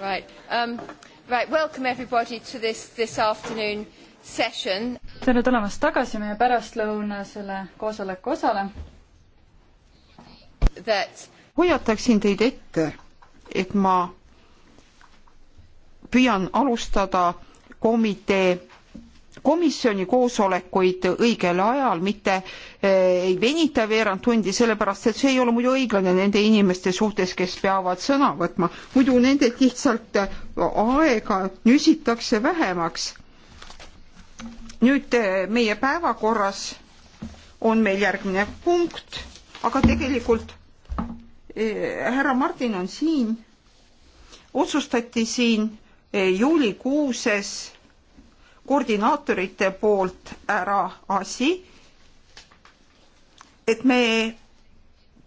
Right. Um, right. Welcome everybody to this, this afternoon session. tere tulemast tagasi meie pärastlõunasele koosoleku osale. That hoiataksin teid ette, et ma püüan alustada komitee komisjoni koosolekuid õigel ajal, mitte eh, ei venita veerand tundi, sellepärast et see ei ole muidu õiglane nende inimeste suhtes, kes peavad sõna võtma. muidu nendelt lihtsalt eh, aega nüsitakse vähemaks. nüüd eh, meie päevakorras on meil järgmine punkt, aga tegelikult härra Martin on siin, otsustati siin juulikuuses koordinaatorite poolt ära asi, et me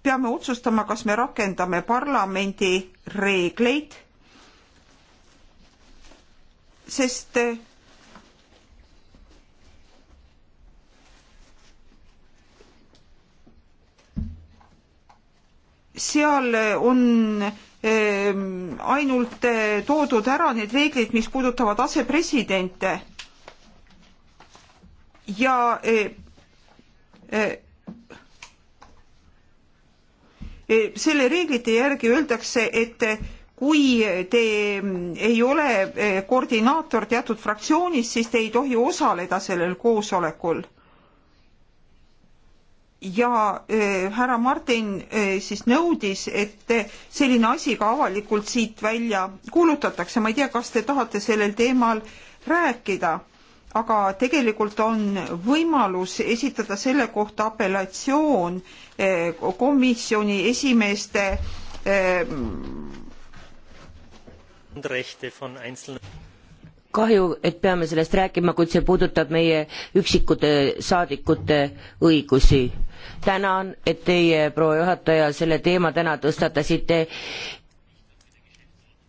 peame otsustama, kas me rakendame parlamendi reegleid, sest seal on ehm, ainult eh, toodud ära need reeglid, mis puudutavad asepresidente ja e, e, e, selle reeglite järgi öeldakse, et kui te ei ole koordinaator teatud fraktsioonis, siis te ei tohi osaleda sellel koosolekul. ja härra Martin siis nõudis, et selline asi ka avalikult siit välja kuulutatakse, ma ei tea, kas te tahate sellel teemal rääkida aga tegelikult on võimalus esitada selle kohta apellatsioon eh, komisjoni esimeeste kahju, et peame sellest rääkima, kuid see puudutab meie üksikute saadikute õigusi. tänan, et teie, proua juhataja, selle teema täna tõstatasite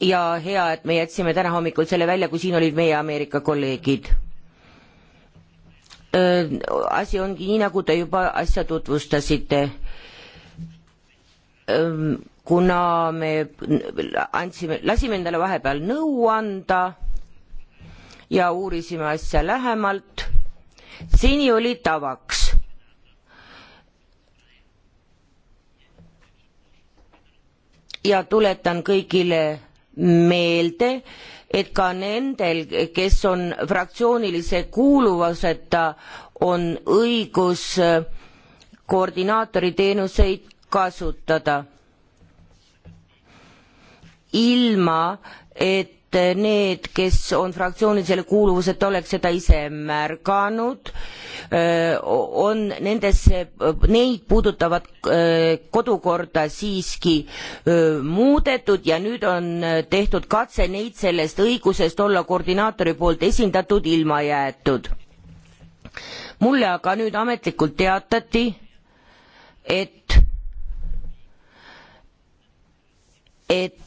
ja hea, et me jätsime täna hommikul selle välja, kui siin olid meie Ameerika kolleegid Äh, asi ongi nii, nagu te juba asja tutvustasite. Ähm, kuna me andsime, lasime endale vahepeal nõu anda ja uurisime asja lähemalt, seni oli tavaks ja tuletan kõigile meelde, et ka nendel, kes on fraktsioonilise kuuluvuseta, on õigus äh, koordinaatori teenuseid kasutada. ilma, et et need, kes on fraktsioonidele kuuluvused, oleks seda ise märganud, on nendesse, neid puudutavat kodukorda siiski muudetud ja nüüd on tehtud katse neid sellest õigusest olla koordinaatori poolt esindatud ilma jäetud. mulle aga nüüd ametlikult teatati, et et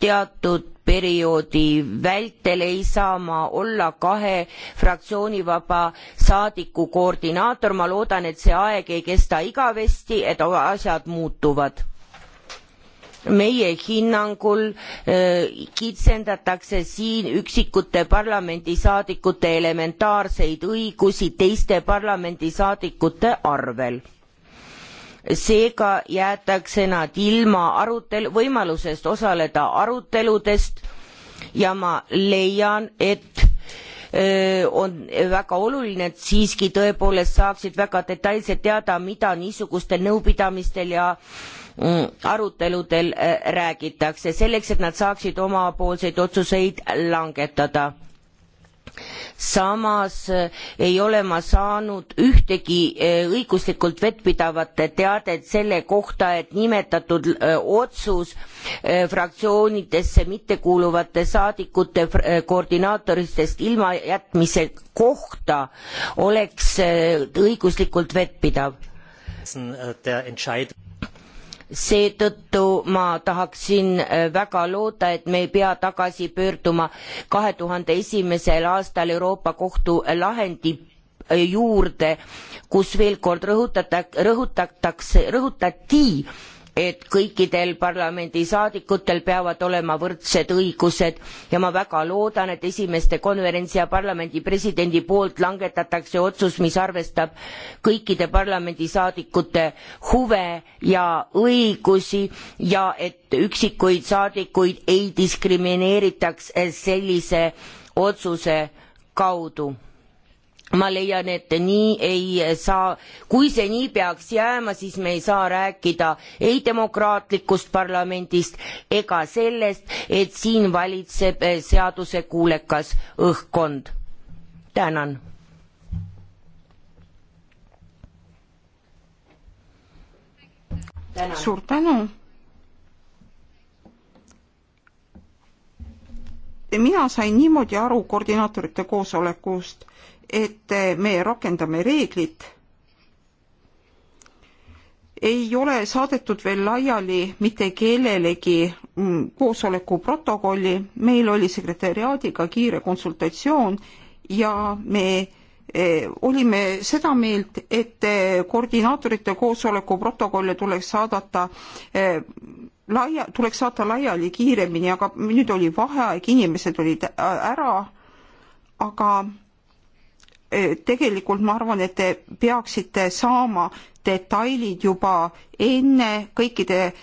teatud perioodi vältel ei saa ma olla kahe fraktsioonivaba saadiku koordinaator ma loodan et see aeg ei kesta igavesti et asjad muutuvad meie hinnangul äh, kitsendatakse siin üksikute parlamendisaadikute elementaarseid õigusi teiste parlamendisaadikute arvel seega jäetakse nad ilma arutel- võimalusest osaleda aruteludest ja ma leian et öö, on väga oluline et siiski tõepoolest saaksid väga detailselt teada mida niisugustel nõupidamistel ja mm, aruteludel räägitakse selleks et nad saaksid omapoolseid otsuseid langetada samas eh, ei ole ma saanud ühtegi eh, õiguslikult vettpidavat teadet selle kohta, et nimetatud eh, otsus fraktsioonidesse mittekuuluvate saadikute koordinaatoritest ilmajätmise kohta oleks õiguslikult vettpidav. Äh, seetõttu ma tahaksin äh, väga loota, et me ei pea tagasi pöörduma kahe tuhande esimesel aastal Euroopa Kohtu lahendi äh, juurde, kus veel kord rõhutatakse, rõhutatakse, rõhutati et kõikidel parlamendisaadikutel peavad olema võrdsed õigused ja ma väga loodan, et esimeste konverentsi ja parlamendi presidendi poolt langetatakse otsus, mis arvestab kõikide parlamendisaadikute huve ja õigusi ja et üksikuid saadikuid ei diskrimineeritaks sellise otsuse kaudu ma leian, et nii ei saa, kui see nii peaks jääma, siis me ei saa rääkida ei demokraatlikust parlamendist ega sellest, et siin valitseb eh, seadusekuulekas õhkkond. tänan. tänan.. suur tänu. mina sain niimoodi aru koordinaatorite koosolekust et me rakendame reeglit, ei ole saadetud veel laiali mitte kellelegi mm, koosoleku protokolli, meil oli sekretäriaadiga kiire konsultatsioon ja me e, olime seda meelt, et koordinaatorite koosoleku protokolle tuleks saadata e, laia, tuleks saata laiali kiiremini, aga nüüd oli vaheaeg, inimesed olid ära, aga tegelikult ma arvan, et te peaksite saama detailid juba enne kõikide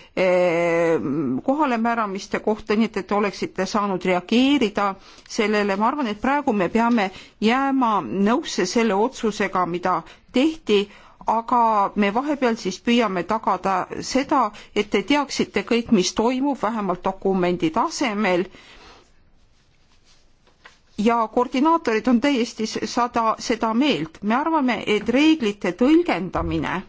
kohalemääramiste kohta, nii et, et oleksite saanud reageerida sellele. ma arvan, et praegu me peame jääma nõusse selle otsusega, mida tehti, aga me vahepeal siis püüame tagada seda, et te teaksite kõik, mis toimub, vähemalt dokumendi tasemel ja koordinaatorid on täiesti sada, seda meelt. me arvame, et reeglite tõlgendamine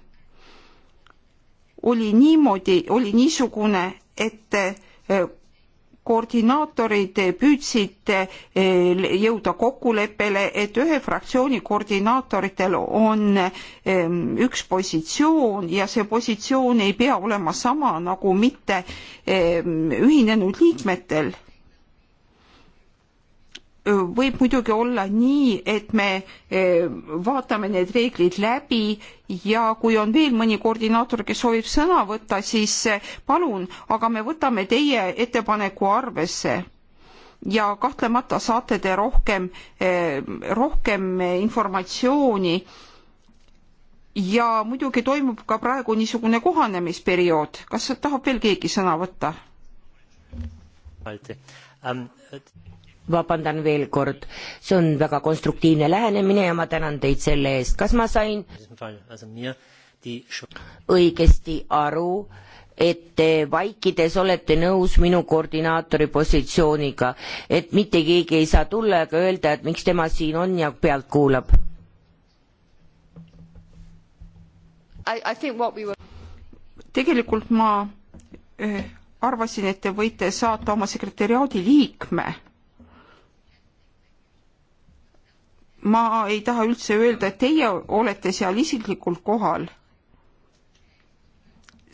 oli niimoodi, oli niisugune, et eh, koordinaatorid püüdsid eh, jõuda kokkuleppele, et ühe fraktsiooni koordinaatoritel on ehm, üks positsioon ja see positsioon ei pea olema sama nagu mitte ehm, ühinenud liikmetel võib muidugi olla nii, et me vaatame need reeglid läbi ja kui on veel mõni koordinaator, kes soovib sõna võtta, siis palun, aga me võtame teie ettepaneku arvesse. ja kahtlemata saate te rohkem, rohkem informatsiooni. ja muidugi toimub ka praegu niisugune kohanemisperiood, kas tahab veel keegi sõna võtta? Um, et vabandan veel kord, see on väga konstruktiivne lähenemine ja ma tänan teid selle eest, kas ma sain õigesti aru, et te vaikides olete nõus minu koordinaatori positsiooniga, et mitte keegi ei saa tulla ega öelda, et miks tema siin on ja pealt kuulab? We tegelikult ma eh, arvasin, et te võite saata oma sekretäriaadi liikme ma ei taha üldse öelda, et teie olete seal isiklikult kohal,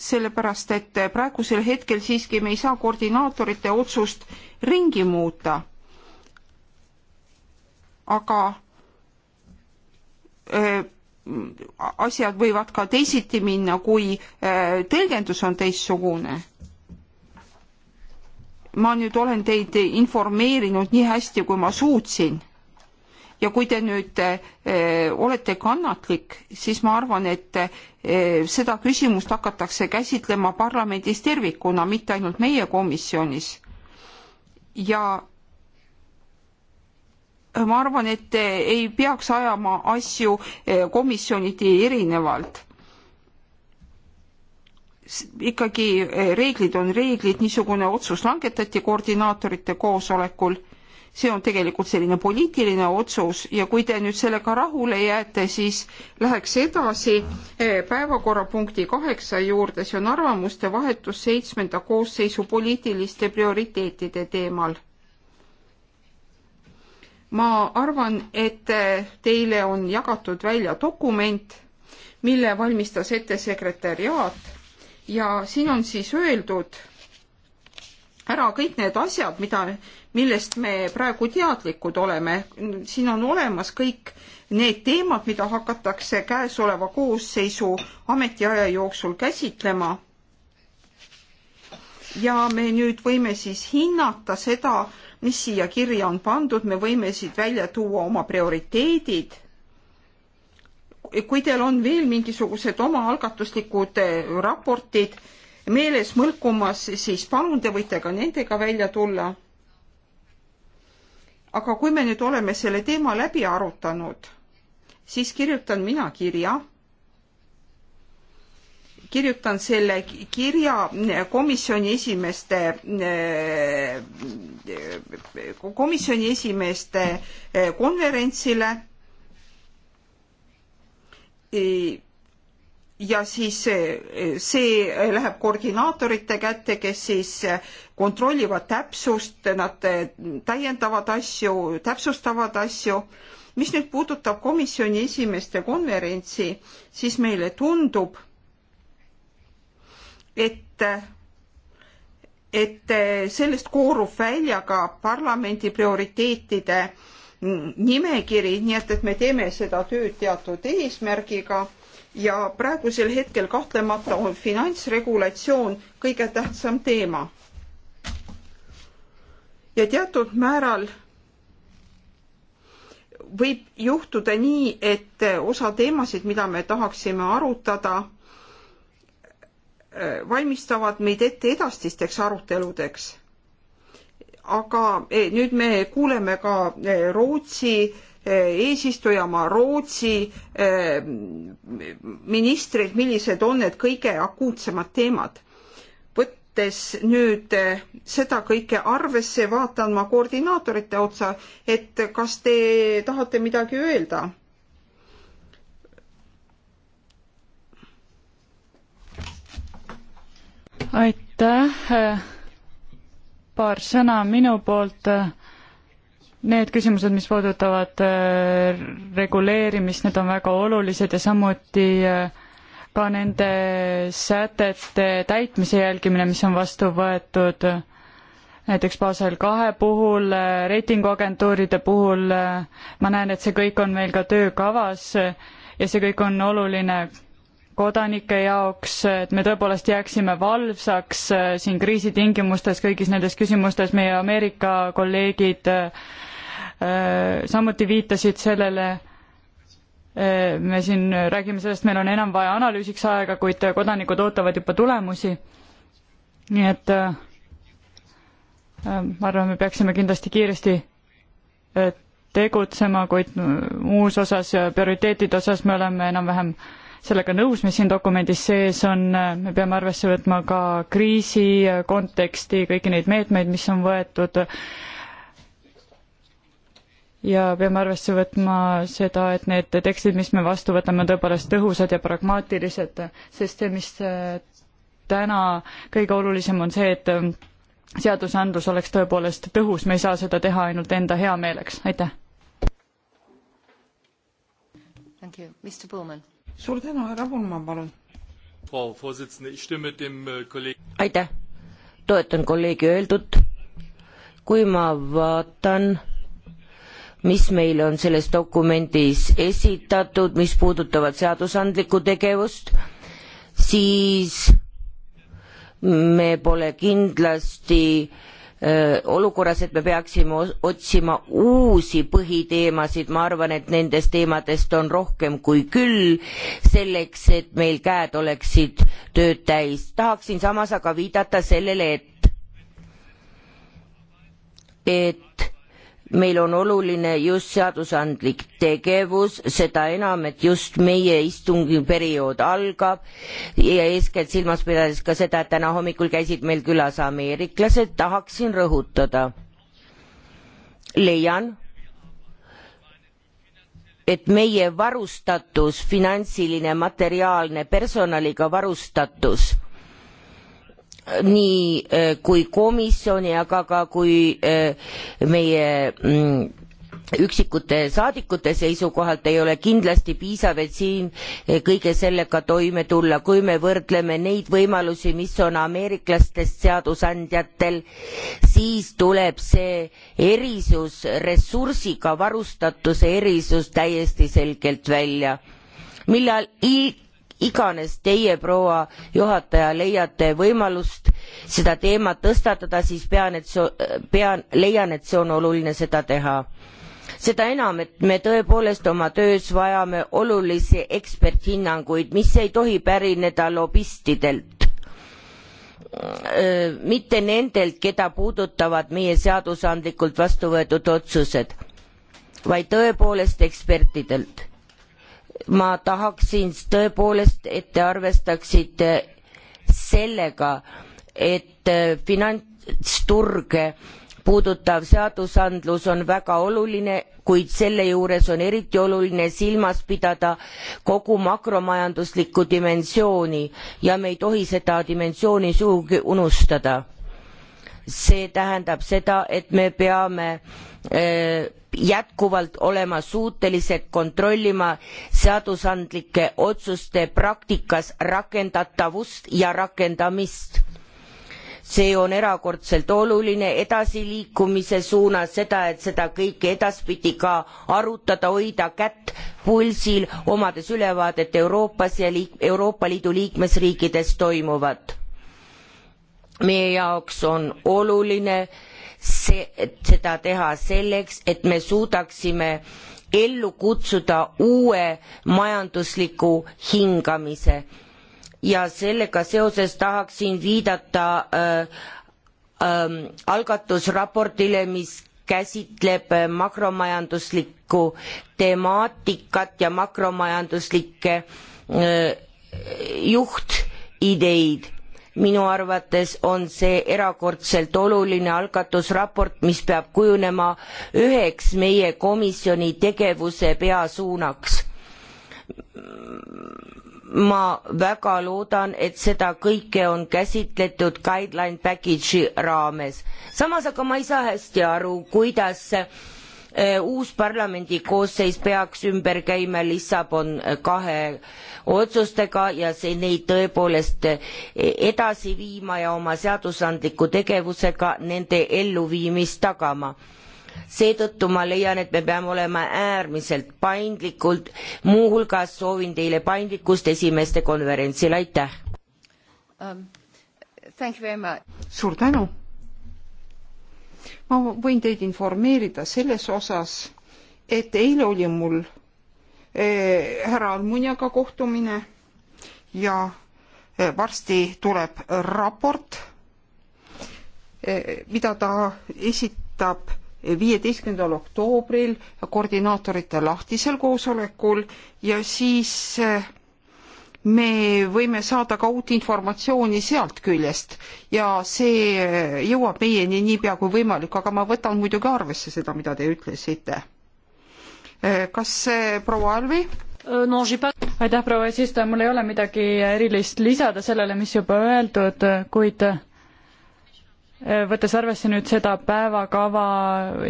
sellepärast et praegusel hetkel siiski me ei saa koordinaatorite otsust ringi muuta. aga öö, asjad võivad ka teisiti minna, kui öö, tõlgendus on teistsugune ma nüüd olen teid informeerinud nii hästi, kui ma suutsin ja kui te nüüd eh, olete kannatlik, siis ma arvan, et eh, seda küsimust hakatakse käsitlema parlamendis tervikuna, mitte ainult meie komisjonis. ja ma arvan, et eh, ei peaks ajama asju komisjoniti erinevalt. ikkagi reeglid on reeglid, niisugune otsus langetati koordinaatorite koosolekul see on tegelikult selline poliitiline otsus ja kui te nüüd sellega rahule jääte, siis läheks edasi eh, päevakorrapunkti kaheksa juurde, see on arvamuste vahetus seitsmenda koosseisu poliitiliste prioriteetide teemal. ma arvan, et eh, teile on jagatud välja dokument, mille valmistas ette sekretäriaat ja siin on siis öeldud ära kõik need asjad, mida, millest me praegu teadlikud oleme. siin on olemas kõik need teemad, mida hakatakse käesoleva koosseisu ametiaja jooksul käsitlema. ja me nüüd võime siis hinnata seda, mis siia kirja on pandud, me võime siit välja tuua oma prioriteedid kui teil on veel mingisugused omaalgatuslikud eh, raportid, meeles mõlkumas, siis palun, te võite ka nendega välja tulla. aga kui me nüüd oleme selle teema läbi arutanud, siis kirjutan mina kirja, kirjutan selle kirja komisjoni esimeeste, komisjoni esimeeste konverentsile ja siis eh, see eh, läheb koordinaatorite kätte, kes siis eh, kontrollivad täpsust, nad täiendavad asju, täpsustavad asju. mis nüüd puudutab komisjoni esimeeste konverentsi, siis meile tundub, et et sellest koorub välja ka parlamendi prioriteetide nimekiri, nii et, et me teeme seda tööd teatud eesmärgiga ja praegusel hetkel kahtlemata on finantsregulatsioon kõige tähtsam teema. ja teatud määral võib juhtuda nii, et osa teemasid, mida me tahaksime arutada, valmistavad meid ette edastisteks aruteludeks. aga eh, nüüd me kuuleme ka eh, Rootsi eesistujamaa Rootsi eh, ministrilt, millised on need kõige akuutsemad teemad. võttes nüüd eh, seda kõike arvesse, vaatan ma koordinaatorite otsa, et kas te tahate midagi öelda? aitäh, paar sõna minu poolt Need küsimused, mis puudutavad äh, reguleerimist, need on väga olulised ja samuti äh, ka nende sätete täitmise jälgimine, mis on vastu võetud näiteks Basel kahe puhul, äh, reitinguagentuuride puhul, ma näen, et see kõik on meil ka töökavas ja see kõik on oluline kodanike jaoks, et me tõepoolest jääksime valvsaks siin kriisi tingimustes kõigis nendes küsimustes, meie Ameerika kolleegid äh, Äh, samuti viitasid sellele, äh, me siin räägime sellest, meil on enam vaja analüüsiks aega, kuid kodanikud ootavad juba tulemusi. nii et äh, ma arvan, me peaksime kindlasti kiiresti tegutsema, kuid muus osas ja prioriteetide osas me oleme enam-vähem sellega nõus, mis siin dokumendis sees on, me peame arvesse võtma ka kriisi konteksti, kõiki neid meetmeid, mis on võetud, ja peame arvesse võtma seda, et need tekstid, mis me vastu võtame, on tõepoolest tõhusad ja pragmaatilised, sest see, mis äh, täna kõige olulisem on see, et äh, seadusandlus oleks tõepoolest tõhus, me ei saa seda teha ainult enda heameeleks, aitäh. suur tänu, härra Pullmann, palun. Äh, aitäh, toetan kolleegi öeldut. kui ma vaatan mis meile on selles dokumendis esitatud, mis puudutavad seadusandlikku tegevust, siis me pole kindlasti öö, olukorras, et me peaksime otsima uusi põhiteemasid, ma arvan, et nendest teemadest on rohkem kui küll, selleks et meil käed oleksid tööd täis. tahaksin samas aga viidata sellele, et et meil on oluline just seadusandlik tegevus, seda enam, et just meie istungiperiood algab ja eeskätt silmas pidades ka seda, et täna hommikul käisid meil külas ameeriklased, tahaksin rõhutada, leian, et meie varustatus, finantsiline, materiaalne, personaliga varustatus nii äh, kui komisjoni, aga ka kui äh, meie mm, üksikute saadikute seisukohalt ei ole kindlasti piisav, et siin äh, kõige sellega toime tulla, kui me võrdleme neid võimalusi, mis on ameeriklastest seadusandjatel, siis tuleb see erisus, ressursiga varustatuse erisus täiesti selgelt välja millal iganes teie proua juhataja leiate võimalust seda teemat tõstatada siis pean et see pean leian et see on oluline seda teha seda enam et me tõepoolest oma töös vajame olulisi eksperthinnanguid mis ei tohi pärineda lobistidelt mitte nendelt keda puudutavad meie seadusandlikult vastu võetud otsused vaid tõepoolest ekspertidelt ma tahaksin tõepoolest, et te arvestaksite sellega, et äh, finantsturge puudutav seadusandlus on väga oluline, kuid selle juures on eriti oluline silmas pidada kogu makromajanduslikku dimensiooni ja me ei tohi seda dimensiooni sugugi unustada see tähendab seda, et me peame äh, jätkuvalt olema suutelised kontrollima seadusandlike otsuste praktikas rakendatavust ja rakendamist see on erakordselt oluline edasiliikumise suunas seda et seda kõike edaspidi ka arutada hoida kätt pulsil omades ülevaadet euroopas ja liik- euroopa liidu liikmesriikides toimuvat meie jaoks on oluline see, seda teha selleks, et me suudaksime ellu kutsuda uue majandusliku hingamise. ja sellega seoses tahaksin viidata äh, äh, algatusraportile, mis käsitleb äh, makromajanduslikku temaatikat ja makromajanduslikke äh, juhtideid minu arvates on see erakordselt oluline algatusraport, mis peab kujunema üheks meie komisjoni tegevuse peasuunaks. ma väga loodan, et seda kõike on käsitletud guideline package'i raames. samas aga ma ei saa hästi aru, kuidas Eh, uus parlamendi koosseis peaks ümber käima Lissabon eh, kahe otsustega ja see neid tõepoolest eh, edasi viima ja oma seadusandliku tegevusega nende elluviimist tagama seetõttu ma leian, et me peame olema äärmiselt paindlikud, muuhulgas soovin teile paindlikkust esimeste konverentsil, aitäh um,! suur tänu! ma võin teid informeerida selles osas, et eile oli mul eh, härra Almuniaga kohtumine ja eh, varsti tuleb raport, eh, mida ta esitab viieteistkümnendal oktoobril koordinaatorite lahtisel koosolekul ja siis me võime saada ka uut informatsiooni sealt küljest ja see jõuab meieni niipea kui võimalik, aga ma võtan muidugi arvesse seda, mida te ütlesite. Eh, kas eh, proua Alvi? Euh, no, aitäh, proua eesistuja, mul ei ole midagi erilist lisada sellele, mis juba öeldud, kuid võttes arvesse nüüd seda päevakava,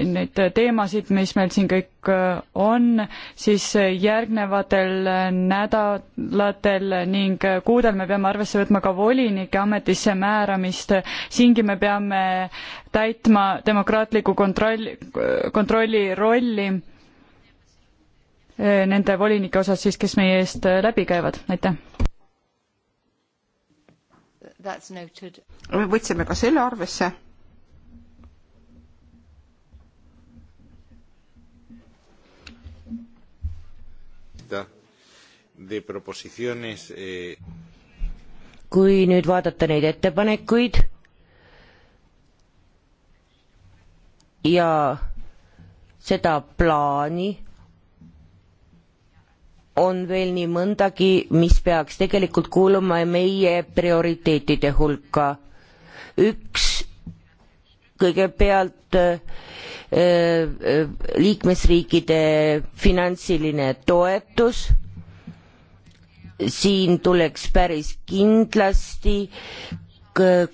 neid teemasid, mis meil siin kõik äh, on, siis järgnevatel nädalatel ning kuudel me peame arvesse võtma ka volinike ametisse määramist. siingi me peame täitma demokraatliku kontrolli, kontrolli rolli äh, nende volinike osas siis, kes meie eest äh, läbi käivad, aitäh. That's noted me võtsime ka selle arvesse. Eh, kui nüüd vaadata neid ettepanekuid ja seda plaani, on veel nii mõndagi, mis peaks tegelikult kuuluma meie prioriteetide hulka üks kõigepealt äh, äh, liikmesriikide finantsiline toetus siin tuleks päris kindlasti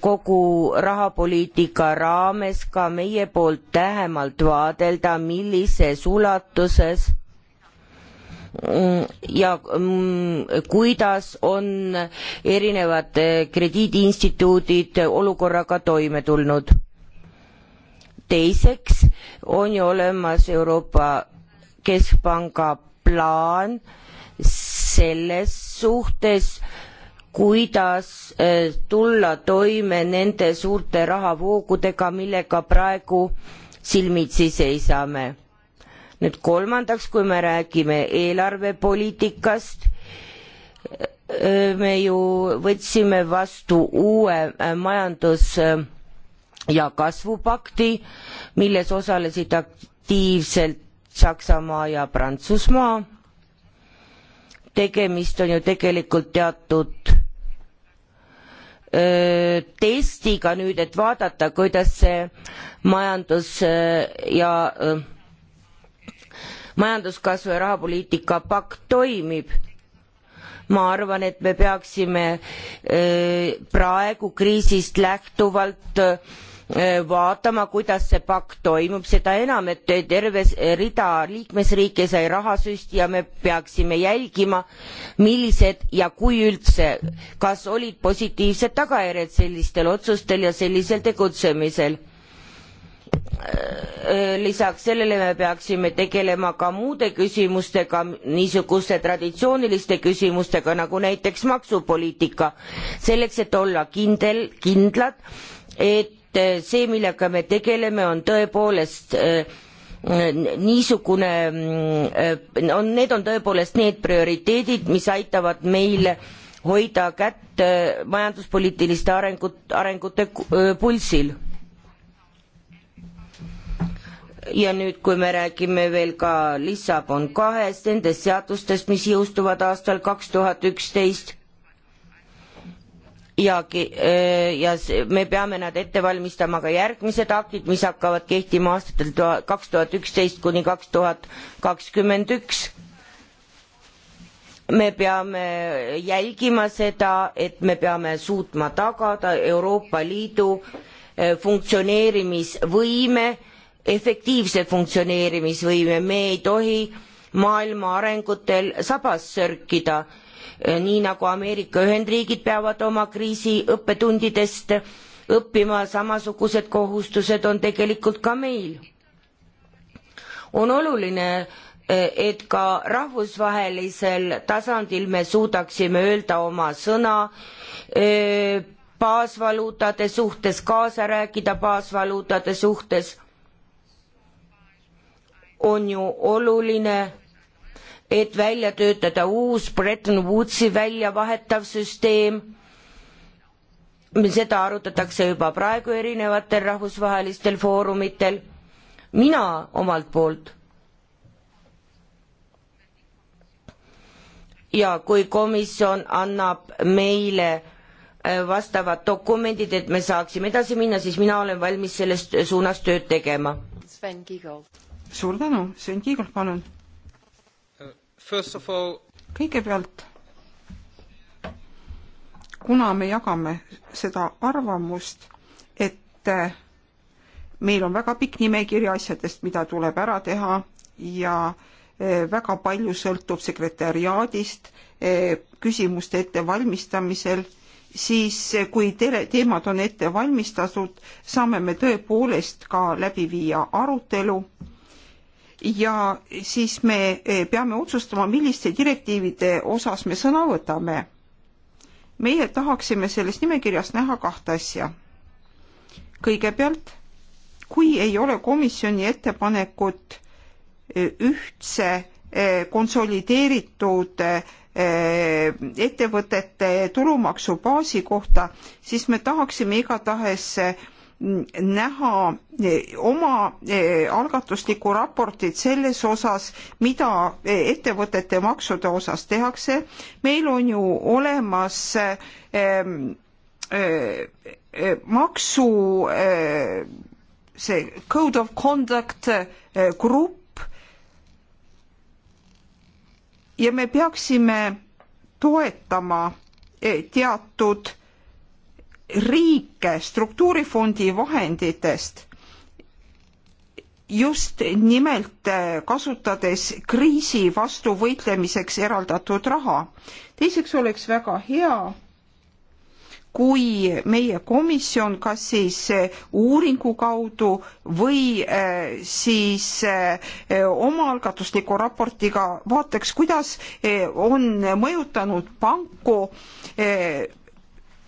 kogu rahapoliitika raames ka meie poolt lähemalt vaadelda millises ulatuses ja mm, kuidas on erinevad eh, krediidiinstituudid olukorraga toime tulnud. teiseks on ju olemas Euroopa Keskpanga plaan selles suhtes, kuidas eh, tulla toime nende suurte rahavoogudega, millega praegu silmitsi seisame nüüd kolmandaks, kui me räägime eelarvepoliitikast, eh, me ju võtsime vastu uue eh, majandus- eh, ja kasvupakti, milles osalesid aktiivselt Saksamaa ja Prantsusmaa. tegemist on ju tegelikult teatud öö, testiga nüüd, et vaadata, kuidas see majandus ja öö, majanduskasvu ja rahapoliitika pakt toimib ma arvan et me peaksime praegu kriisist lähtuvalt vaatama kuidas see pakt toimub seda enam et terve rida liikmesriike sai rahasüsti ja me peaksime jälgima millised ja kui üldse kas olid positiivsed tagajärjed sellistel otsustel ja sellisel tegutsemisel. Äh, äh, lisaks sellele me peaksime tegelema ka muude küsimustega, niisuguste traditsiooniliste küsimustega nagu näiteks maksupoliitika, selleks et olla kindel, kindlad, et äh, see, millega me tegeleme, on tõepoolest niisugune, mm, on, need on tõepoolest need prioriteedid, mis aitavad meil hoida kätt majanduspoliitiliste arengut, arengute pulsil ja nüüd, kui me räägime veel ka Lissabon kahest, nendest seadustest, mis jõustuvad aastal kaks tuhat üksteist, ja, äh, ja me peame nad ette valmistama ka järgmised aktid, mis hakkavad kehtima aastatel kaks tuhat üksteist kuni kaks tuhat kakskümmend üks. me peame jälgima seda, et me peame suutma tagada Euroopa Liidu äh, funktsioneerimisvõime efektiivse funktsioneerimisvõime, me ei tohi maailma arengutel sabas sörkida, eh, nii nagu Ameerika Ühendriigid peavad oma kriisi õppetundidest õppima, samasugused kohustused on tegelikult ka meil. on oluline, eh, et ka rahvusvahelisel tasandil me suudaksime öelda oma sõna eh, baasvaluutade suhtes, kaasa rääkida baasvaluutade suhtes on ju oluline, et välja töötada uus Bretton Woodsi väljavahetav süsteem. seda arutatakse juba praegu erinevatel rahvusvahelistel foorumitel. mina omalt poolt ja kui komisjon annab meile äh, vastavad dokumendid, et me saaksime edasi minna, siis mina olen valmis selles suunas tööd tegema. Sven Kiigold suur tänu, Sven Kiigel, palun. Uh, all... kõigepealt, kuna me jagame seda arvamust, et äh, meil on väga pikk nimekiri asjadest, mida tuleb ära teha ja äh, väga palju sõltub sekretäriaadist äh, küsimuste ettevalmistamisel, siis kui tere, teemad on ette valmistatud, saame me tõepoolest ka läbi viia arutelu ja siis me e, peame otsustama, milliste direktiivide osas me sõna võtame. meie tahaksime selles nimekirjas näha kahte asja. kõigepealt, kui ei ole komisjoni ettepanekut e, ühtse e, konsolideeritud ettevõtete tulumaksubaasi kohta, siis me tahaksime igatahes näha e, oma e, algatuslikku raportit selles osas, mida e, ettevõtete maksude osas tehakse. meil on ju olemas maksu see code of conduct grupp ja me peaksime toetama teatud riike struktuurifondi vahenditest just nimelt äh, kasutades kriisi vastu võitlemiseks eraldatud raha. teiseks oleks väga hea, kui meie komisjon kas siis äh, uuringu kaudu või äh, siis omaalgatusliku raportiga vaataks, kuidas on mõjutanud panku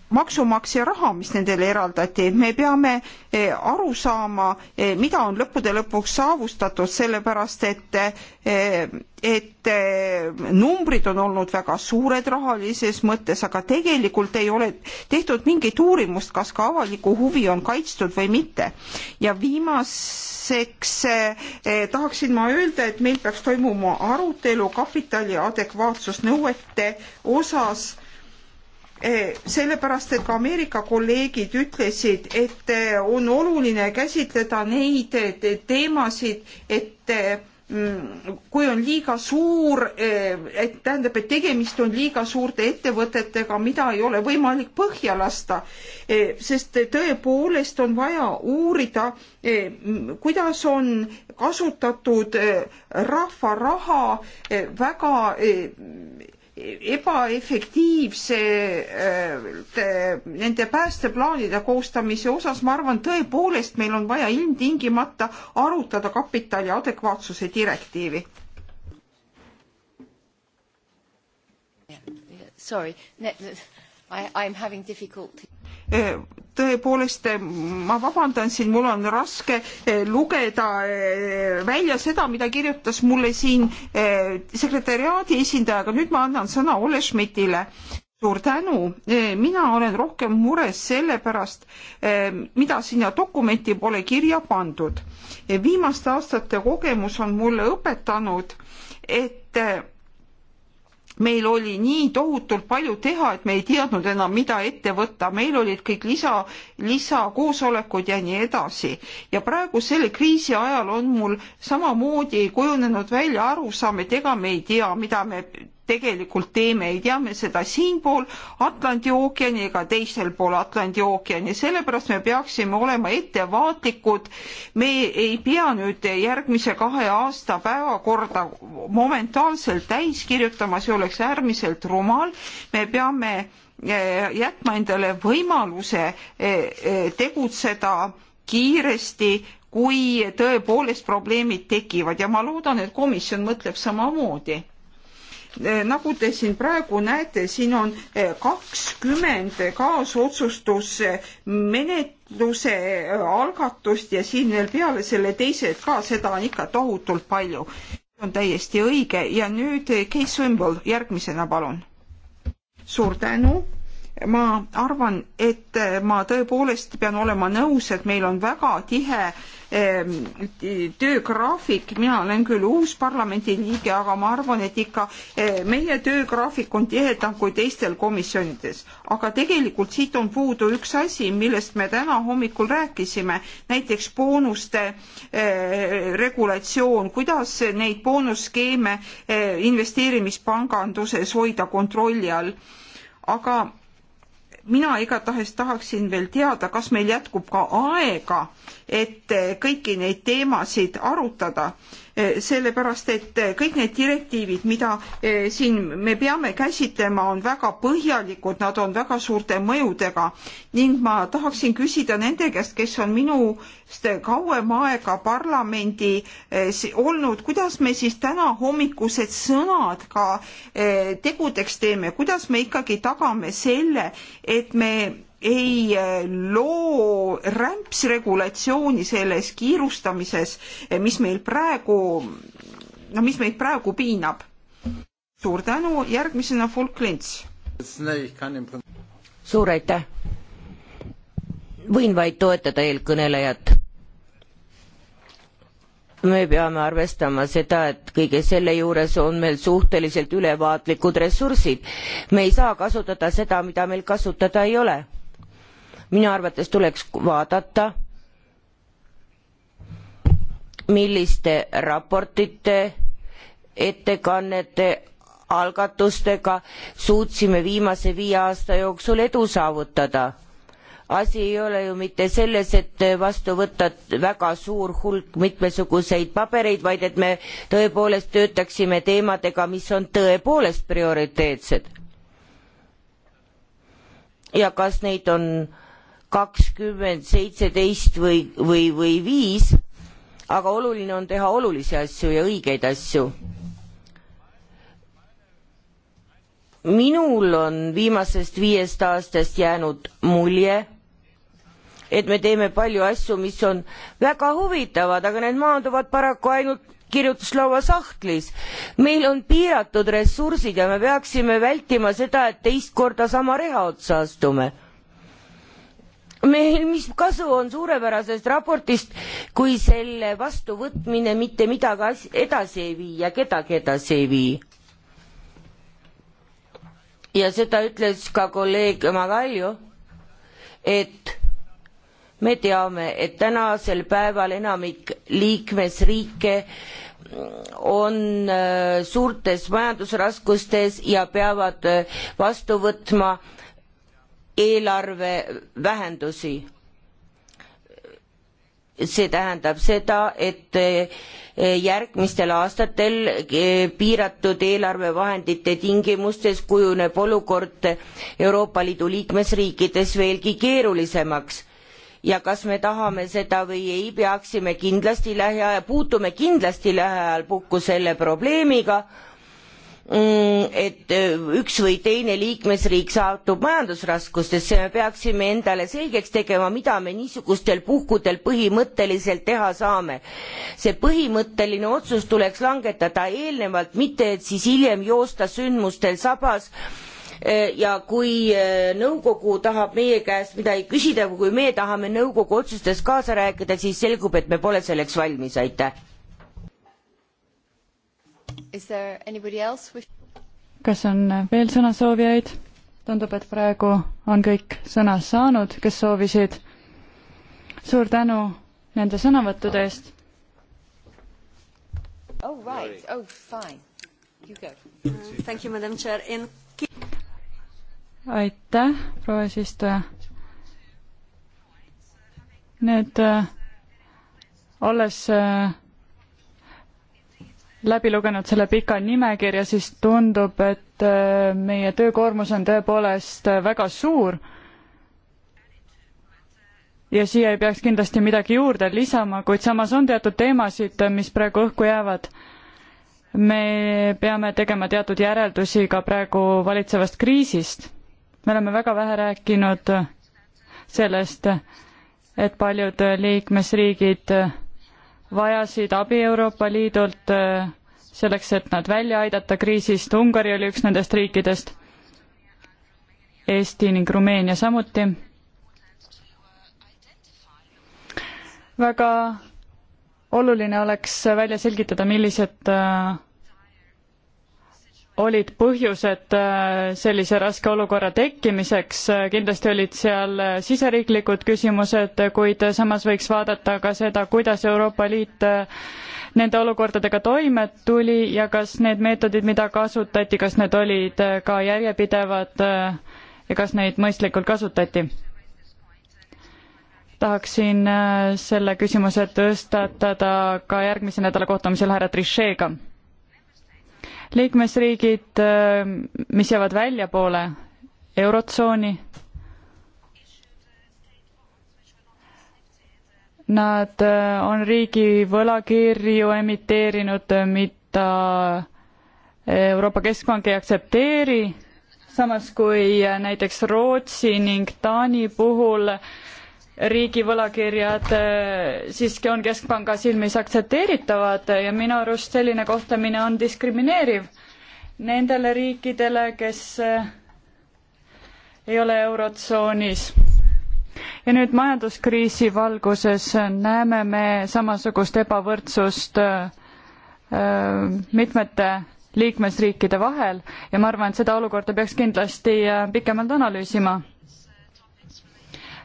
maksumaksja raha, mis nendele eraldati, me peame eh, aru saama, eh, mida on lõppude lõpuks saavutatud, sellepärast et, eh, et numbrid on olnud väga suured rahalises mõttes, aga tegelikult ei ole tehtud mingit uurimust, kas ka avalikku huvi on kaitstud või mitte. ja viimaseks tahaksin ma öelda, et meil peaks toimuma arutelu kapitali adekvaatsusnõuete osas Eh, sellepärast, et ka Ameerika kolleegid ütlesid, et eh, on oluline käsitleda neid eh, teemasid, et mm, kui on liiga suur, et tähendab, et tegemist on liiga suurte ettevõtetega, mida ei ole võimalik põhja lasta, sest tõepoolest on vaja uurida, kuidas on kasutatud rahva raha väga ebaefektiivse äh, nende päästeplaanide koostamise osas, ma arvan, tõepoolest meil on vaja ilmtingimata arutada kapitali adekvaatsuse direktiivi. Sorry, I am having difficulty Eh, tõepoolest eh, ma vabandan siin, mul on raske eh, lugeda välja seda, mida kirjutas mulle siin sekretäriaadi esindaja, aga nüüd ma annan sõna Olle Schmidtile. suur tänu, mina olen rohkem mures selle pärast, mida sinna dokumenti pole kirja pandud. viimaste aastate kogemus on mulle õpetanud, et meil oli nii tohutult palju teha, et me ei teadnud enam, mida ette võtta, meil olid kõik lisa, lisakoosolekud ja nii edasi. ja praegu selle kriisi ajal on mul samamoodi kujunenud välja arusaam, et ega me ei tea, mida me tegelikult teeme, ei tea me seda siinpool Atlandi ookeani ega teisel pool Atlandi ookeani, sellepärast me peaksime olema ettevaatlikud. me ei pea nüüd järgmise kahe aasta päevakorda momentaalselt täis kirjutama, see oleks äärmiselt rumal. me peame eh, jätma endale võimaluse eh, eh, tegutseda kiiresti kui tõepoolest probleemid tekivad ja ma loodan, et komisjon mõtleb samamoodi. Eh, nagu te siin praegu näete, siin on eh, kakskümmend kaasotsustusmenetluse eh, algatust ja siin veel peale selle teised ka, seda on ikka tohutult palju. on täiesti õige ja nüüd Kei Sümbol järgmisena, palun. suur tänu ma arvan, et ma tõepoolest pean olema nõus, et meil on väga tihe äh, Ehm, töögraafik, mina olen küll uus parlamendi liige, aga ma arvan, et ikka eh, meie töögraafik on tihedam kui teistel komisjonides. aga tegelikult siit on puudu üks asi, millest me täna hommikul rääkisime, näiteks boonuste eh, regulatsioon, kuidas neid boonuskeeme eh, investeerimispanganduses hoida kontrolli all. aga mina igatahes tahaksin veel teada, kas meil jätkub ka aega, et kõiki neid teemasid arutada Eh, sellepärast et eh, kõik need direktiivid, mida eh, siin me peame käsitlema, on väga põhjalikud, nad on väga suurte mõjudega ning ma tahaksin küsida nende käest, kes on minust kauem aega parlamendi olnud, kuidas me siis täna hommikused sõnad ka tegudeks teeme, kuidas me ikkagi tagame selle, et me ei eh, loo rämpsregulatsiooni selles kiirustamises, eh, mis meil praegu, no mis meid praegu piinab. suur tänu, järgmisena Fulk Lints. suur aitäh. võin vaid toetada eelkõnelejat. me peame arvestama seda, et kõige selle juures on meil suhteliselt ülevaatlikud ressursid. me ei saa kasutada seda, mida meil kasutada ei ole minu arvates tuleks vaadata, milliste raportite, ettekannete, algatustega suutsime viimase viie aasta jooksul edu saavutada. asi ei ole ju mitte selles, et vastu võtta väga suur hulk mitmesuguseid pabereid, vaid et me tõepoolest töötaksime teemadega, mis on tõepoolest prioriteetsed. ja kas neid on äh, kakskümmend, seitseteist või, või, või viis, aga oluline on teha olulisi asju ja õigeid asju. minul on viimasest viiest aastast jäänud mulje, et me teeme palju asju, mis on väga huvitavad, aga need maanduvad paraku ainult kirjutuslaua sahtlis. meil on piiratud ressursid ja me peaksime vältima seda, et teist korda sama reha otsa astume meil mis kasu on suurepärasest raportist kui selle vastuvõtmine mitte midagi edasi ei vii ja kedagi edasi ei vii ja seda ütles ka kolleeg Magaljo et me teame et tänasel päeval enamik liikmesriike on äh, suurtes majandusraskustes ja peavad äh, vastu võtma äh, eelarvevähendusi. see tähendab seda, et eh, järgmistel aastatel eh, piiratud eelarvevahendite tingimustes kujuneb olukord Euroopa Liidu liikmesriikides veelgi keerulisemaks ja kas me tahame seda või ei, peaksime kindlasti lähiajal, puutume kindlasti lähiajal kokku selle probleemiga Mm, et äh, üks või teine liikmesriik satub majandusraskustesse, me peaksime endale selgeks tegema, mida me niisugustel puhkudel põhimõtteliselt teha saame. see põhimõtteline otsus tuleks langetada eelnevalt, mitte et siis hiljem joosta sündmustel sabas äh, ja kui äh, nõukogu tahab meie käest midagi küsida või kui meie tahame nõukogu otsustes kaasa rääkida, siis selgub, et me pole selleks valmis, aitäh kas on veel sõnasoovijaid? tundub, et praegu on kõik sõna saanud, kes soovisid. suur tänu nende sõnavõttude eest. Oh, oh, aitäh, proua eesistuja. nüüd olles äh, äh läbi lugenud selle pika nimekirja, siis tundub, et äh, meie töökoormus on tõepoolest äh, väga suur. ja siia ei peaks kindlasti midagi juurde lisama, kuid samas on teatud teemasid, äh, mis praegu õhku jäävad. me peame tegema teatud järeldusi ka praegu valitsevast kriisist. me oleme väga vähe rääkinud sellest, et paljud liikmesriigid vajasid abi Euroopa Liidult äh, selleks, et nad välja aidata kriisist, Ungari oli üks nendest riikidest, Eesti ning Rumeenia samuti. väga oluline oleks välja selgitada, millised äh, olid põhjused äh, sellise raske olukorra tekkimiseks, äh, kindlasti olid seal äh, siseriiklikud küsimused, kuid samas võiks vaadata ka seda, kuidas Euroopa Liit nende olukordadega toime tuli ja kas need meetodid, mida kasutati, kas need olid ka järjepidevad ja kas neid mõistlikult kasutati? tahaksin selle küsimuse tõstatada ka järgmise nädala kohtumisel härra Trichet'ga liikmesriigid, äh, mis jäävad väljapoole eurotsooni, nad äh, on riigi võlakirju emiteerinud, mida Euroopa Keskpank ei aktsepteeri, samas kui äh, näiteks Rootsi ning Taani puhul riigi võlakirjad äh, siiski on Keskpanga silmis aktsepteeritavad ja minu arust selline kohtlemine on diskrimineeriv nendele riikidele, kes äh, ei ole Eurotsoonis. ja nüüd majanduskriisi valguses näeme me samasugust ebavõrdsust äh, mitmete liikmesriikide vahel ja ma arvan, et seda olukorda peaks kindlasti pikemalt analüüsima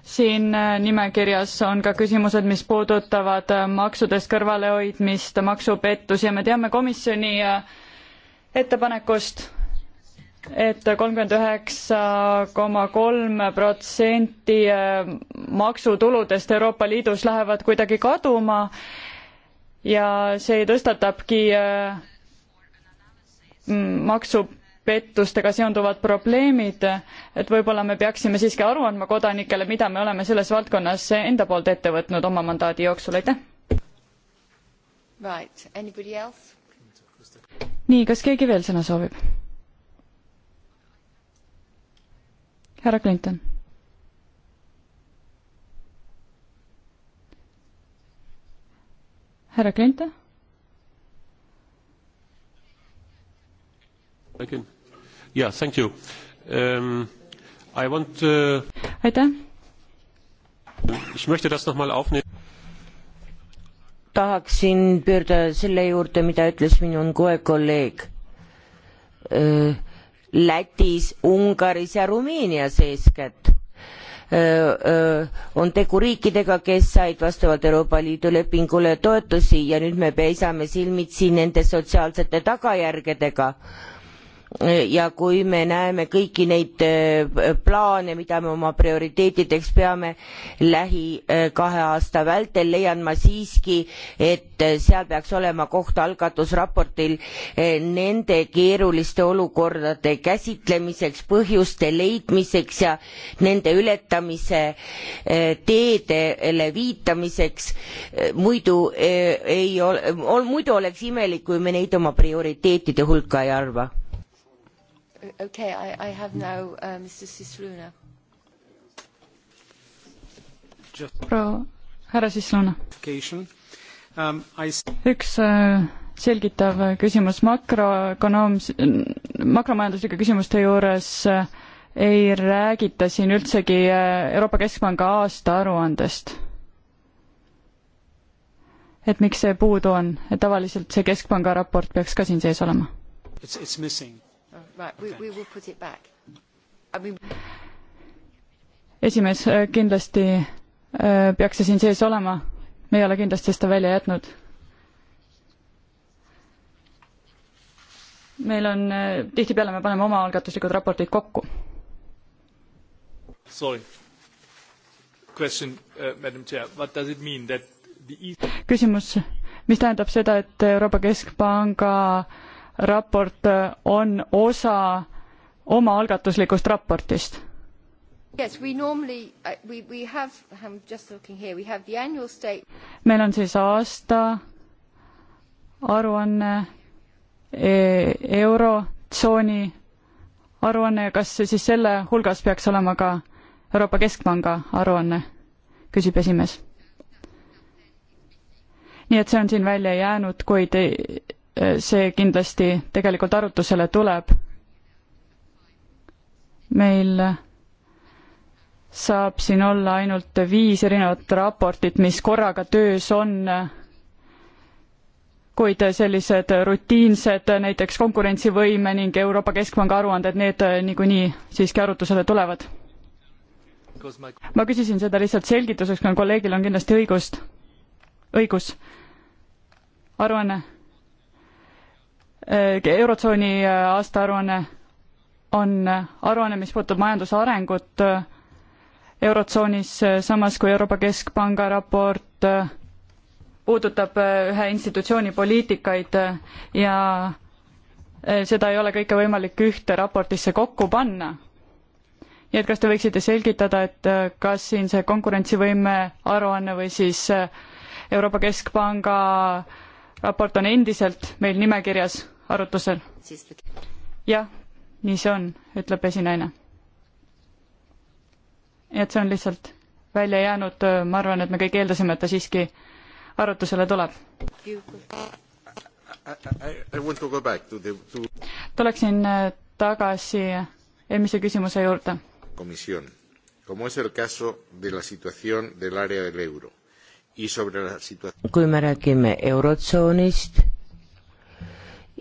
siin äh, nimekirjas on ka küsimused, mis puudutavad äh, maksudest kõrvalehoidmist, maksupettusi ja me teame komisjoni äh, ettepanekust, et kolmkümmend üheksa koma kolm protsenti maksutuludest Euroopa Liidus lähevad kuidagi kaduma ja see tõstatabki maksu pettustega seonduvad probleemid, et võib-olla me peaksime siiski aru andma kodanikele, mida me oleme selles valdkonnas enda poolt ette võtnud oma mandaadi jooksul, aitäh! nii, kas keegi veel sõna soovib? härra Clinton. härra Clinton? Again. Yeah, thank you um,. I want uh, aitäh. Ich möchte das nochmal aufnehmen tahaksin pöörduda selle juurde, mida ütles minu kohe kolleeg. Äh, Lätis, Ungaris ja Rumeenias eeskätt äh, äh, on tegu riikidega, kes said vastavalt Euroopa Liidu lepingule toetusi ja nüüd me peisame silmitsi nende sotsiaalsete tagajärgedega ja kui me näeme kõiki neid äh, plaane mida me oma prioriteetideks peame lähi äh, kahe aasta vältel leian ma siiski et äh, seal peaks olema koht algatusraportil nende keeruliste olukordade käsitlemiseks põhjuste leidmiseks ja nende ületamise teedele viitamiseks muidu ei ole muidu oleks imelik kui me neid oma prioriteetide hulka ei arva. Okay, I, I have now uh, Mr. Sisluna. Just... proua, härra Sisluna. Um, I... üks äh, selgitav küsimus makroökonooms-, makromajanduslike küsimuste juures äh, ei räägita siin üldsegi äh, Euroopa Keskpanga aastaaruandest. et miks see puudu on, et tavaliselt see Keskpanga raport peaks ka siin sees olema? It's, it's missing Right, we, we will put it back. I mean... esimees, äh, kindlasti äh, peaks see siin sees olema. me ei ole kindlasti seda välja jätnud. meil on, äh, tihtipeale me paneme omaalgatuslikud raportid kokku. Sorry. Question uh,, madam chair, what does it mean that the e- küsimus, mis tähendab seda, et Euroopa Keskpanga uh, raport on osa omaalgatuslikust raportist? Yes, we normally, uh, we, we have, I am just looking here, we have the annual state. meil on siis aasta aruanne e, eurotsooni aruanne ja kas siis selle hulgas peaks olema ka Euroopa Keskpanga aruanne, küsib esimees. nii et see on siin välja jäänud, kuid e, see kindlasti tegelikult arutusele tuleb. meil saab siin olla ainult viis erinevat raportit, mis korraga töös on, kuid sellised rutiinsed, näiteks konkurentsivõime ning Euroopa Keskpanga aruanded, need niikuinii siiski arutusele tulevad. ma küsisin seda lihtsalt selgituseks, kuna kolleegil on kindlasti õigust, õigus. aruanne Äh, Eurotsooni äh, aastaaruanne on äh, aruanne, mis puudutab majanduse arengut Eurotsoonis, samas kui Euroopa Keskpanga raport puudutab ühe institutsiooni poliitikaid ja seda ei ole kõike võimalik ühte raportisse kokku panna. nii et kas te võiksite selgitada, et kas siin see konkurentsivõime aruanne või siis Euroopa Keskpanga raport on endiselt meil nimekirjas? arutusel? jah, nii see on, ütleb esinaine. nii et see on lihtsalt välja jäänud, ma arvan, et me kõik eeldasime, et ta siiski arutusele tuleb. tuleksin äh, tagasi eelmise küsimuse juurde. Comisión, como es el caso de la situación del área del euro y sobre la situación. kui me räägime eurotsoonist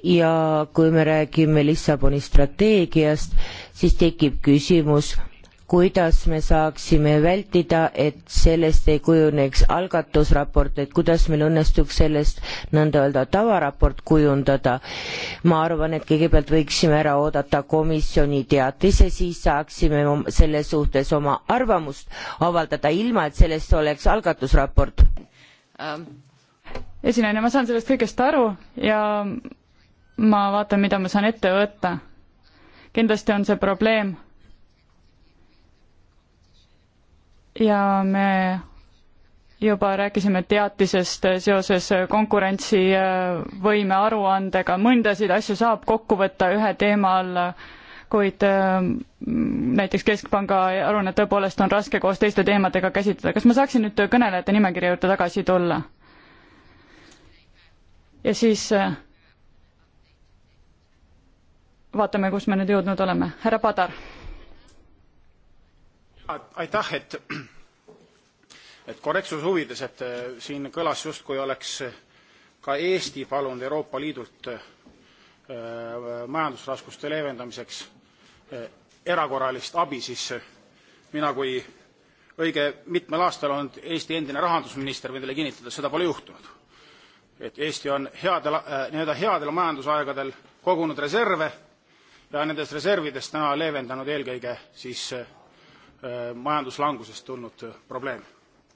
ja kui me räägime Lissaboni strateegiast, siis tekib küsimus, kuidas me saaksime vältida, et sellest ei kujuneks algatusraport, et kuidas meil õnnestuks sellest nõnda öelda tavaraport kujundada. ma arvan, et kõigepealt võiksime ära oodata komisjoni teatise, siis saaksime selle suhtes oma arvamust avaldada, ilma et sellest oleks algatusraport um.. esinaine, ma saan sellest kõigest aru ja ma vaatan, mida ma saan ette võtta. kindlasti on see probleem. ja me juba rääkisime teatisest seoses konkurentsivõime aruandega, mõndasid asju saab kokku võtta ühe teema alla, kuid ähm, näiteks Keskpanga aruannet tõepoolest on raske koos teiste teemadega käsitleda. kas ma saaksin nüüd kõnelejate nimekirja juurde tagasi tulla? ja siis äh, vaatame, kus me nüüd jõudnud oleme. härra Padar. aitäh, et, et korrektsuse huvides, et äh, siin kõlas justkui oleks ka Eesti palunud Euroopa Liidult äh, majandusraskuste leevendamiseks äh, erakorralist abi, siis mina kui õige mitmel aastal olnud Eesti endine rahandusminister võin teile kinnitada, et seda pole juhtunud. et Eesti on headel, nii-öelda headel majandusaegadel kogunud reserve ja nendest reservidest täna leevendanud eelkõige siis äh, majanduslangusest tulnud äh, probleeme.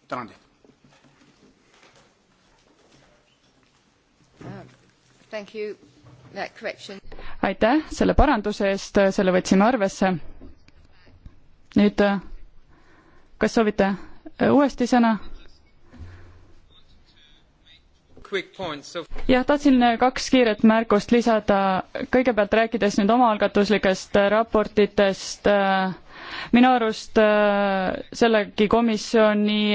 tänan teid. Uh, aitäh selle paranduse eest, äh, selle võtsime arvesse. nüüd, kas soovite uuesti sõna? jah, tahtsin äh, kaks kiiret märkust lisada. kõigepealt rääkides nüüd omaalgatuslikest äh, raportitest, äh, minu arust sellegi komisjoni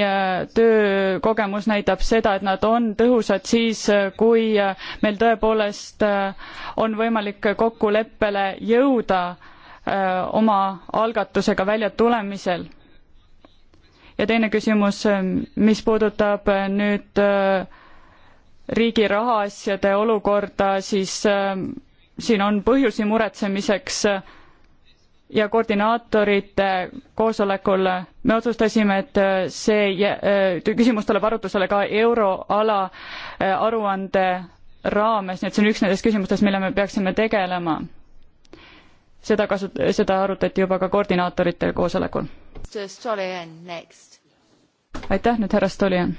töökogemus näitab seda, et nad on tõhusad siis, kui meil tõepoolest on võimalik kokkuleppele jõuda oma algatusega välja tulemisel ja teine küsimus, mis puudutab nüüd äh, riigi rahaasjade olukorda, siis ähm, siin on põhjusi muretsemiseks äh, ja koordinaatorite koosolekul me otsustasime, et äh, see äh, küsimus tuleb arutlusele ka euroala aruande raames, nii et see on üks nendest küsimustest, mille me peaksime tegelema. seda kasu-, seda arutati juba ka koordinaatorite koosolekul. aitäh nüüd, härra Stolian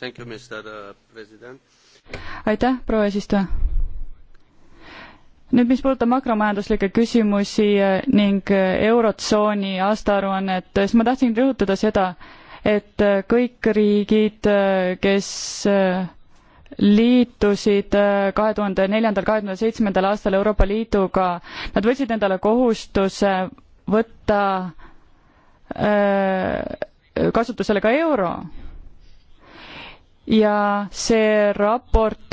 Uh, aitäh, proua eesistuja nüüd, mis puudutab makromajanduslikke küsimusi eh, ning eh, Eurotsooni aastaaruannet, siis ma tahtsin rõhutada seda, et eh, kõik riigid, kes liitusid kahe tuhande neljandal, kahe tuhande seitsmendal aastal Euroopa Liiduga, nad võtsid endale kohustuse võtta kasutusele ka euro ja see raport,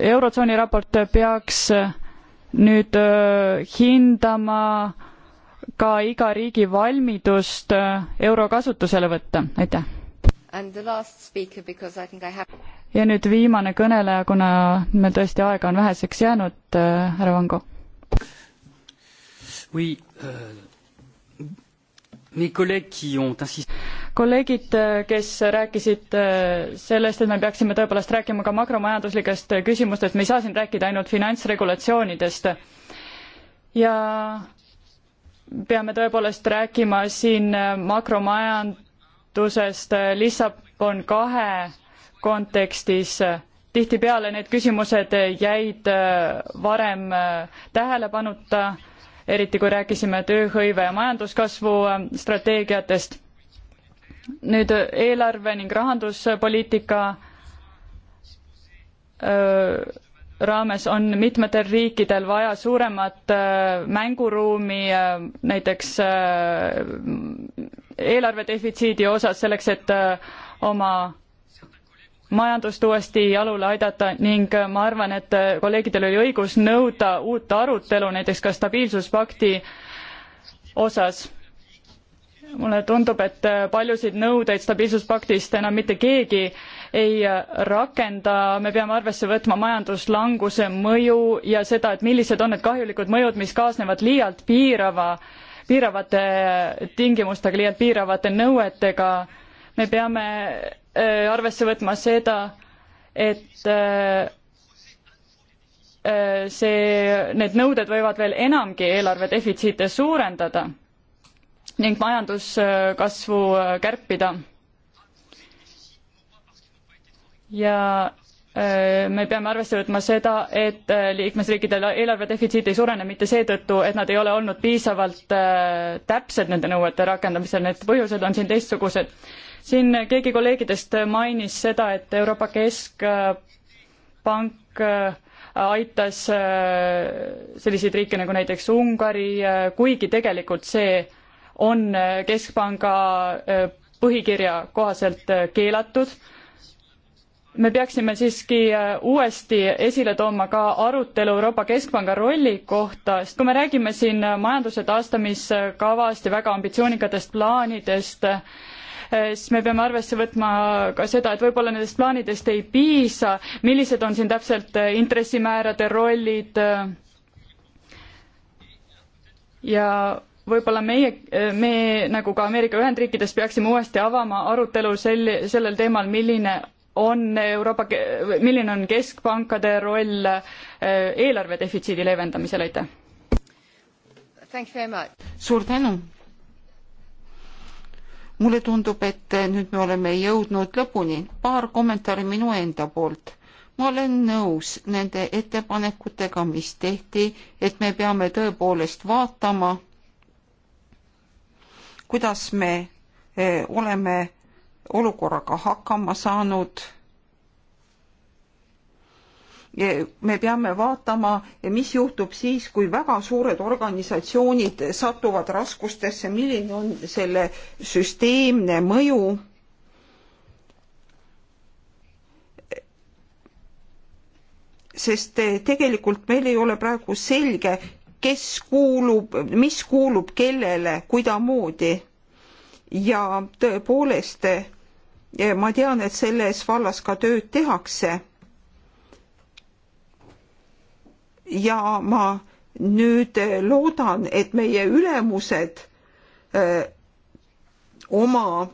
Eurotsooni raport peaks nüüd äh, hindama ka iga riigi valmidust äh, euro kasutusele võtta, aitäh. ja nüüd viimane kõneleja, kuna meil tõesti aega on väheseks jäänud, äh, härra Vango. Oui, euh, kolleegid, kes rääkisid äh, sellest, et me peaksime tõepoolest rääkima ka makromajanduslikest küsimustest, me ei saa siin rääkida ainult finantsregulatsioonidest. ja peame tõepoolest rääkima siin äh, makromajandusest äh, Lissabon kahe kontekstis. tihtipeale need küsimused jäid varem tähelepanuta eriti kui rääkisime tööhõive ja majanduskasvu äh, strateegiatest. nüüd äh, eelarve ning rahanduspoliitika äh, raames on mitmetel riikidel vaja suuremat mänguruumi näiteks eelarvedefitsiidi osas selleks, et oma majandust uuesti jalule aidata ning ma arvan, et kolleegidel oli õigus nõuda uut arutelu näiteks ka stabiilsuspakti osas mulle tundub, et paljusid nõudeid stabiilsuspaktist enam mitte keegi ei rakenda, me peame arvesse võtma majanduslanguse mõju ja seda, et millised on need kahjulikud mõjud, mis kaasnevad liialt piirava, piiravate tingimustega, liialt piiravate nõuetega. me peame Äh, arvesse võtma seda, et äh, äh, see, need nõuded võivad veel enamgi eelarve defitsiite suurendada ning majanduskasvu kärpida. ja me peame arvesse võtma seda, et liikmesriikidel eelarve defitsiit ei suurene mitte seetõttu, et nad ei ole olnud piisavalt täpsed nende nõuete rakendamisel, need põhjused on siin teistsugused siin keegi kolleegidest mainis seda, et Euroopa Keskpank äh, aitas äh, selliseid riike nagu näiteks Ungari, äh, kuigi tegelikult see on Keskpanga põhikirja kohaselt keelatud. me peaksime siiski uuesti esile tooma ka arutelu Euroopa Keskpanga rolli kohta, sest kui me räägime siin majanduse taastamiskavast ja väga ambitsioonikatest plaanidest, siis me peame arvesse võtma ka seda, et võib-olla nendest plaanidest ei piisa, millised on siin täpselt intressimäärade rollid ja võib-olla meie, me nagu ka Ameerika Ühendriikides peaksime uuesti avama arutelu sel-, sellel teemal, milline on Euroopa, milline on keskpankade roll eh, eelarve defitsiidi leevendamisel, aitäh! suur tänu! mulle tundub, et nüüd me oleme jõudnud lõpuni. paar kommentaari minu enda poolt. ma olen nõus nende ettepanekutega, mis tehti, et me peame tõepoolest vaatama, kuidas me eh, oleme olukorraga hakkama saanud me peame vaatama, mis juhtub siis, kui väga suured organisatsioonid satuvad raskustesse, milline on selle süsteemne mõju. sest tegelikult meil ei ole praegu selge, kes kuulub, mis kuulub kellele, kuidamoodi. ja tõepoolest, ma tean, et selles vallas ka tööd tehakse ja ma nüüd loodan, et meie ülemused öö, äh, oma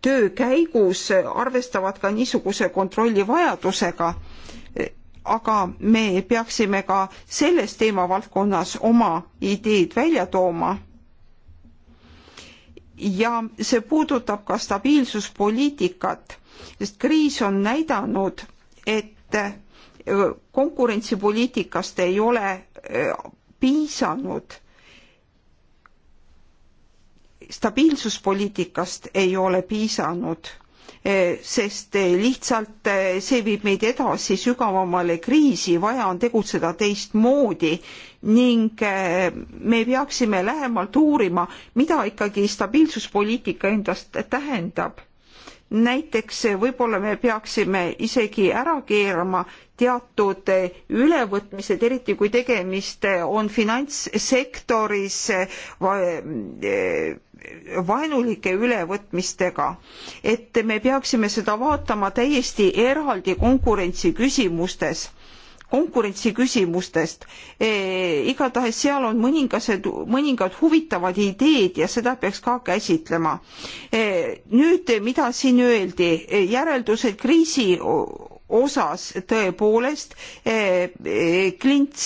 töö käigus arvestavad ka niisuguse kontrolli vajadusega, aga me peaksime ka selles teemavaldkonnas oma ideed välja tooma. ja see puudutab ka stabiilsuspoliitikat, sest kriis on näidanud, et konkurentsipoliitikast ei ole piisanud stabiilsuspoliitikast ei ole piisanud sest lihtsalt see viib meid edasi sügavamale kriisi, vaja on tegutseda teistmoodi ning me peaksime lähemalt uurima, mida ikkagi stabiilsuspoliitika endast tähendab näiteks võib-olla me peaksime isegi ära keerama teatud ülevõtmised, eriti kui tegemist on finantssektoris va vaenulike ülevõtmistega, et me peaksime seda vaatama täiesti eraldi konkurentsi küsimustes konkurentsiküsimustest. E, igatahes seal on mõningased, mõningad huvitavad ideed ja seda peaks ka käsitlema. E, nüüd, mida siin öeldi, e, järeldused kriisi osas tõepoolest klints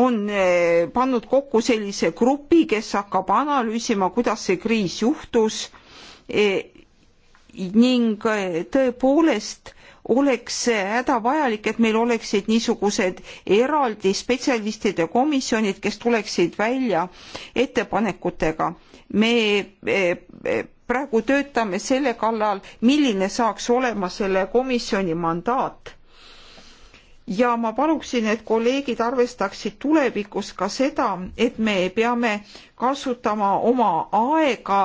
on pannud kokku sellise grupi, kes hakkab analüüsima, kuidas see kriis juhtus ning tõepoolest oleks hädavajalik, et meil oleksid niisugused eraldi spetsialistide komisjonid, kes tuleksid välja ettepanekutega. me eh, eh, praegu töötame selle kallal, milline saaks olema selle komisjoni mandaat ja ma paluksin, et kolleegid arvestaksid tulevikus ka seda, et me peame kasutama oma aega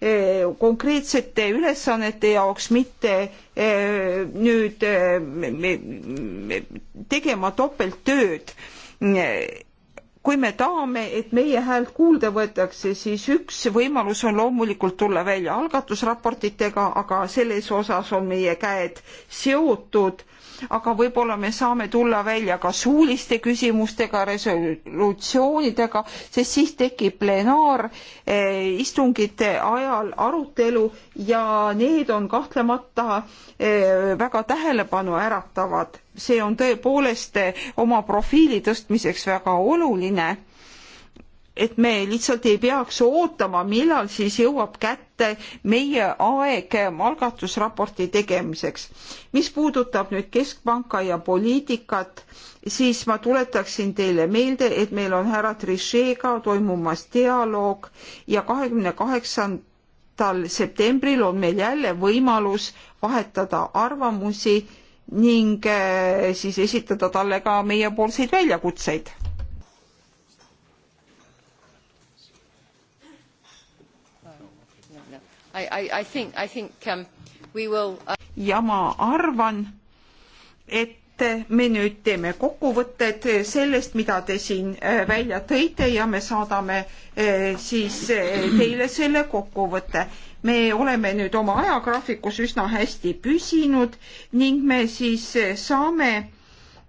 eh, konkreetsete ülesannete jaoks, mitte eh, nüüd eh, tegema topelttööd kui me tahame, et meie häält kuulda võetakse, siis üks võimalus on loomulikult tulla välja algatusraportitega, aga selles osas on meie käed seotud aga võib-olla me saame tulla välja ka suuliste küsimustega, resolutsioonidega, sest siis tekib plenaaristungite eh, ajal arutelu ja need on kahtlemata eh, väga tähelepanu äratavad. see on tõepoolest eh, oma profiili tõstmiseks väga oluline et me lihtsalt ei peaks ootama, millal siis jõuab kätte meie aeg algatusraporti tegemiseks. mis puudutab nüüd keskpanka ja poliitikat, siis ma tuletaksin teile meelde, et meil on härra Trichet'ga toimumas dialoog ja kahekümne kaheksandal septembril on meil jälle võimalus vahetada arvamusi ning eh, siis esitada talle ka meiepoolseid väljakutseid Um, uh, ja ma arvan, et me nüüd teeme kokkuvõtted sellest, mida te siin äh, välja tõite ja me saadame äh, siis äh, teile selle kokkuvõtte. me oleme nüüd oma ajagraafikus üsna hästi püsinud ning me siis saame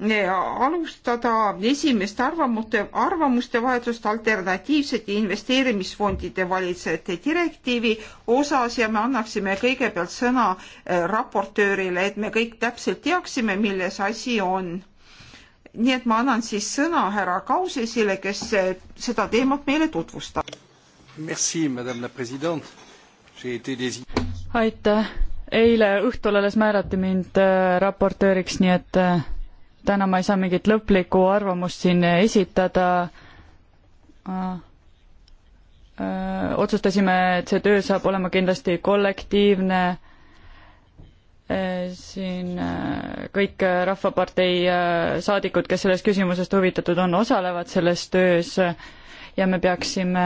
alustada esimest arvamute, arvamuste vahetust alternatiivsete investeerimisfondide valitsejate direktiivi osas ja me annaksime kõigepealt sõna eh, raportöörile, et me kõik täpselt teaksime, milles asi on. nii et ma annan siis sõna härra Kausesile, kes eh, seda teemat meile tutvustab. aitäh, eile õhtul alles määrati mind eh, raportööriks, nii et täna ma ei saa mingit lõplikku arvamust siin esitada. Äh, äh, otsustasime, et see töö saab olema kindlasti kollektiivne. Äh, siin kõik Rahvapartei saadikud, kes sellest küsimusest huvitatud on, osalevad selles töös ja me peaksime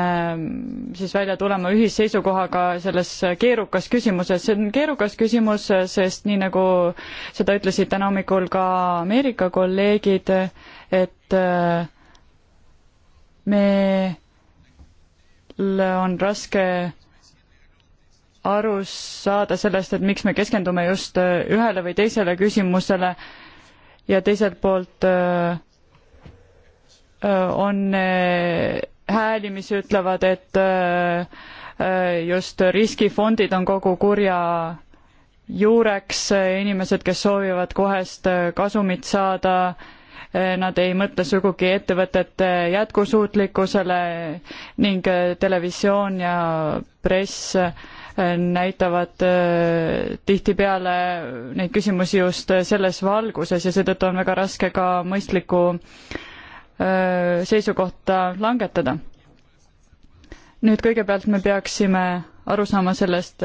siis välja tulema ühisseisukohaga selles keerukas küsimuses. see on keerukas küsimus, sest nii nagu seda ütlesid täna hommikul ka Ameerika kolleegid, et äh, meil on raske aru saada sellest, et miks me keskendume just äh, ühele või teisele küsimusele ja teiselt poolt äh, on hääli, mis ütlevad, et äh, äh, just riskifondid on kogu kurja juureks, äh, inimesed, kes soovivad kohest kasumit saada, nad ei mõtle sugugi ettevõtete jätkusuutlikkusele ning televisioon ja press näitavad tihtipeale neid küsimusi just selles valguses ja seetõttu on väga raske ka mõistlikku seisukohta langetada. nüüd kõigepealt me peaksime aru saama sellest,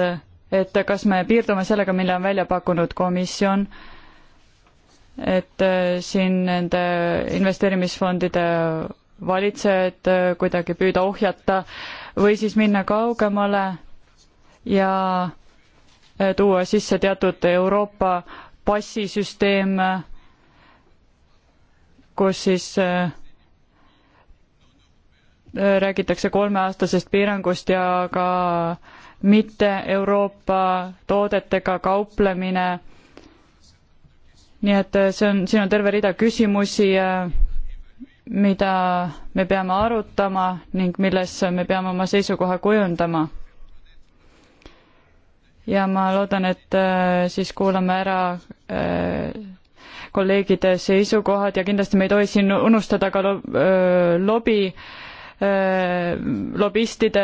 et kas me piirdume sellega, mille on välja pakkunud komisjon, et äh, siin nende investeerimisfondide valitsejad äh, kuidagi püüda ohjata või siis minna kaugemale ja äh, tuua sisse teatud Euroopa passisüsteem, kus siis äh, räägitakse kolmeaastasest piirangust ja ka mitte Euroopa toodetega kauplemine. nii et eh, see on, siin on terve rida küsimusi, eh, mida me peame arutama ning milles me peame oma seisukoha kujundama ja ma loodan, et eh, siis kuulame ära kolleegide seisukohad ja kindlasti me ei tohi siin unustada ka lobi lobistide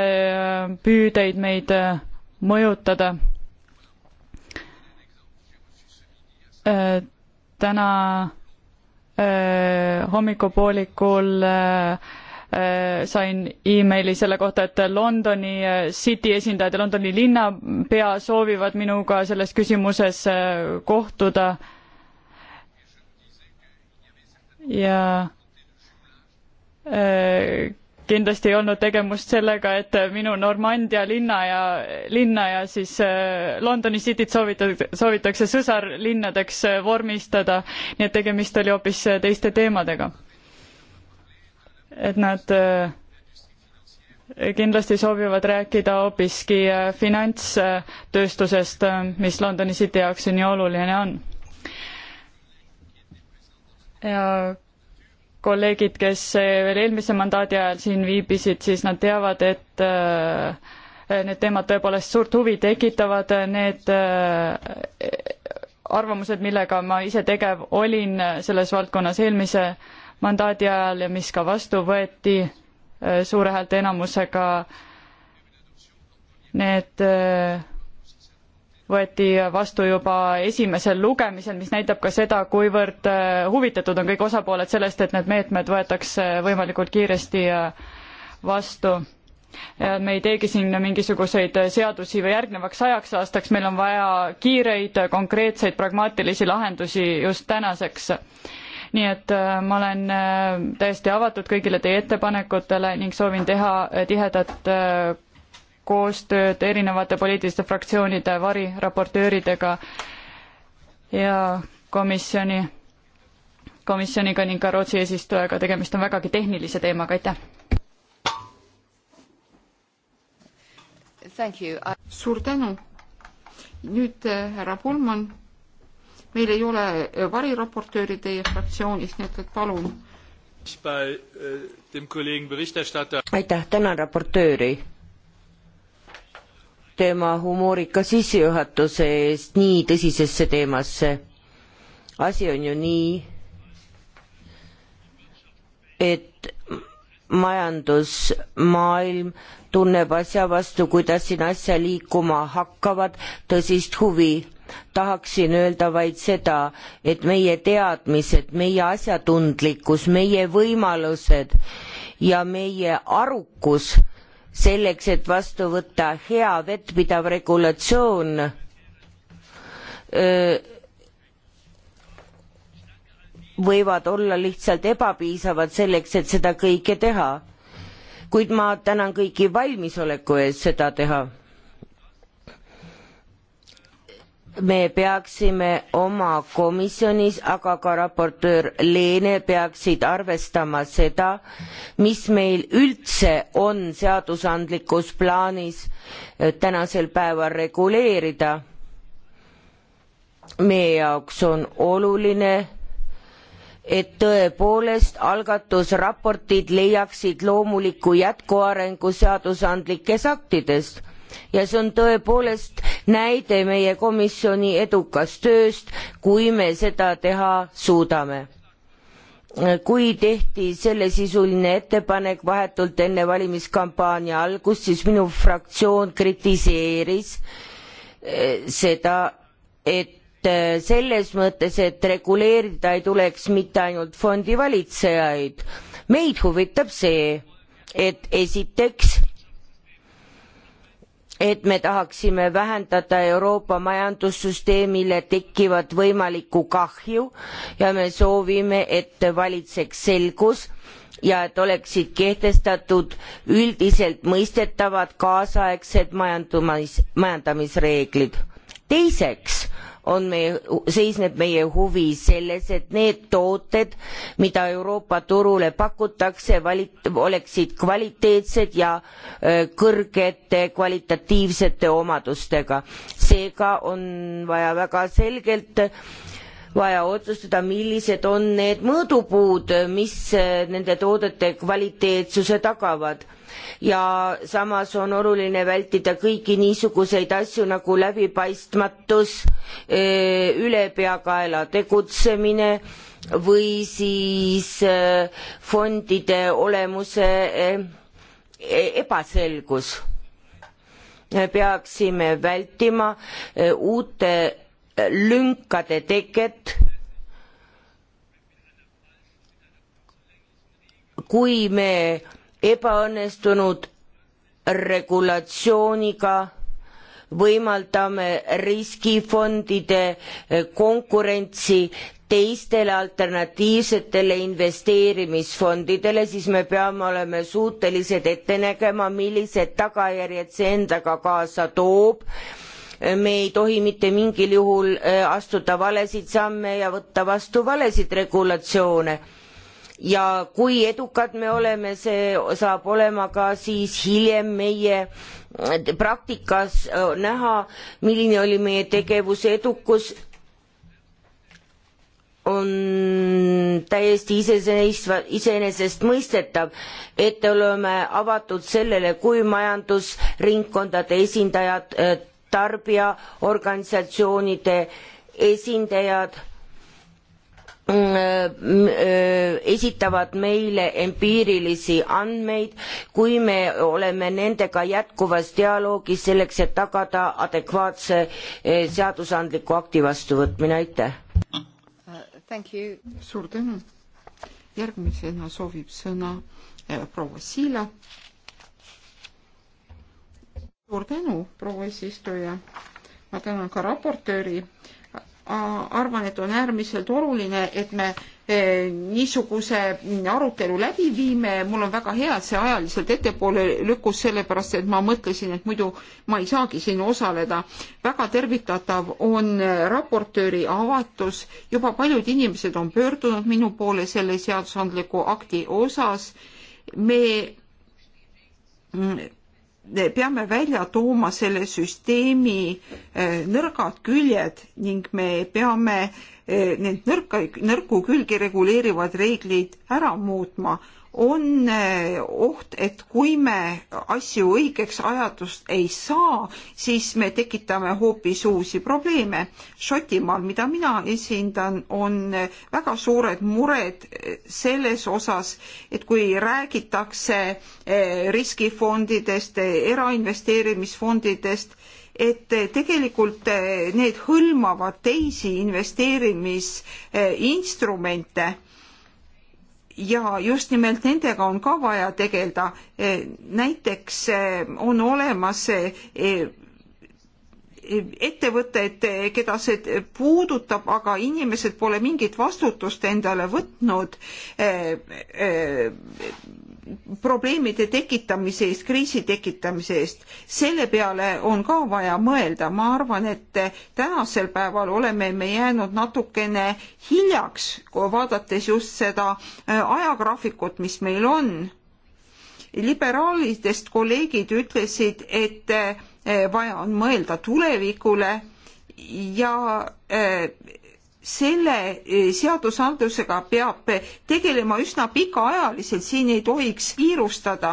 püüdeid meid mõjutada. täna hommikupoolikul sain emaili selle kohta, et Londoni City esindajad ja Londoni linnapea soovivad minuga selles küsimuses kohtuda. ja kindlasti ei olnud tegemist sellega, et minu Normandia linna ja, linna ja siis äh, Londoni Cityt soovitakse, soovitakse sõsarlinnadeks äh, vormistada, nii et tegemist oli hoopis äh, teiste teemadega. et nad kindlasti soovivad rääkida hoopiski finantstööstusest, mis Londoni City jaoks ju nii oluline on. ja kolleegid, kes veel eelmise mandaadi ajal siin viibisid, siis nad teavad, et äh, need teemad tõepoolest suurt huvi tekitavad, need äh, arvamused, millega ma ise tegev olin selles valdkonnas eelmise mandaadi ajal ja mis ka vastu võeti äh, suure häälteenamusega, need võeti vastu juba esimesel lugemisel, mis näitab ka seda, kuivõrd äh, huvitatud on kõik osapooled sellest, et need meetmed võetakse võimalikult kiiresti äh, vastu. me ei teegi siin mingisuguseid seadusi või järgnevaks ajaks aastaks, meil on vaja kiireid, konkreetseid, pragmaatilisi lahendusi just tänaseks nii et äh, ma olen täiesti avatud kõigile teie ettepanekutele ning soovin teha tihedat koostööd erinevate poliitiliste fraktsioonide variraportööridega ja komisjoni, komisjoniga ning ka Rootsi eesistujaga, tegemist on vägagi tehnilise teemaga, aitäh! suur tänu! nüüd äh, härra Pulman, meil ei ole äh, variraportööri teie fraktsioonist, nii et palun. Äh, aitäh, tänan raportööri tema humoorika sissejuhatuse eest nii tõsisesse teemasse. asi on ju nii, et majandusmaailm tunneb asja vastu, kuidas siin asja liikuma hakkavad, tõsist huvi. tahaksin öelda vaid seda, et meie teadmised, meie asjatundlikkus, meie võimalused ja meie arukus selleks, et vastu võtta hea vettpidav regulatsioon, võivad olla lihtsalt ebapiisavad selleks, et seda kõike teha. kuid ma tänan kõiki valmisoleku eest seda teha me peaksime oma komisjonis, aga ka raportöör Leene peaksid arvestama seda, mis meil üldse on seadusandlikus plaanis äh, tänasel päeval reguleerida. meie jaoks on oluline, et tõepoolest algatusraportid leiaksid loomuliku jätkuarengu seadusandlikes aktides ja see on tõepoolest näide meie komisjoni edukast tööst, kui me seda teha suudame kui tehti sellesisuline ettepanek vahetult enne valimiskampaania algust, siis minu fraktsioon kritiseeris eh, seda, et eh, selles mõttes, et reguleerida ei tuleks mitte ainult fondivalitsejaid. meid huvitab see, et esiteks et me tahaksime vähendada Euroopa majandussüsteemile tekkivat võimalikku kahju ja me soovime, et valitseks selgus ja et oleksid kehtestatud üldiselt mõistetavad kaasaegsed majandamis, majandamisreeglid. teiseks on meie, seisneb meie huvi selles, et need tooted, mida Euroopa turule pakutakse, valit-, oleksid kvaliteetsed ja kõrgete kvalitatiivsete omadustega. seega on vaja väga selgelt vaja otsustada, millised on need mõõdupuud, mis eh, nende toodete kvaliteetsuse tagavad. ja samas on oluline vältida kõiki niisuguseid asju nagu läbipaistmatus, eh, ülepeakaela tegutsemine või siis eh, fondide olemuse e-, ebaselgus. peaksime vältima uute lünkade teket kui me ebaõnnestunud regulatsiooniga võimaldame riskifondide konkurentsi teistele alternatiivsetele investeerimisfondidele, siis me peame olema suutelised ette nägema, millised tagajärjed see endaga kaasa toob äh, me ei tohi mitte mingil juhul äh, astuda valesid samme ja võtta vastu valesid regulatsioone ja kui edukad me oleme, see saab olema ka siis hiljem meie äh, praktikas äh, näha, milline oli meie tegevuse edukus, on täiesti iseseisva, iseenesestmõistetav, et oleme avatud sellele, kui majandusringkondade esindajad tarbijaorganisatsioonide esindajad mm, äh, mm, äh, esitavad meile empiirilisi andmeid, kui me oleme nendega jätkuvas dialoogis selleks, et tagada adekvaatse äh, seadusandliku akti vastuvõtmine, aitäh uh,! suur tänu! järgmisena soovib sõna proua Siila suur tänu, proua eesistuja. ma tänan ka raportööri. arvan, et on äärmiselt oluline, et me e, niisuguse arutelu läbi viime, mul on väga hea, et see ajaliselt ettepoole lükkus, sellepärast et ma mõtlesin, et muidu ma ei saagi siin osaleda. väga tervitatav on raportööri avatus, juba paljud inimesed on pöördunud minu poole selle seadusandliku akti osas. me peame välja tooma selle süsteemi eh, nõrgad küljed ning me peame eh, need nõrka, nõrku külgi reguleerivad reeglid ära muutma on eh, oht, et kui me asju õigeks ajatust ei saa, siis me tekitame hoopis uusi probleeme. Šotimaal, mida mina esindan, on eh, väga suured mured eh, selles osas, et kui räägitakse riskifondidest, erainvesteerimisfondidest, et tegelikult need hõlmavad teisi investeerimisinstrumente ja just nimelt nendega on ka vaja tegeleda. E, näiteks e, on olemas e, ettevõtted, keda see puudutab, aga inimesed pole mingit vastutust endale võtnud probleemide tekitamise eest, kriisi tekitamise eest, selle peale on ka vaja mõelda, ma arvan, et tänasel päeval oleme me jäänud natukene hiljaks, vaadates just seda äh, ajagraafikut, mis meil on. liberaalidest kolleegid ütlesid, et äh, vaja on mõelda tulevikule ja äh, selle eh, seadusandlusega peab eh, tegelema üsna pikaajaliselt, siin ei tohiks kiirustada.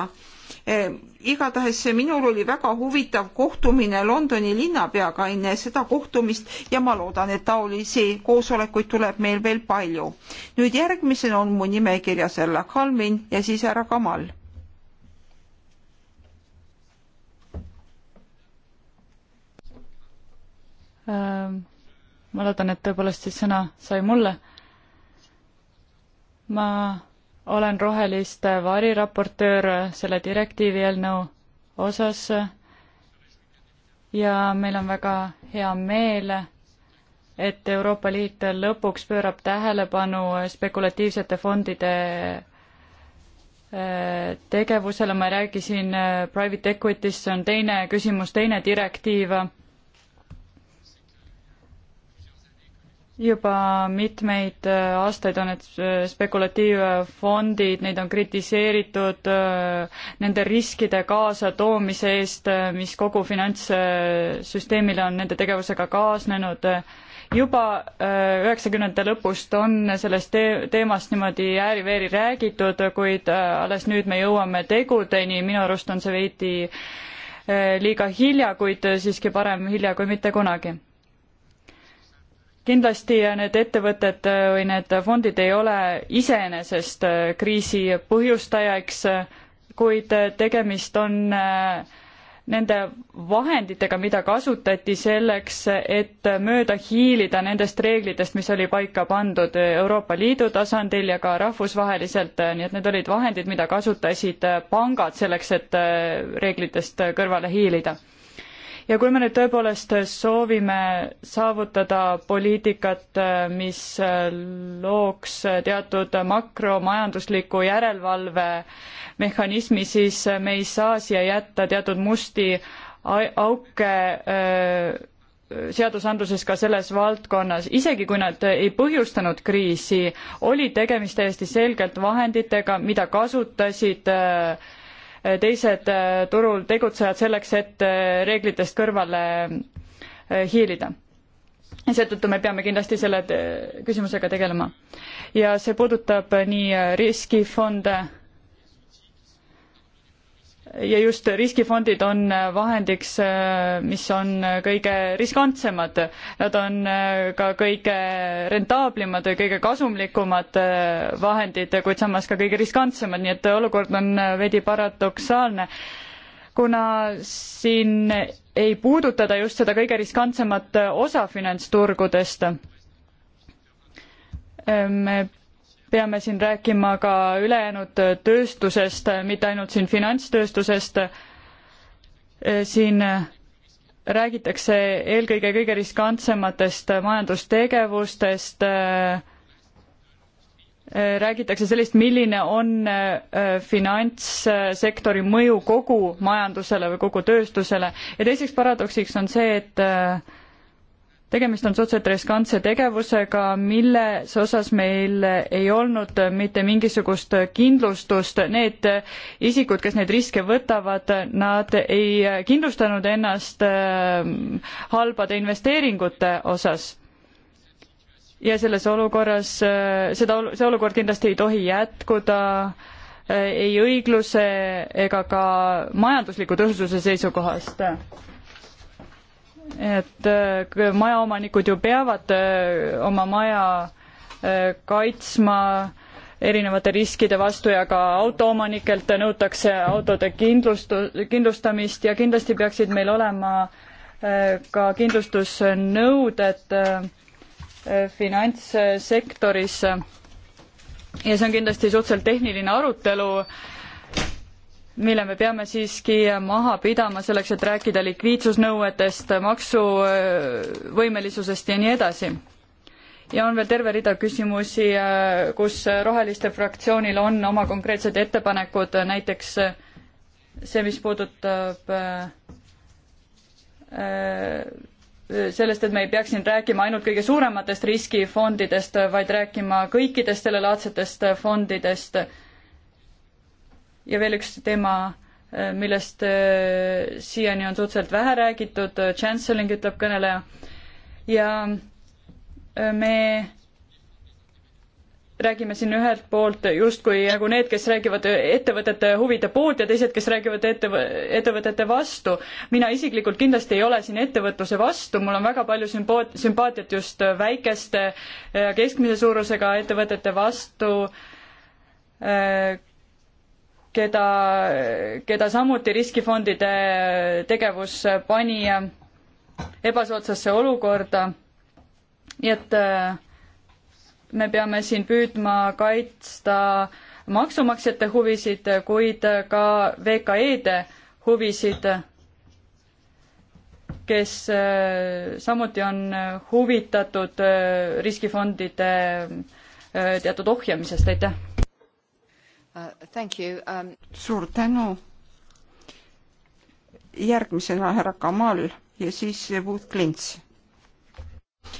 Eh, igatahes minul oli väga huvitav kohtumine Londoni linnapeaga enne seda kohtumist ja ma loodan, et taolisi koosolekuid tuleb meil veel palju. nüüd järgmisena on mu nimekirjas Ella Kalmin ja siis härra Kamal ähm ma loodan, et tõepoolest siis sõna sai mulle. ma olen Roheliste variraportöör selle direktiivi eelnõu osas ja meil on väga hea meel, et Euroopa Liit lõpuks pöörab tähelepanu spekulatiivsete fondide eh, tegevusele, ma ei räägi siin private equity'st, see on teine küsimus, teine direktiiv juba mitmeid äh, aastaid on need äh, spekulatiivfondid, neid on kritiseeritud äh, nende riskide kaasatoomise eest, mis kogu finantssüsteemile on nende tegevusega kaasnenud. juba üheksakümnendate lõpust on sellest te teemast niimoodi ääri-veeri räägitud, kuid alles nüüd me jõuame tegudeni, minu arust on see veidi liiga hilja, kuid siiski parem hilja kui mitte kunagi kindlasti need ettevõtted äh, või need fondid ei ole iseenesest äh, kriisi põhjustajaks, kuid äh, tegemist on nende vahenditega, mida kasutati selleks, et mööda hiilida nendest reeglitest, mis oli paika pandud Euroopa Liidu tasandil ja ka rahvusvaheliselt, nii et need olid vahendid, mida kasutasid pangad selleks, et reeglitest kõrvale hiilida ja kui me nüüd tõepoolest soovime saavutada poliitikat, mis looks teatud makromajandusliku järelevalve mehhanismi, siis me ei saa siia jätta teatud musti auke seadusandluses ka selles valdkonnas, isegi kui nad ei põhjustanud kriisi, oli tegemist täiesti selgelt vahenditega, mida kasutasid äh, teised äh, turul tegutsejad selleks, et äh, reeglitest kõrvale äh, hiilida. ja seetõttu me peame kindlasti selle küsimusega tegelema. ja see puudutab nii riskifonde ja just riskifondid on vahendiks, äh, mis on kõige riskantsemad. Nad on äh, ka kõige rentaablimad või kõige kasumlikumad äh, vahendid, kuid samas ka kõige riskantsemad, nii et olukord on veidi paradoksaalne. kuna siin ei puudutada just seda kõige riskantsemat osa finantsturgudest, me peame siin rääkima ka ülejäänud tööstusest, mitte ainult siin finantstööstusest. siin räägitakse eelkõige kõige riskantsematest majandustegevustest, räägitakse sellest, milline on äh, finantssektori mõju kogu majandusele või kogu tööstusele ja teiseks paradoksiks on see, et äh, tegemist on suhteliselt riskantse tegevusega, milles osas meil ei olnud mitte mingisugust kindlustust. Need isikud, kes neid riske võtavad, nad ei kindlustanud ennast ähm, halbade investeeringute osas. ja selles olukorras, äh, seda, see olukord kindlasti ei tohi jätkuda äh, ei õigluse ega ka majandusliku tõhususe seisukohast et äh, majaomanikud ju peavad äh, oma maja äh, kaitsma erinevate riskide vastu ja ka autoomanikelt nõutakse autode kindlustu-, kindlustamist ja kindlasti peaksid meil olema ka kindlustusnõuded finantssektoris. ja see on kindlasti suhteliselt tehniline arutelu mille me peame siiski maha pidama selleks, et rääkida likviidsusnõuetest, maksuvõimelisusest ja nii edasi. ja on veel terve rida küsimusi, kus Roheliste fraktsioonil on oma konkreetsed ettepanekud, näiteks see, mis puudutab äh, sellest, et me ei peaks siin rääkima ainult kõige suurematest riskifondidest, vaid rääkima kõikidest sellelaadsetest fondidest ja veel üks teema, äh, millest äh, siiani on suhteliselt vähe räägitud, äh, chancelling, ütleb kõneleja, ja me räägime siin ühelt poolt justkui nagu need, kes räägivad ettevõtete huvide poolt ja teised, kes räägivad ettevõ-, ettevõtete vastu. mina isiklikult kindlasti ei ole siin ettevõtluse vastu, mul on väga palju sümboot-, sümpaatiat just väikeste ja keskmise suurusega ettevõtete vastu, keda, keda samuti riskifondide tegevus pani ebasoodsasse olukorda. nii et äh, me peame siin püüdma kaitsta maksumaksjate huvisid, kuid ka VKE-de huvisid, kes äh, samuti on huvitatud äh, riskifondide teatud ohjamisest, aitäh uh,. Um... suur tänu. järgmisena härra Kamal ja siis Ruth Klints.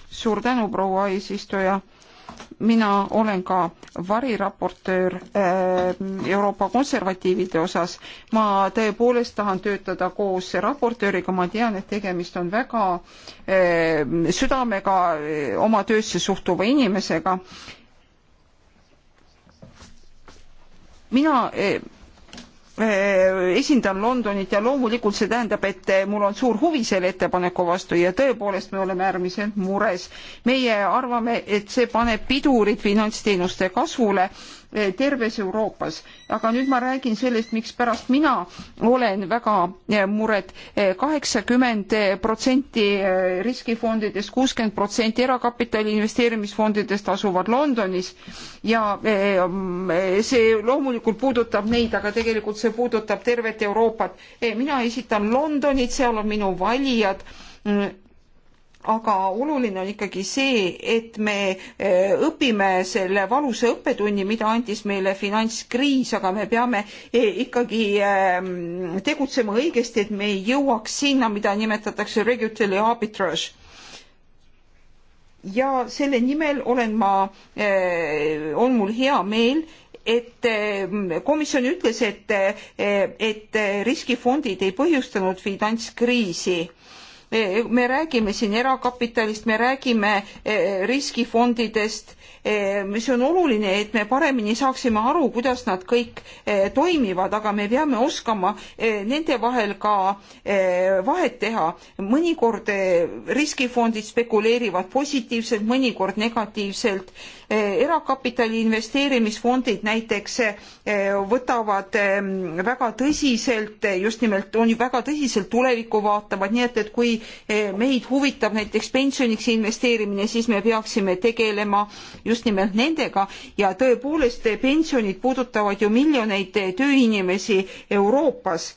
suur tänu, proua eesistuja mina olen ka variraportöör äh, Euroopa konservatiivide osas. ma tõepoolest tahan töötada koos raportööriga, ma tean, et tegemist on väga äh, südamega äh, oma töösse suhtuva inimesega mina eh, eh, esindan Londonit ja loomulikult see tähendab, et eh, mul on suur huvi selle ettepaneku vastu ja tõepoolest me oleme äärmiselt mures. meie arvame, et see paneb pidurid finantsteenuste kasvule Eh, terves Euroopas. aga nüüd ma räägin sellest, mikspärast mina olen väga eh, muret. Eh, kaheksakümmend protsenti riskifondidest, kuuskümmend protsenti erakapitali investeerimisfondidest asuvad Londonis ja see loomulikult puudutab neid, aga tegelikult see puudutab tervet Euroopat. mina esitan Londonit, seal on minu valijad mm, aga oluline on ikkagi see, et me eh, õpime selle valusa õppetunni, mida andis meile finantskriis, aga me peame eh, ikkagi ehm, tegutsema õigesti, et me ei jõuaks sinna, mida nimetatakse regulatory arbitrage ja selle nimel olen ma, eh, on mul hea meel, et komisjon ütles, et, et riskifondid ei põhjustanud finantskriisi me räägime siin erakapitalist, me räägime eh, riskifondidest Eh, see on oluline, et me paremini saaksime aru, kuidas nad kõik eh, toimivad, aga me peame oskama eh, nende vahel ka vahet teha. mõnikord riskifondid spekuleerivad positiivselt, mõnikord negatiivselt. erakapitali investeerimisfondid näiteks võtavad ehm, väga tõsiselt, just nimelt on ju väga tõsiselt tulevikku vaatavad, nii et, et kui meid huvitab näiteks pensioniks investeerimine, siis me peaksime tegelema just just nimelt nendega ja tõepoolest pensionid puudutavad ju miljoneid tööinimesi Euroopas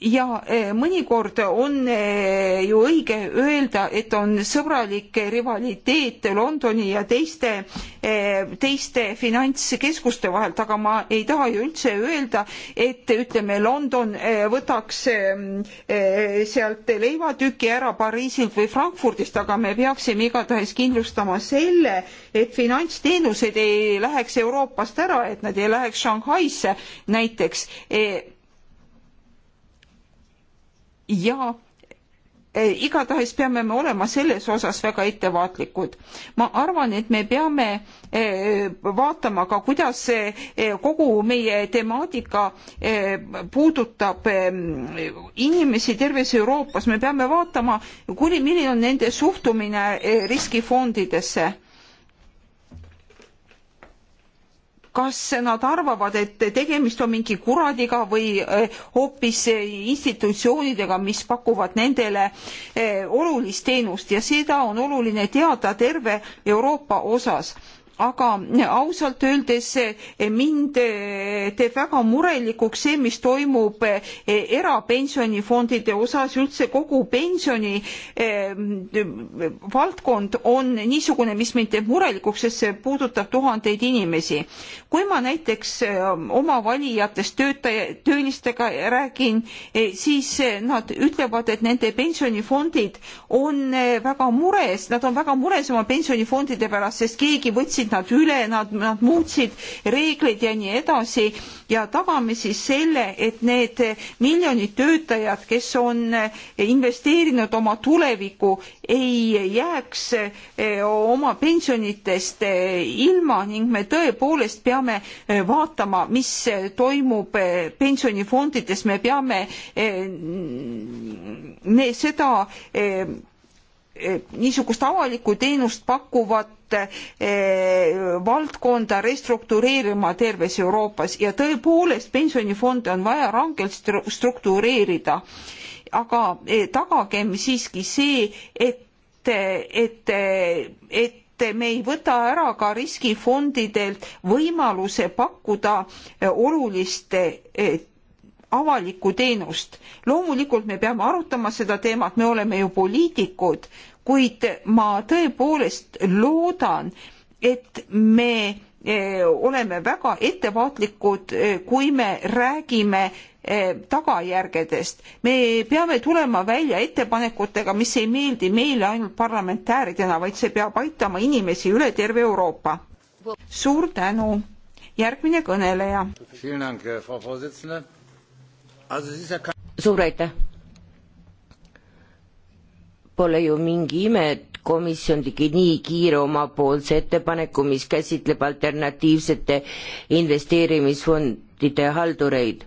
ja eh, mõnikord on eh, ju õige öelda, et on sõbralik rivaliteet Londoni ja teiste, eh, teiste finantskeskuste vahelt, aga ma ei taha ju üldse öelda, et ütleme, London võtaks sealt leivatüki ära Pariisilt või Frankfurdist, aga me peaksime igatahes kindlustama selle, et finantsteenused ei läheks Euroopast ära, et nad ei läheks Shanghaisse näiteks ja e, igatahes peame me olema selles osas väga ettevaatlikud. ma arvan, et me peame e, vaatama ka, kuidas e, kogu meie temaatika puudutab inimesi terves Euroopas, me peame vaatama, kuni milline on nende suhtumine riskifondidesse kas nad arvavad, et tegemist on mingi kuradiga või eh, hoopis eh, institutsioonidega, mis pakuvad nendele eh, olulist teenust ja seda on oluline teada terve Euroopa osas aga ausalt öeldes eh, mind eh, teeb väga murelikuks see, mis toimub eh, erapensionifondide osas, üldse kogu pensioni valdkond on niisugune, mis mind teeb murelikuks, sest see puudutab tuhandeid inimesi. kui ma näiteks oma valijatest töötaja, töölistega räägin, siis nad ütlevad, et nende pensionifondid on väga mures, nad on väga mures oma pensionifondide pärast, sest keegi võtsid läksid nad üle, nad, nad muutsid reegleid ja nii edasi ja tagame siis selle, et need miljonid töötajad, kes on investeerinud oma tulevikku, ei jääks eh, oma pensionitest eh, ilma ning me tõepoolest peame eh, vaatama, mis toimub pensionifondides, me peame me seda Eh, niisugust avalikku teenust pakkuvat eh, valdkonda restruktureerima terves Euroopas ja tõepoolest pensionifonde on vaja rangelt struktureerida. aga eh, tagagem siiski see, et, et, et me ei võta ära ka riskifondidelt võimaluse pakkuda olulist avalikku teenust. loomulikult me peame arutama seda teemat, me oleme ju poliitikud, kuid ma tõepoolest loodan, et me e, oleme väga ettevaatlikud, e, kui me räägime e, tagajärgedest. me peame tulema välja ettepanekutega, mis ei meeldi meile ainult parlamentääridena, vaid see peab aitama inimesi üle terve Euroopa. suur tänu. järgmine kõneleja suur aitäh! Pole ju mingi ime, et komisjon tegi nii kiire omapoolse ettepaneku, mis käsitleb alternatiivsete investeerimisfondide haldureid.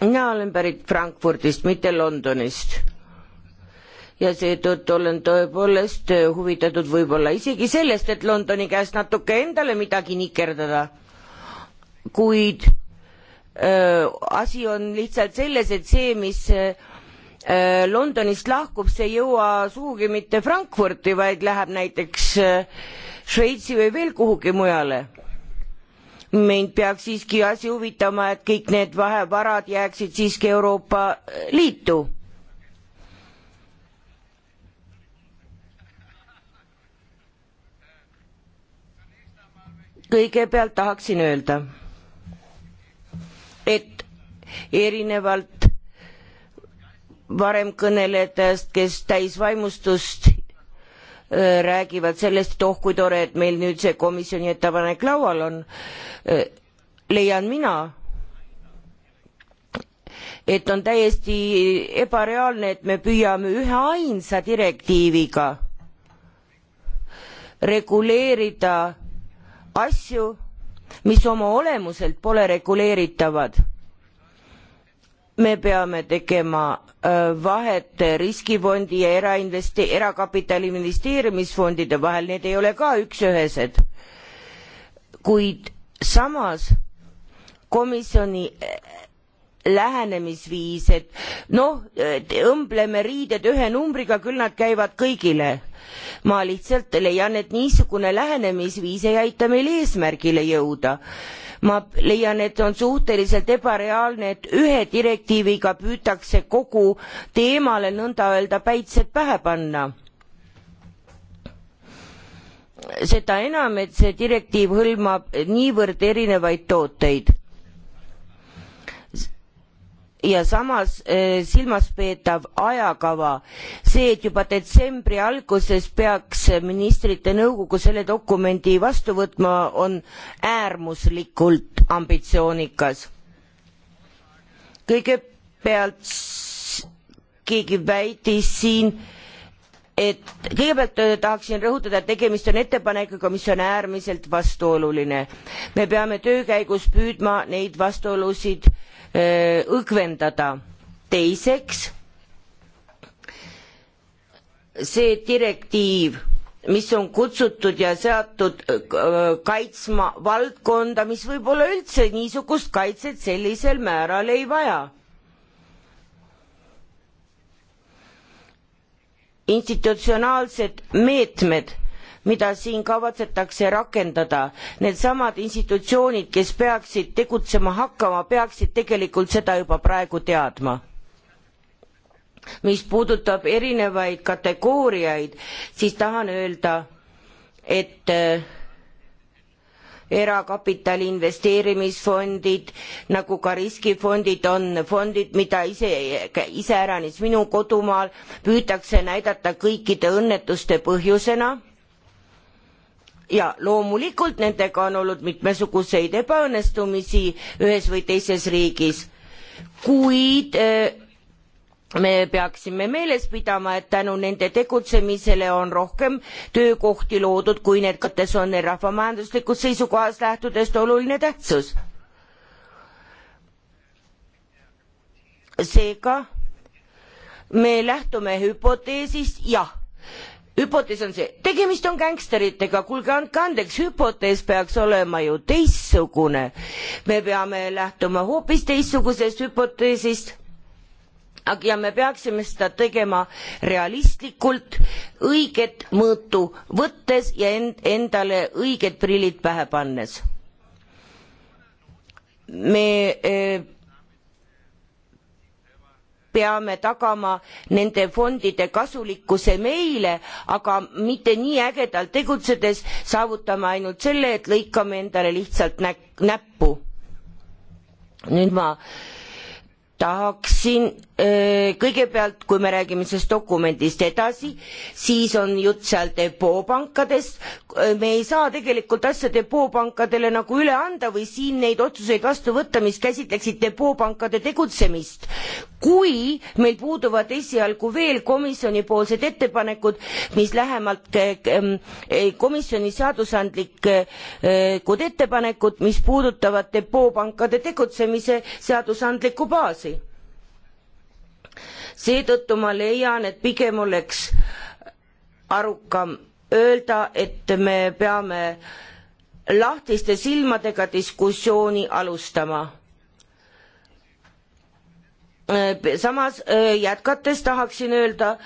mina olen pärit Frankfurdist, mitte Londonist. ja seetõttu olen tõepoolest huvitatud võib-olla isegi sellest, et Londoni käest natuke endale midagi nikerdada kuid öö, asi on lihtsalt selles, et see, mis öö, Londonist lahkub, see ei jõua sugugi mitte Frankfurti, vaid läheb näiteks Šveitsi või veel kuhugi mujale. mind peaks siiski asi huvitama, et kõik need vahevarad jääksid siiski Euroopa Liitu. kõigepealt tahaksin öelda et erinevalt varem kõnelejatest, kes täis vaimustust äh, räägivad sellest, et oh kui tore, et meil nüüd see komisjoni ettepanek laual on, äh, leian mina, et on täiesti ebareaalne, et me püüame üheainsa direktiiviga reguleerida asju mis oma olemuselt pole reguleeritavad. me peame tegema vahet riskifondi ja erainveste- erakapitali investeerimisfondide vahel need ei ole ka üksühesed kuid samas komisjoni lähenemisviis et noh õmbleme riided ühe numbriga küll nad käivad kõigile ma lihtsalt leian et niisugune lähenemisviis ei aita meil eesmärgile jõuda ma leian et on suhteliselt ebareaalne et ühe direktiiviga püütakse kogu teemale nõnda öelda päitsed pähe panna seda enam et see direktiiv hõlmab niivõrd erinevaid tooteid ja samas eh, silmas peetav ajakava see et juba detsembri alguses peaks ministrite nõukogu selle dokumendi vastu võtma on äärmuslikult ambitsioonikas kõigepealt keegi väitis siin et kõigepealt äh, tahaksin rõhutada et tegemist on ettepanekuga mis on äärmiselt vastuoluline me peame töö käigus püüdma neid vastuolusid öö, äh, õgvendada teiseks see direktiiv mis on kutsutud ja seatud äh, kaitsma valdkonda mis võib-olla üldse niisugust kaitset sellisel määral ei vaja institutsionaalsed meetmed, mida siin kavatsetakse rakendada, needsamad institutsioonid, kes peaksid tegutsema hakkama, peaksid tegelikult seda juba praegu teadma mis puudutab erinevaid kategooriaid, siis tahan öelda, et äh, erakapitali investeerimisfondid nagu ka riskifondid on fondid, mida ise, iseäranis minu kodumaal püütakse näidata kõikide õnnetuste põhjusena. ja loomulikult nendega on olnud mitmesuguseid ebaõnnestumisi ühes või teises riigis, kuid öö, äh, me peaksime meeles pidama et tänu nende tegutsemisele on rohkem töökohti loodud kui need kates on neil rahvamajanduslikust seisukohast lähtudes oluline tähtsus seega me lähtume hüpoteesist jah hüpotees on see tegemist on gängsteritega kuulge andke andeks hüpotees peaks olema ju teistsugune me peame lähtuma hoopis teistsugusest hüpoteesist ja me peaksime seda tegema realistlikult õiget mõõtu võttes ja end endale õiged prillid pähe pannes me eh, peame tagama nende fondide kasulikkuse meile aga mitte nii ägedalt tegutsedes saavutame ainult selle et lõikame endale lihtsalt nä näppu nüüd ma tahaksin kõigepealt, kui me räägime sellest dokumendist edasi, siis on jutt seal depoopankadest. me ei saa tegelikult asja depoopankadele nagu üle anda või siin neid otsuseid vastu võtta, mis käsitleksid depoopankade tegutsemist, kui meil puuduvad esialgu veel komisjonipoolsed ettepanekud mis lähemalt eh, ehm, eh, komisjoni seadusandlikud eh, ettepanekud mis puudutavad depoopankade tegutsemise seadusandlikku baasi seetõttu ma leian et pigem oleks arukam öelda et me peame lahtiste silmadega diskussiooni alustama Äh, samas äh, jätkates tahaksin öelda,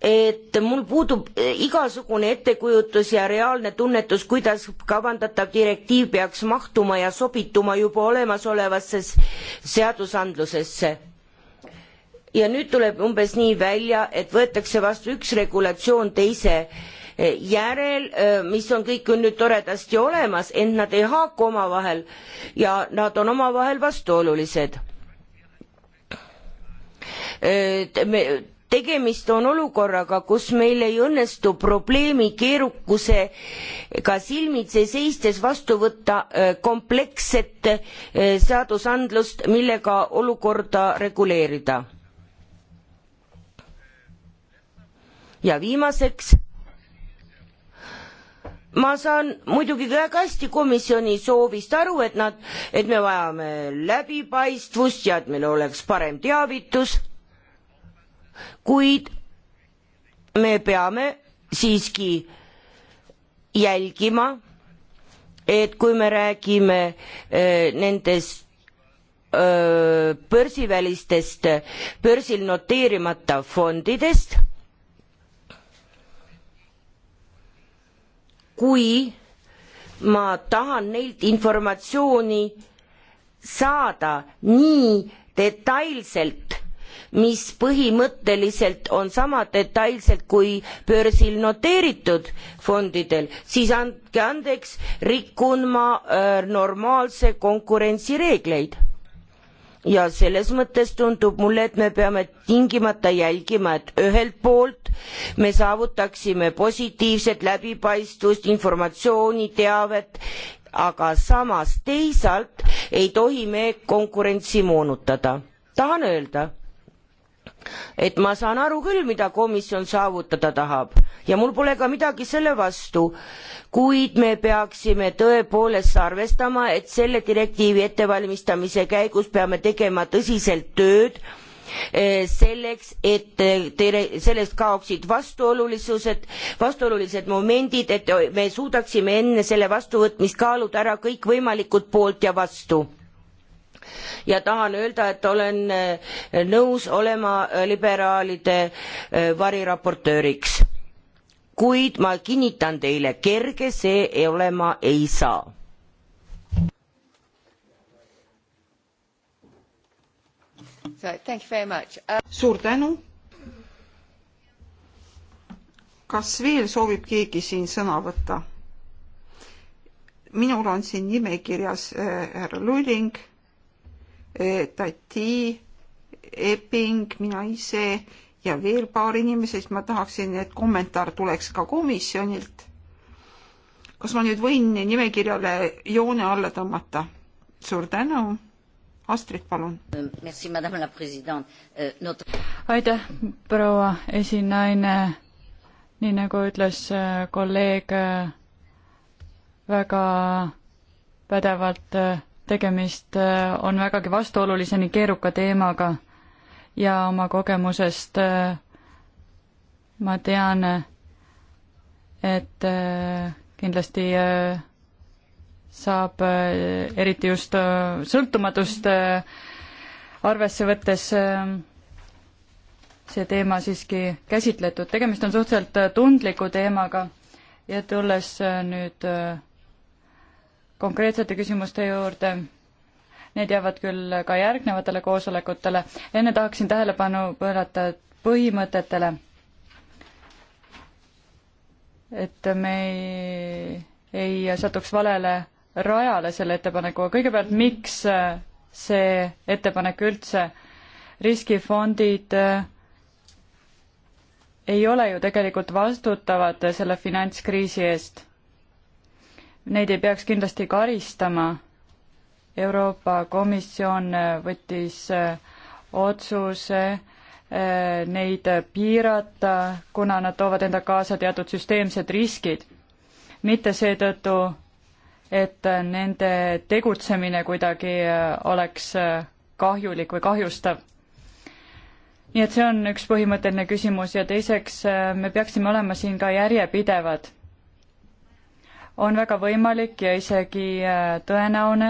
et mul puudub äh, igasugune ettekujutus ja reaalne tunnetus, kuidas kavandatav direktiiv peaks mahtuma ja sobituma juba olemasolevasse seadusandlusesse. ja nüüd tuleb umbes nii välja, et võetakse vastu üks regulatsioon teise järel, mis on kõik on nüüd toredasti olemas, ent nad ei haaku omavahel ja nad on omavahel vastuolulised Äh, tegemist on olukorraga, kus meil ei õnnestu probleemi keerukusega silmitsi seistes vastu võtta äh, kompleksset äh, seadusandlust, millega olukorda reguleerida. ja viimaseks ma saan muidugi väga hästi komisjoni soovist aru, et nad, et me vajame läbipaistvust ja et meil oleks parem teavitus kuid me peame siiski jälgima, et kui me räägime eh, nendest eh, börsivälistest, börsil noteerimata fondidest, kui ma tahan neilt informatsiooni saada nii detailselt mis põhimõtteliselt on sama detailselt kui börsil noteeritud fondidel, siis andke andeks, rikun ma äh, normaalse konkurentsi reegleid ja selles mõttes tundub mulle, et me peame tingimata jälgima, et ühelt poolt me saavutaksime positiivset läbipaistvust, informatsiooni, teavet, aga samas teisalt ei tohi me konkurentsi moonutada. tahan öelda et ma saan aru küll, mida komisjon saavutada tahab ja mul pole ka midagi selle vastu, kuid me peaksime tõepoolest arvestama, et selle direktiivi ettevalmistamise käigus peame tegema tõsiselt tööd eh, selleks, et eh, tere, sellest kaoksid vastuolulisused, vastuolulised momendid, et me suudaksime enne selle vastuvõtmist kaaluda ära kõikvõimalikud poolt ja vastu ja tahan öelda, et olen äh, nõus olema äh, liberaalide äh, variraportööriks. kuid ma kinnitan teile, kerge see olema ei saa. Uh, suur tänu. kas veel soovib keegi siin sõna võtta? minul on siin nimekirjas härra äh, Luling Tati Epping, mina ise ja veel paar inimesest, ma tahaksin, et kommentaar tuleks ka komisjonilt. kas ma nüüd võin nimekirjale joone alla tõmmata? suur tänu. Astrid, palun. Euh, aitäh, proua esinaine. nii nagu ütles äh, kolleeg äh, väga pädevalt äh, tegemist äh, on vägagi vastuolulise ning keeruka teemaga ja oma kogemusest äh, ma tean, et äh, kindlasti saab eriti just sõltumatust arvesse võttes see teema siiski käsitletud. tegemist on suhteliselt tundliku teemaga ja tulles nüüd konkreetsete küsimuste juurde. Need jäävad küll ka järgnevatele koosolekutele. enne tahaksin tähelepanu pöörata põhimõtetele. et me ei, ei satuks valele rajale selle ettepanekuga. kõigepealt, miks see ettepanek üldse, riskifondid äh, ei ole ju tegelikult vastutavad selle finantskriisi eest neid ei peaks kindlasti karistama. Euroopa Komisjon äh, võttis äh, otsuse äh, neid piirata, kuna nad toovad enda kaasa teatud süsteemsed riskid. mitte seetõttu, et nende tegutsemine kuidagi oleks kahjulik või kahjustav. nii et see on üks põhimõtteline küsimus ja teiseks me peaksime olema siin ka järjepidevad on väga võimalik ja isegi äh, tõenäone,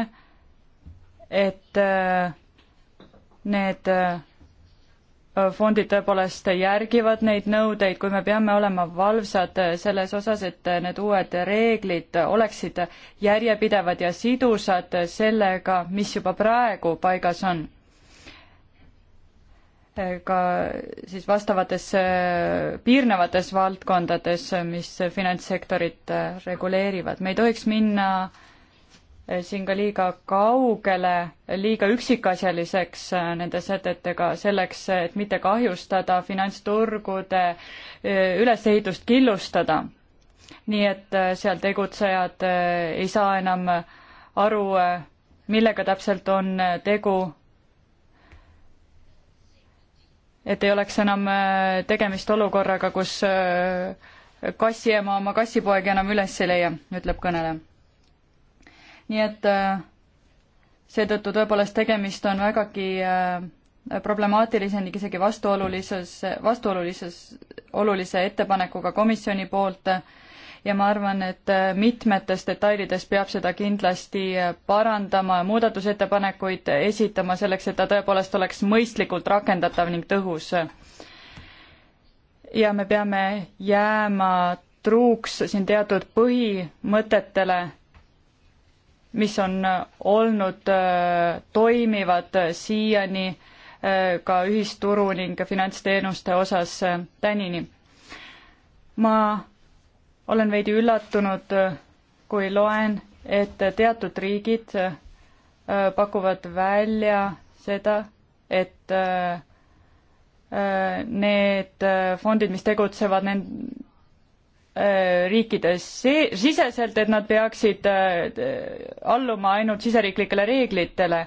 et äh, need äh, fondid tõepoolest järgivad neid nõudeid, kui me peame olema valvsad selles osas, et need uued reeglid oleksid järjepidevad ja sidusad sellega, mis juba praegu paigas on ka siis vastavates äh, piirnevates valdkondades, äh, mis finantssektorit äh, reguleerivad. me ei tohiks minna siin ka liiga kaugele, liiga üksikasjaliseks nende sätetega, selleks et mitte kahjustada finantsturgude ülesehitust, killustada. nii et seal tegutsejad ei saa enam aru, millega täpselt on tegu et ei oleks enam äh, tegemist olukorraga, kus äh, kassiema oma kassipoegi enam üles ei leia, ütleb kõneleja. nii et äh, seetõttu tõepoolest tegemist on vägagi problemaatilise ning isegi vastuolulises, vastuolulises, olulise ettepanekuga komisjoni poolt äh, ja ma arvan, et äh, mitmetes detailides peab seda kindlasti äh, parandama ja muudatusettepanekuid äh, esitama selleks, et ta tõepoolest oleks mõistlikult rakendatav ning tõhus. ja me peame jääma truuks siin teatud põhimõtetele, mis on olnud toimivad siiani ka ühisturu ning finantsteenuste osas tänini. ma olen veidi üllatunud, kui loen, et teatud riigid äh, pakuvad välja seda, et äh, äh, need fondid, mis tegutsevad nend-, riikides see-, siseselt, et nad peaksid alluma ainult siseriiklikele reeglitele,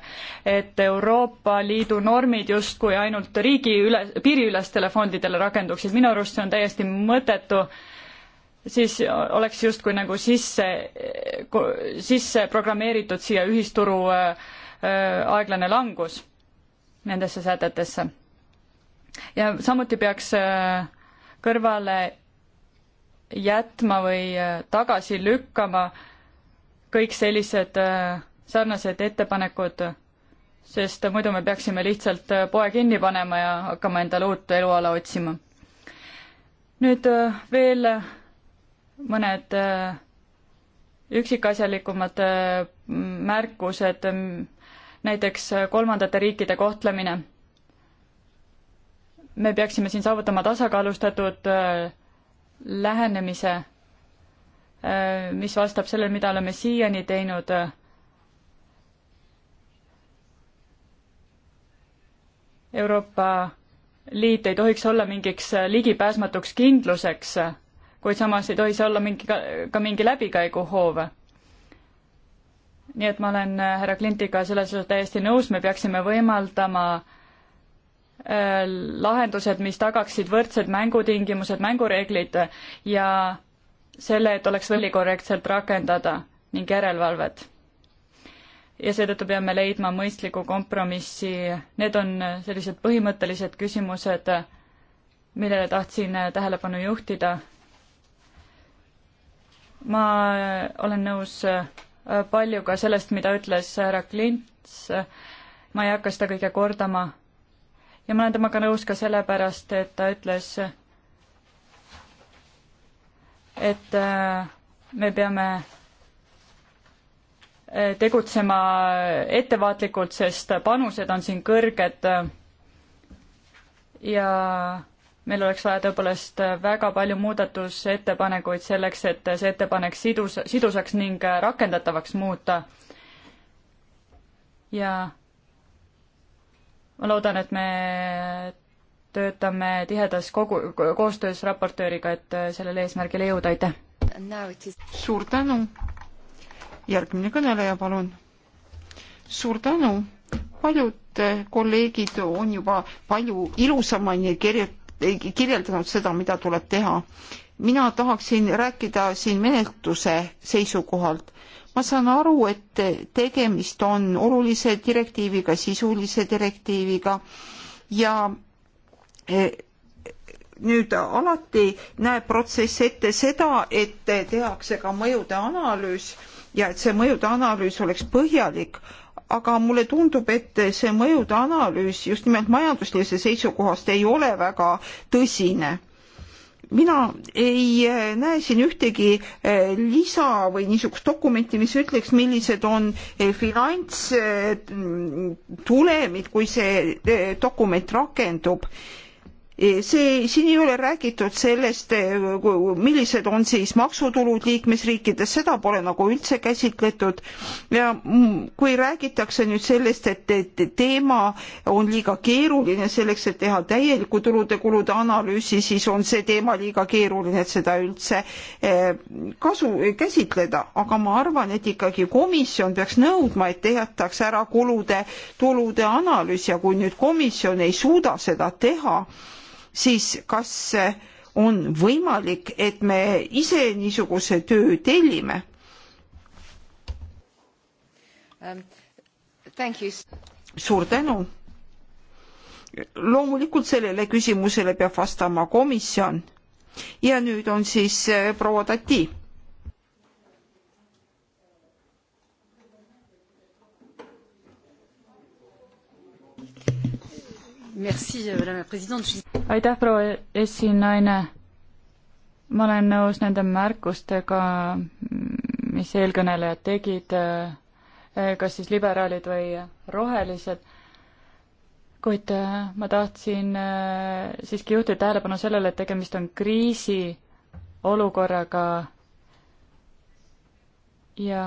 et Euroopa Liidu normid justkui ainult riigi üle, piiriülestele fondidele rakenduksid, minu arust see on täiesti mõttetu äh, siis oleks justkui nagu sisse, sisse programmeeritud siia ühisturu äh, äh, aeglane langus nendesse sätetesse. ja samuti peaks äh, kõrvale jätma või tagasi lükkama kõik sellised sarnased ettepanekud, sest muidu me peaksime lihtsalt poe kinni panema ja hakkama endale uut eluala otsima. nüüd veel mõned äh, üksikasjalikumad äh, märkused, näiteks äh, kolmandate riikide kohtlemine. me peaksime siin saavutama tasakaalustatud lähenemise, mis vastab sellele, mida oleme siiani teinud. Euroopa Liit ei tohiks olla mingiks ligipääsmatuks kindluseks kuid samas ei tohi see olla mingi, ka mingi läbikäiguhoov. nii et ma olen äh, härra Klintiga selles osas täiesti nõus, me peaksime võimaldama äh, lahendused, mis tagaksid võrdsed mängutingimused, mängureeglid ja selle, et oleks võimalik korrektselt rakendada ning järelevalvet. ja seetõttu peame leidma mõistliku kompromissi, need on sellised põhimõttelised küsimused, millele tahtsin äh, tähelepanu juhtida ma äh, olen nõus äh, palju ka sellest, mida ütles härra Klints, ma ei hakka seda kõike kordama. ja ma olen temaga nõus ka sellepärast, et ta ütles, et äh, me peame tegutsema ettevaatlikult, sest panused on siin kõrged ja meil oleks vaja tõepoolest väga palju muudatusettepanekuid selleks, et see ettepanek sidus, sidusaks ning rakendatavaks muuta. ja ma loodan, et me töötame tihedas kogu, koostöös raportööriga, et sellele eesmärgile jõuda, aitäh! suur tänu! järgmine kõneleja, palun! suur tänu! paljud kolleegid on juba palju ilusamaid kirjutanud kirjeldanud seda, mida tuleb teha. mina tahaksin rääkida siin menetluse seisukohalt. ma saan aru, et tegemist on olulise direktiiviga, sisulise direktiiviga ja eh, nüüd alati näeb protsess ette seda, et tehakse ka mõjude analüüs ja et see mõjude analüüs oleks põhjalik, aga mulle tundub, et see mõjude analüüs just nimelt majanduslise seisukohast ei ole väga tõsine mina ei eh, näe siin ühtegi eh, lisa või niisugust dokumenti, mis ütleks, millised on eh, finantstulemid, kui see dokument rakendub Eh, see, siin ei ole räägitud sellest, eh, millised on siis maksutulud liikmesriikides, seda pole nagu üldse käsitletud. ja kui räägitakse nüüd sellest, et, et teema on liiga keeruline selleks, et teha täielikku tulude-kulude analüüsi, siis on see teema liiga keeruline, et seda üldse eh, kasu, käsitleda, aga ma arvan, et ikkagi komisjon peaks nõudma, et tehtaks ära kulude-tulude analüüs ja kui nüüd komisjon ei suuda seda teha, siis kas on võimalik, et me ise niisuguse töö tellime um,? suur tänu. loomulikult sellele küsimusele peab vastama komisjon ja nüüd on siis eh, proua Tati Euh, aitäh, proua esinaine. ma olen nõus nende märkustega, mis eelkõnelejad tegid, äh, kas siis liberaalid või rohelised, kuid äh, ma tahtsin äh, siiski juhtida tähelepanu sellele, et tegemist on kriisiolukorraga ja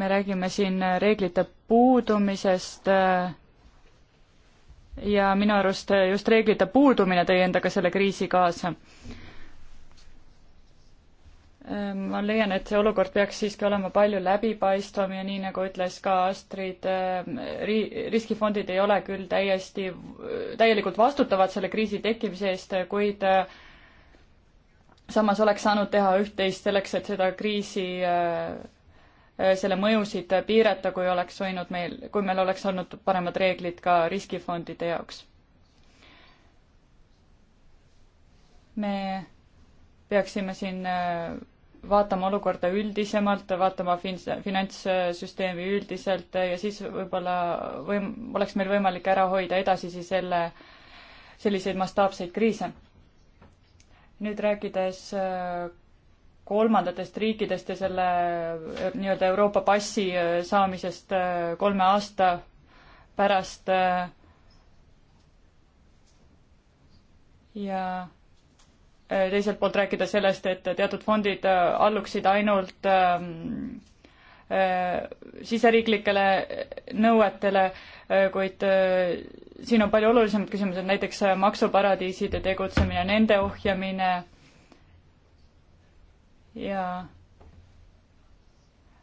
me räägime siin reeglite puudumisest äh, ja minu arust just reeglite puudumine tõi endaga selle kriisi kaasa. Ehm, ma leian, et see olukord peaks siiski olema palju läbipaistvam ja nii, nagu ütles ka Astrid, ehm, ri-, riskifondid ei ole küll täiesti, täielikult vastutavad selle kriisi tekkimise eest, kuid ehm, samas oleks saanud teha üht-teist selleks, et seda kriisi Äh, selle mõjusid piirata, kui oleks võinud meil, kui meil oleks olnud paremad reeglid ka riskifondide jaoks. me peaksime siin äh, vaatama olukorda üldisemalt, vaatama fin-, finantssüsteemi üldiselt ja siis võib-olla võim-, oleks meil võimalik ära hoida edasisi selle, selliseid mastaapseid kriise. nüüd rääkides äh, kolmandatest riikidest ja selle äh, nii-öelda Euroopa passi äh, saamisest äh, kolme aasta pärast. ja teiselt poolt rääkida sellest, et teatud fondid alluksid ainult ähm, siseriiklikele nõuetele, kuid siin on palju olulisemad küsimused, näiteks maksuparadiiside tegutsemine, nende ohjamine ja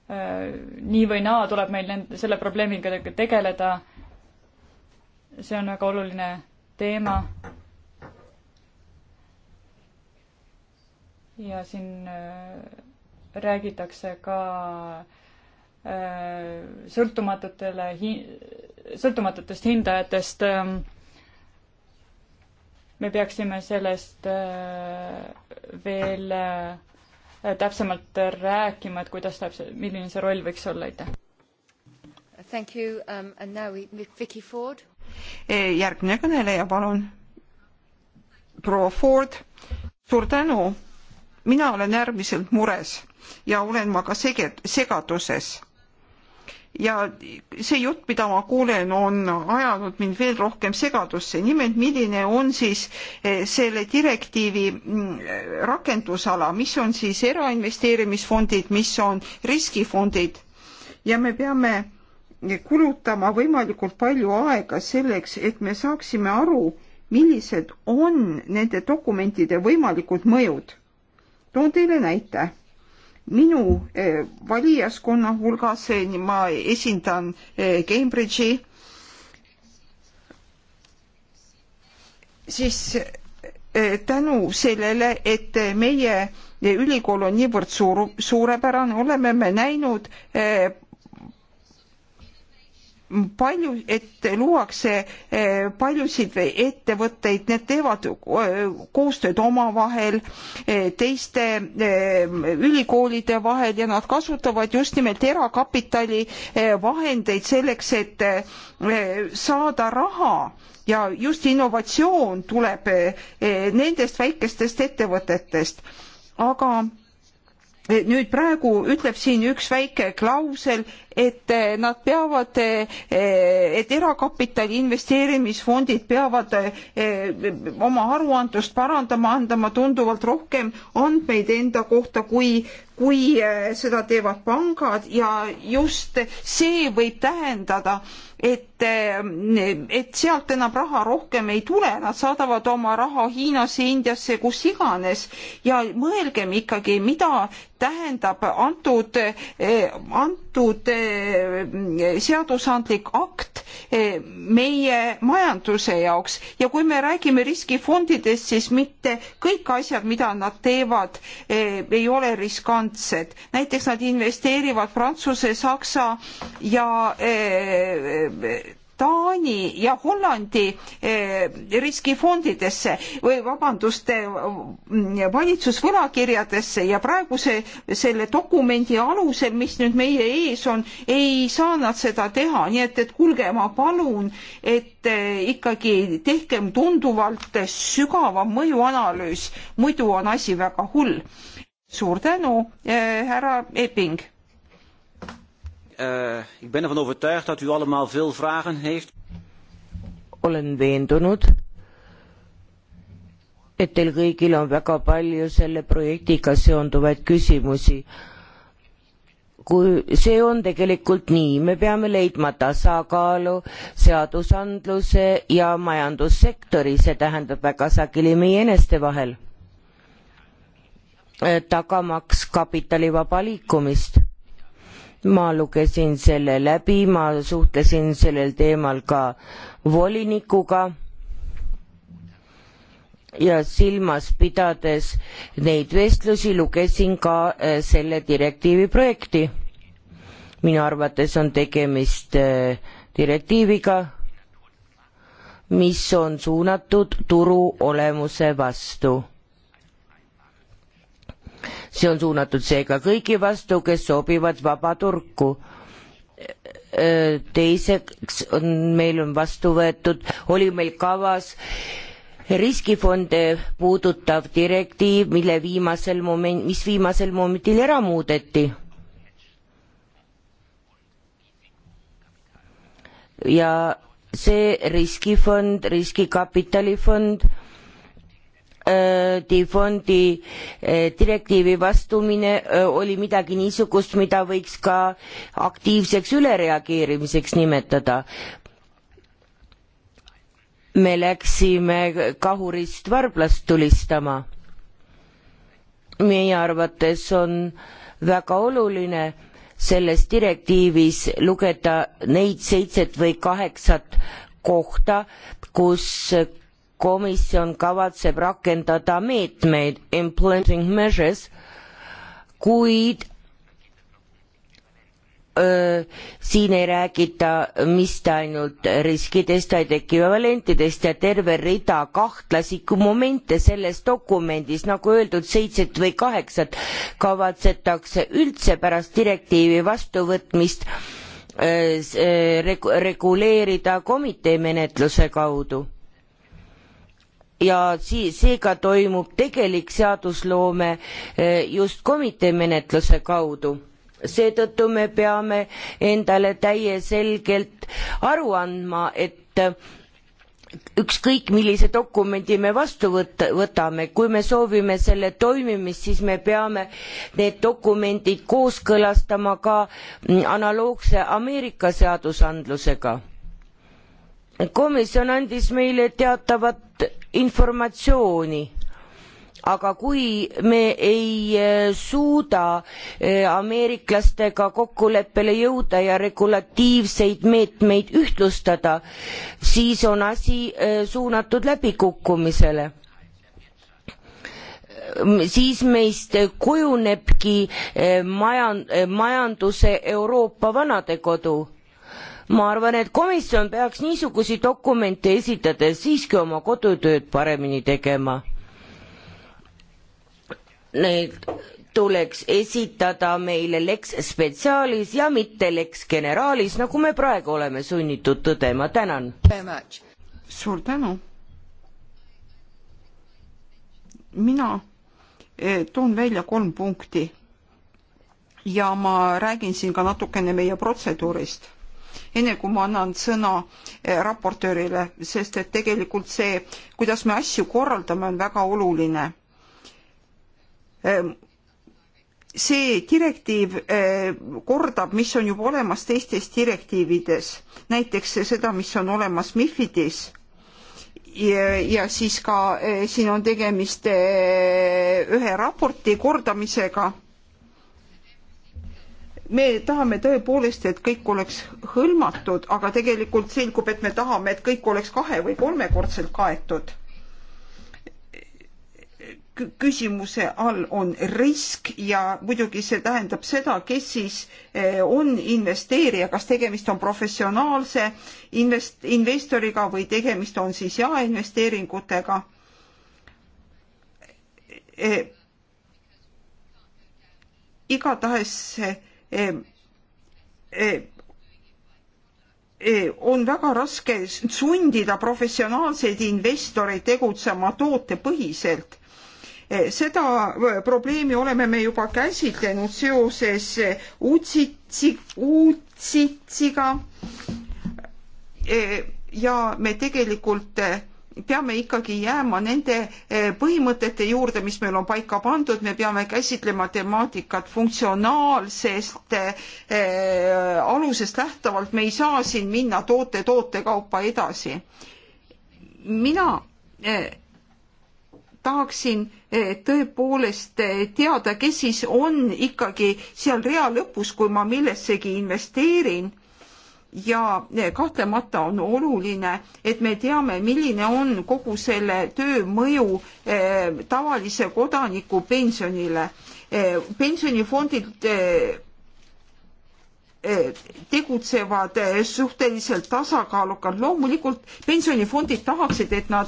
äh, nii või naa tuleb meil nende, selle probleemiga tegeleda. see on väga oluline teema. ja siin äh, räägitakse ka äh, sõltumatutele hi-, sõltumatutest hindajatest. Ähm, me peaksime sellest veel täpsemalt rääkima, et kuidas täpselt, milline see roll võiks olla, aitäh. Thank you um, and now we, Vicky Ford. E, järgmine kõneleja, palun. proua Ford, suur tänu. mina olen äärmiselt mures ja olen ma ka sege-, segaduses ja see jutt, mida ma kuulen, on ajanud mind veel rohkem segadusse. nimelt, milline on siis eh, selle direktiivi mm, rakendusala, mis on siis erainvesteerimisfondid, mis on riskifondid ja me peame kulutama võimalikult palju aega selleks, et me saaksime aru, millised on nende dokumentide võimalikud mõjud. toon teile näite minu eh, valijaskonna hulgas, eh, ma esindan eh, Cambridge'i, siis tänu sellele, et meie ülikool on niivõrd suur, suurepärane, oleme me näinud palju, et luuakse eh, paljusid ettevõtteid, need teevad eh, koostööd omavahel, eh, teiste ülikoolide vahel ja nad kasutavad just nimelt erakapitali vahendeid selleks, et saada raha ja just innovatsioon tuleb nendest väikestest ettevõtetest, aga nüüd praegu ütleb siin üks väike klausel, et eh, nad peavad, eh, et erakapitali investeerimisfondid peavad eh, oma aruandlust parandama, andma tunduvalt rohkem andmeid enda kohta, kui kui seda teevad pangad ja just see võib tähendada, et, et sealt enam raha rohkem ei tule, nad saadavad oma raha Hiinasse, Indiasse, kus iganes ja mõelgem ikkagi, mida tähendab antud, antud Äh, seadusandlik akt äh, meie majanduse jaoks ja kui me räägime riskifondidest, siis mitte kõik asjad, mida nad teevad, äh, ei ole riskantsed. näiteks nad investeerivad Prantsuse, Saksa ja Taani ja Hollandi eh, riskifondidesse või vabandust, eh, valitsusvõlakirjadesse ja praeguse selle dokumendi alusel, mis nüüd meie ees on, ei saa nad seda teha, nii et, et kuulge, ma palun, et eh, ikkagi tehkem tunduvalt sügavam mõjuanalüüs, muidu on asi väga hull. suur tänu äh,, härra Epping Uh, ik ben ervan overtuigd dat u allemaal veel vragen heeft. olen veendunud, et teil kõigil on väga palju selle projektiga seonduvaid küsimusi. kui see on tegelikult nii, me peame leidma tasakaalu seadusandluse ja majandussektori, see tähendab väga sageli meie eneste vahel, eh, tagamaks kapitali vaba liikumist ma lugesin selle läbi, ma suhtlesin sellel teemal ka volinikuga ja silmas pidades neid vestlusi lugesin ka äh, selle direktiivi projekti. minu arvates on tegemist äh, direktiiviga, mis on suunatud turu olemuse vastu see on suunatud seega kõigi vastu, kes sobivad vaba turgu. Äh, teiseks on, meil on vastu võetud, oli meil kavas riskifonde puudutav direktiiv, mille viimasel moment, mis viimasel momendil ära muudeti. ja see riskifond, riskikapitalifond Äh, fondi äh, direktiivi vastumine äh, oli midagi niisugust, mida võiks ka aktiivseks ülereageerimiseks nimetada. me läksime kahurist varblast tulistama. meie arvates on väga oluline selles direktiivis lugeda neid seitset või kaheksat kohta, kus komisjon kavatseb rakendada meetmeid, implementing measures, kuid öö, siin ei räägita mitte ainult riskidest, vaid ekvivalentidest ja terve rida kahtlasi momente selles dokumendis, nagu öeldud, seitset või kaheksat kavatsetakse üldse pärast direktiivi vastuvõtmist öö, öö, regu-, reguleerida komitee menetluse kaudu ja sii- seega toimub tegelik seadusloome eh, just komitee menetluse kaudu seetõttu me peame endale täie selgelt aru andma et ükskõik millise dokumendi me vastu võt- võtame kui me soovime selle toimimist siis me peame need dokumendid kooskõlastama ka mm, analoogse ameerika seadusandlusega komisjon andis meile teatavat informatsiooni aga kui me ei eh, suuda eh, ameeriklastega kokkuleppele jõuda ja regulatiivseid meetmeid ühtlustada siis on asi eh, suunatud läbikukkumisele siis meist kujunebki majan- majanduse euroopa vanadekodu ma arvan, et komisjon peaks niisuguseid dokumente esitades siiski oma kodutööd paremini tegema. Need tuleks esitada meile leks spetsiaalis ja mitte leks generaalis, nagu me praegu oleme sunnitud tõdema, tänan. suur tänu. mina eh, toon välja kolm punkti ja ma räägin siin ka natukene meie protseduurist enne kui ma annan sõna eh, raportöörile, sest et tegelikult see, kuidas me asju korraldame, on väga oluline ehm, see direktiiv eh, kordab, mis on juba olemas teistes direktiivides, näiteks seda, mis on olemas MIFIDis. ja siis ka eh, siin on tegemist ühe raporti kordamisega me tahame tõepoolest, et kõik oleks hõlmatud, aga tegelikult selgub, et me tahame, et kõik oleks kahe või kolmekordselt kaetud. küsimuse all on risk ja muidugi see tähendab seda, kes siis eh, on investeerija, kas tegemist on professionaalse invest-, investoriga või tegemist on siis jaeinvesteeringutega eh, igatahes Eh, eh, eh, on väga raske sundida professionaalseid investoreid tegutsema tootepõhiselt seda probleemi oleme me juba käsitlenud seoses utsitsi, utsitsiga ja me tegelikult peame ikkagi jääma nende eh, põhimõtete juurde, mis meil on paika pandud, me peame käsitlema temaatikat funktsionaalsest äh, alusest lähtuvalt, me ei saa siin minna toote toote kaupa edasi. mina äh, tahaksin tõepoolest teada, kes siis on ikkagi seal rea lõpus, kui ma millessegi investeerin ja eh, kahtlemata on oluline, et me teame, milline on kogu selle töö mõju eh, tavalise kodaniku pensionile. Eh, pensionifondid tegutsevad suhteliselt tasakaalukalt. loomulikult pensionifondid tahaksid, et nad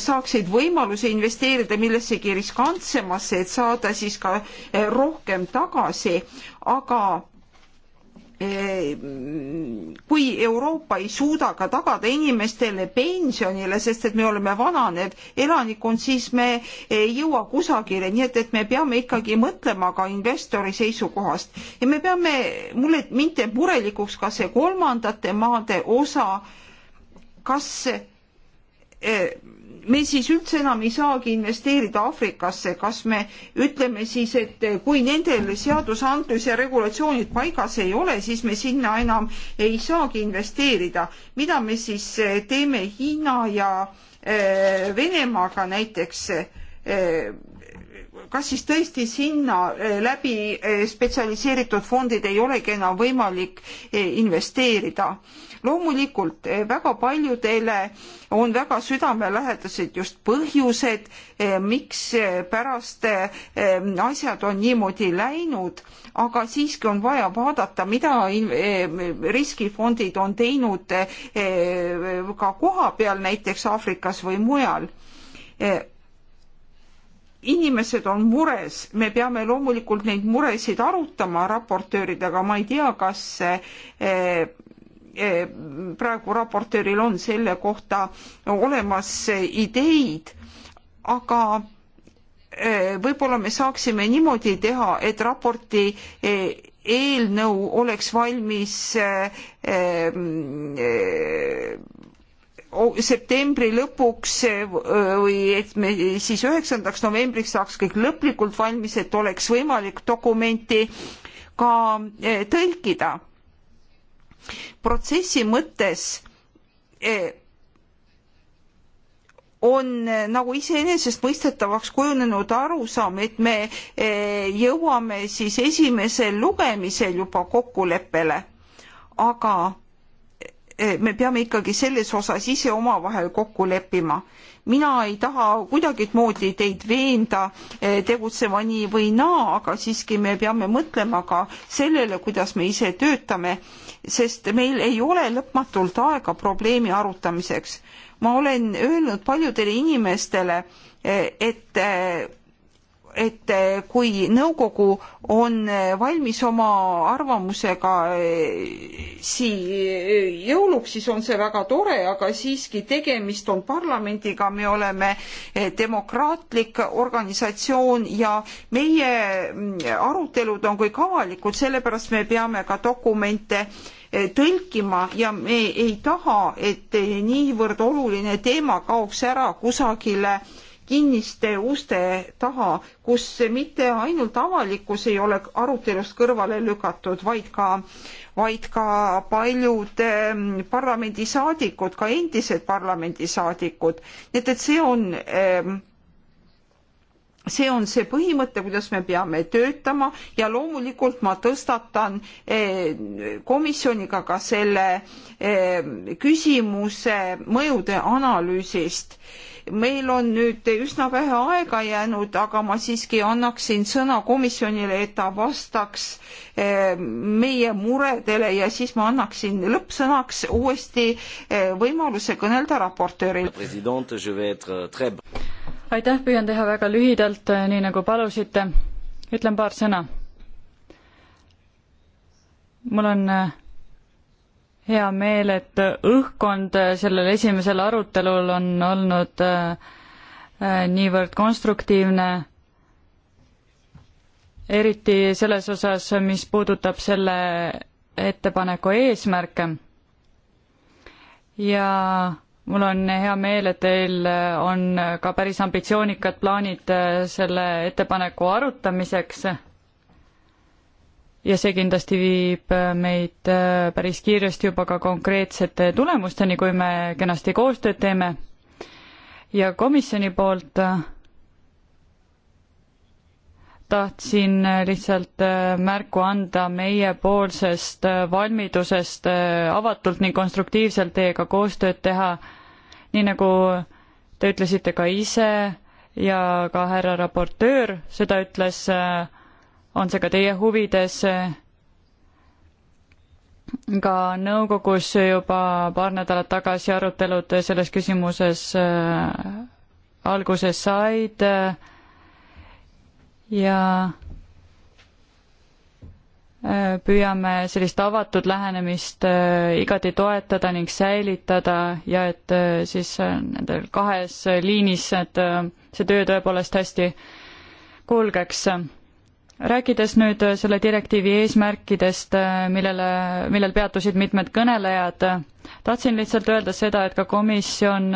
saaksid võimaluse investeerida millessegi riskantsemasse, et saada siis ka rohkem tagasi, aga kui Euroopa ei suuda ka tagada inimestele pensionile, sest et me oleme vananev elanikkond, siis me ei jõua kusagile, nii et, et me peame ikkagi mõtlema ka investori seisukohast ja me peame, mulle, mind teeb murelikuks ka see kolmandate maade osa, kas eh, me siis üldse enam ei saagi investeerida Aafrikasse, kas me ütleme siis, et kui nendel seadusandlus ja regulatsioonid paigas ei ole, siis me sinna enam ei saagi investeerida. mida me siis eh, teeme Hiina ja eh, Venemaaga näiteks? Eh, kas siis tõesti sinna läbi spetsialiseeritud fondid ei olegi enam võimalik investeerida? loomulikult eh, väga paljudele on väga südamelähedased just põhjused, eh, miks eh, pärast asjad on niimoodi läinud, aga siiski on vaja vaadata, mida riskifondid on teinud ka koha peal, näiteks Aafrikas või mujal inimesed on mures, me peame loomulikult neid muresid arutama raportööridega, ma ei tea, kas Eh, praegu raportööril on selle kohta olemas ideid, aga eh, võib-olla me saaksime niimoodi teha, et raporti eh, eelnõu oleks valmis septembri lõpuks või et me siis üheksandaks novembriks saaks kõik lõplikult valmis, et oleks võimalik dokumenti ka tõlkida protsessi mõttes e, on e, nagu iseenesestmõistetavaks kujunenud arusaam, et me e, jõuame siis esimesel lugemisel juba kokkuleppele, aga me peame ikkagi selles osas ise omavahel kokku leppima. mina ei taha kuidagimoodi teid veenda tegutsema nii või naa, aga siiski me peame mõtlema ka sellele, kuidas me ise töötame sest meil ei ole lõpmatult aega probleemi arutamiseks. ma olen öelnud paljudele inimestele, et eh, et eh, kui nõukogu on eh, valmis oma arvamusega eh, sii- jõuluks, siis on see väga tore, aga siiski tegemist on parlamendiga, me oleme demokraatlik organisatsioon ja meie mm, arutelud on kõik avalikud, sellepärast me peame ka dokumente tõlkima ja me ei taha, et niivõrd oluline teema kaoks ära kusagile äh, kinniste uste taha, kus mitte ainult avalikkus ei ole arutelust kõrvale lükatud, vaid ka, vaid ka paljud ehm, parlamendisaadikud, ka endised parlamendisaadikud. nii et, et see on ähm, see on see põhimõte, kuidas me peame töötama ja loomulikult ma tõstatan eh, komisjoniga ka selle eh, küsimuse mõjude analüüsist. meil on nüüd üsna vähe aega jäänud, aga ma siiski annaksin sõna komisjonile, et ta vastaks eh, meie muredele ja siis ma annaksin lõppsõnaks uuesti võimaluse kõnelda raportööril. president, je vais être très aitäh, püüan teha väga lühidalt, eh, nii nagu palusite. ütlen paar sõna. mul on eh, hea meel, et õhkkond sellel esimesel arutelul on olnud eh, niivõrd konstruktiivne, eriti selles osas, mis puudutab selle ettepaneku eesmärke ja mul on hea meel, et teil äh, on äh, ka päris ambitsioonikad plaanid äh, selle ettepaneku arutamiseks. ja see kindlasti viib meid päris kiiresti juba ka konkreetsete tulemusteni, kui me kenasti koostööd teeme. ja komisjoni poolt tahtsin lihtsalt märku anda meiepoolsest valmidusest avatult ning konstruktiivselt teiega koostööd teha nii nagu te ütlesite ka ise ja ka härra raportöör seda ütles, äh, on see ka teie huvides. ka nõukogus juba paar nädalat tagasi arutelud selles küsimuses äh, alguse said ja püüame sellist avatud lähenemist äh, igati toetada ning säilitada ja et äh, siis äh, nendel kahes liinis, et see töö tõepoolest hästi kulgeks. rääkides nüüd selle direktiivi eesmärkidest, millele, millel peatusid mitmed kõnelejad, tahtsin lihtsalt öelda seda, et ka komisjon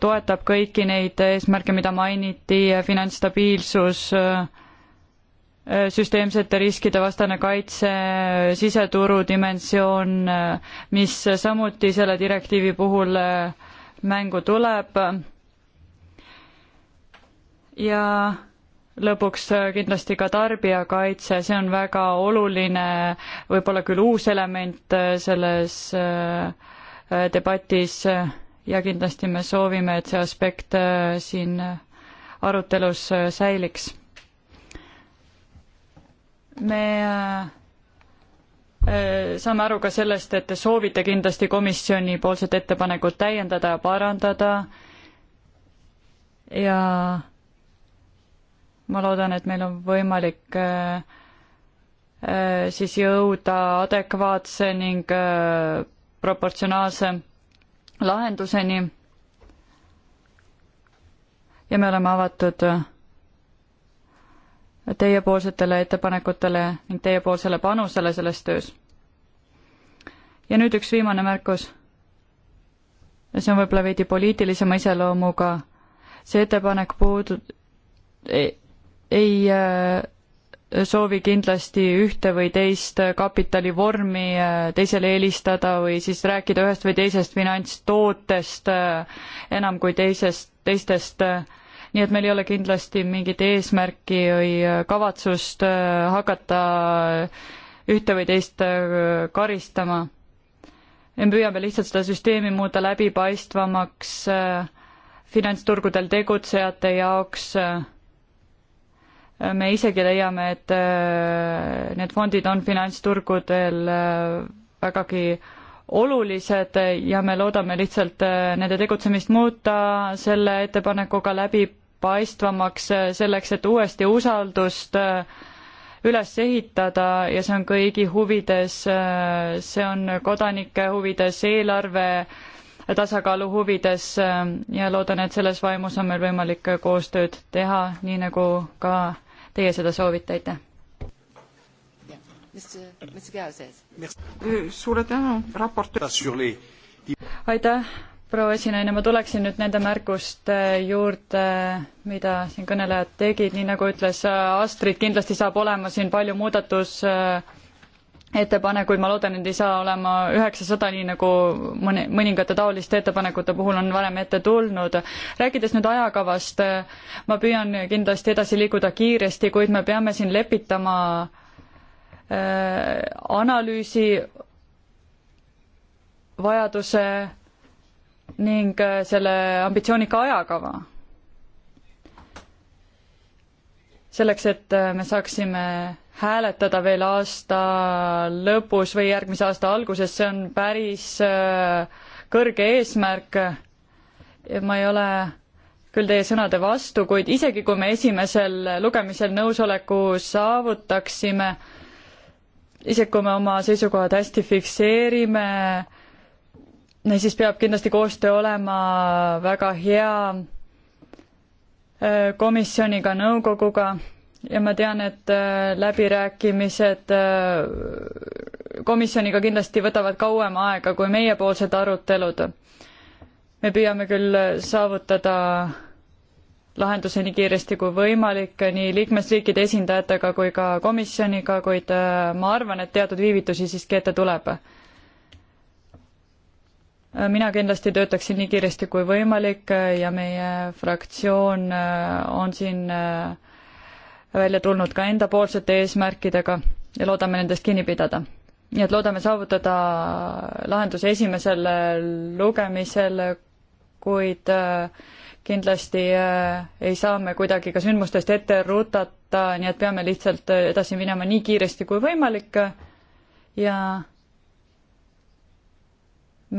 toetab kõiki neid eesmärke, mida mainiti, finantsstabiilsus, Äh, süsteemsete riskide vastane kaitse, äh, siseturu dimensioon, äh, mis samuti selle direktiivi puhul mängu tuleb. ja lõpuks kindlasti ka tarbijakaitse, see on väga oluline, võib-olla küll uus element selles debatis ja kindlasti me soovime, et see aspekt siin arutelus säiliks me äh, äh, saame aru ka sellest, et te soovite kindlasti komisjoni poolset ettepanekut täiendada ja parandada ja ma loodan, et meil on võimalik äh, siis jõuda adekvaatse ning proportsionaalse lahenduseni. ja me oleme avatud teiepoolsetele ettepanekutele ning teiepoolsele panusele selles töös. ja nüüd üks viimane märkus. ja see on võib-olla veidi poliitilisema iseloomuga. see ettepanek puudu-, e-, ei, ei äh, soovi kindlasti ühte või teist kapitalivormi äh, teisele eelistada või siis rääkida ühest või teisest finantstootest äh, enam kui teisest, teistest äh, nii et meil ei ole kindlasti mingit eesmärki või äh, kavatsust äh, hakata äh, ühte või teist karistama. me püüame lihtsalt seda süsteemi muuta läbipaistvamaks finantsturgudel tegutsejate jaoks. me isegi leiame, et need fondid on finantsturgudel vägagi olulised ja me loodame lihtsalt äh, nende tegutsemist muuta selle ettepanekuga läbipaistvamaks, äh, selleks et uuesti usaldust äh, üles ehitada ja see on kõigi huvides, see on kodanike huvides, eelarve tasakaalu huvides ja loodan, et selles vaimus on meil võimalik koostööd teha, nii nagu ka teie seda soovite, aitäh! suure tänu, raportöör. aitäh, proua esinaine, ma tuleksin nüüd nende märkuste juurde, mida siin kõnelejad tegid, nii nagu ütles äh, Astrid, kindlasti saab olema siin palju muudatus ettepanekuid, ma loodan, et ei saa olema üheksasada, nii nagu mõni, mõningate taoliste ettepanekute puhul on varem ette tulnud. rääkides nüüd ajakavast, äh, ma püüan kindlasti edasi liikuda kiiresti, kuid me peame siin lepitama äh, Äh, analüüsi vajaduse ning äh, selle ambitsioonika ajakava. selleks, et äh, me saaksime hääletada veel aasta lõpus või järgmise aasta alguses, see on päris kõrge eesmärk. ma ei ole küll teie sõnade vastu, kuid isegi kui me esimesel lugemisel nõusoleku saavutaksime, isegi kui me oma seisukohad hästi fikseerime, siis peab kindlasti koostöö olema väga hea äh, komisjoniga, nõukoguga ja ma tean, et äh, läbirääkimised äh, komisjoniga kindlasti võtavad kauem aega kui meiepoolsed arutelud. me püüame küll saavutada lahenduse nii kiiresti kui võimalik nii liikmesriikide esindajatega kui ka komisjoniga, kuid äh, ma arvan, et teatud viivitusi siiski ette tuleb. Äh, mina kindlasti töötaksin nii kiiresti kui võimalik äh, ja meie fraktsioon on siin välja tulnud ka endapoolsete eesmärkidega ja loodame nendest kinni pidada nii et loodame saavutada lahenduse esimesel lugemisel, kuid äh, kindlasti äh, ei saa me kuidagi ka sündmustest ette rutata, nii et peame lihtsalt äh, edasi minema nii kiiresti kui võimalik ja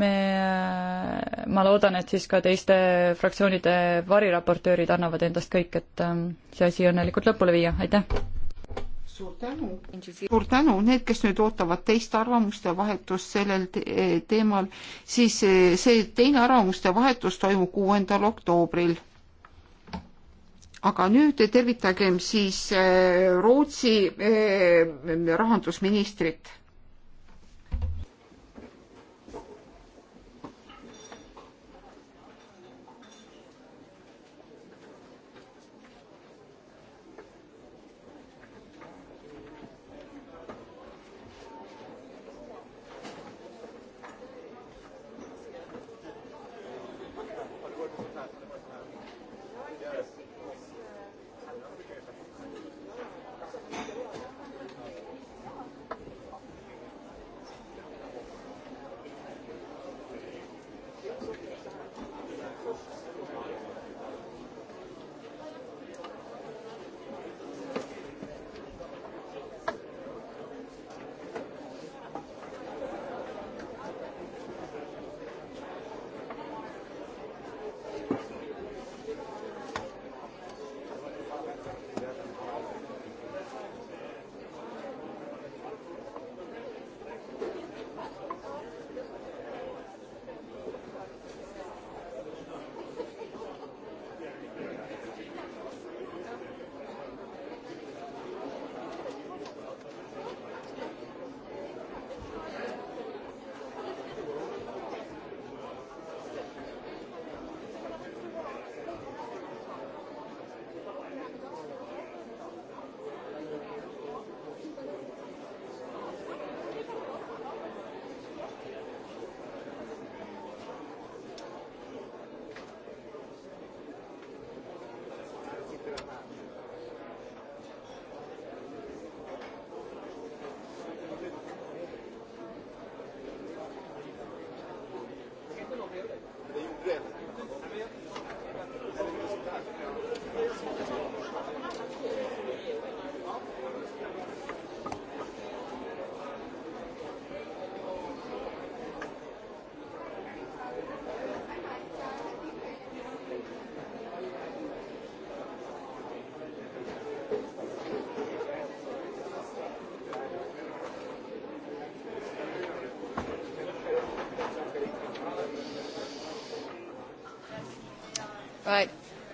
me, äh, ma loodan, et siis ka teiste fraktsioonide variraportöörid annavad endast kõik, et see asi õnnelikult lõpule viia, aitäh! suur tänu. suur tänu, need, kes nüüd ootavad teist arvamuste vahetust sellel te e, teemal, siis e, see teine arvamuste vahetus toimub kuuendal oktoobril. aga nüüd tervitagem siis e, Rootsi rahandusministrit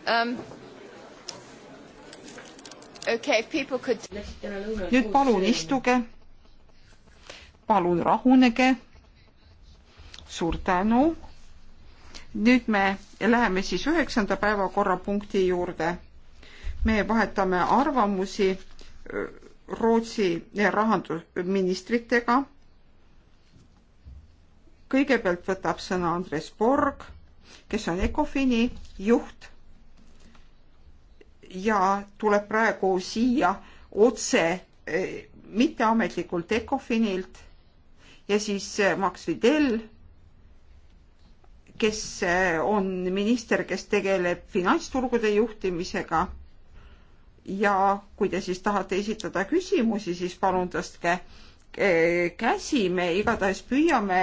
um,. Okay, could... nüüd palun istuge, palun rahunege. suur tänu. nüüd me läheme siis üheksanda päevakorrapunkti juurde. me vahetame arvamusi Rootsi rahandusministritega kõigepealt võtab sõna Andres Borg, kes on Ecofini juht ja tuleb praegu siia otse eh, mitteametlikult Ecofinilt ja siis eh, Max Fidel, kes eh, on minister, kes tegeleb finantsturgude juhtimisega. ja kui te siis tahate esitada küsimusi, siis palun tõstke käsi, me igatahes püüame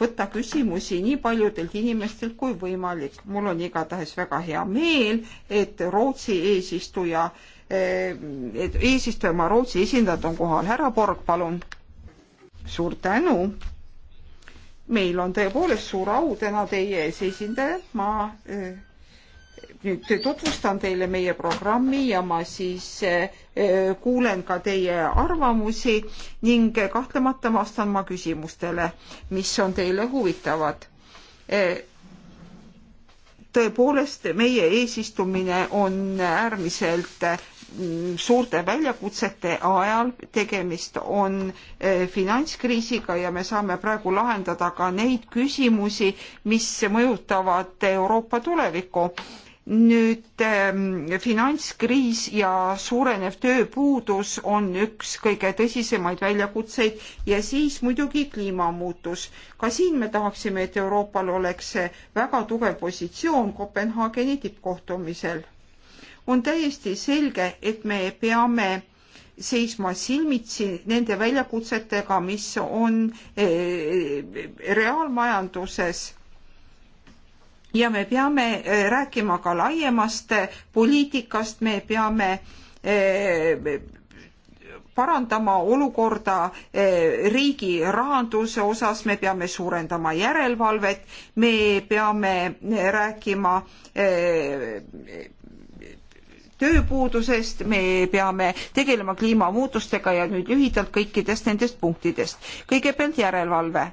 võtta küsimusi nii paljudelt inimestelt kui võimalik. mul on igatahes väga hea meel, et Rootsi eesistuja, eh, et eesistujamaa Rootsi esindajad on kohal. härra Borg, palun. suur tänu. meil on tõepoolest suur au täna teie ees esindaja, ma eh, nüüd tutvustan teile meie programmi ja ma siis eh, eh, kuulen ka teie arvamusi ning eh, kahtlemata vastan ma küsimustele, mis on teile huvitavad. tõepoolest, meie eesistumine on äärmiselt suurte väljakutsete ajal tegemist on finantskriisiga ja me saame praegu lahendada ka neid küsimusi, mis mõjutavad Euroopa tulevikku nüüd ähm, finantskriis ja suurenev tööpuudus on üks kõige tõsisemaid väljakutseid ja siis muidugi kliimamuutus. ka siin me tahaksime, et Euroopal oleks väga tugev positsioon Kopenhaageni tippkohtumisel. on täiesti selge, et me peame seisma silmitsi nende väljakutsetega, mis on eh, reaalmajanduses ja me peame eh, rääkima ka laiemast eh, poliitikast, me peame eh, parandama olukorda riigi rahanduse osas, me peame suurendama järelevalvet, me peame rääkima tööpuudusest, me peame tegelema kliimamuutustega ja nüüd lühidalt kõikidest nendest punktidest. kõigepealt järelevalve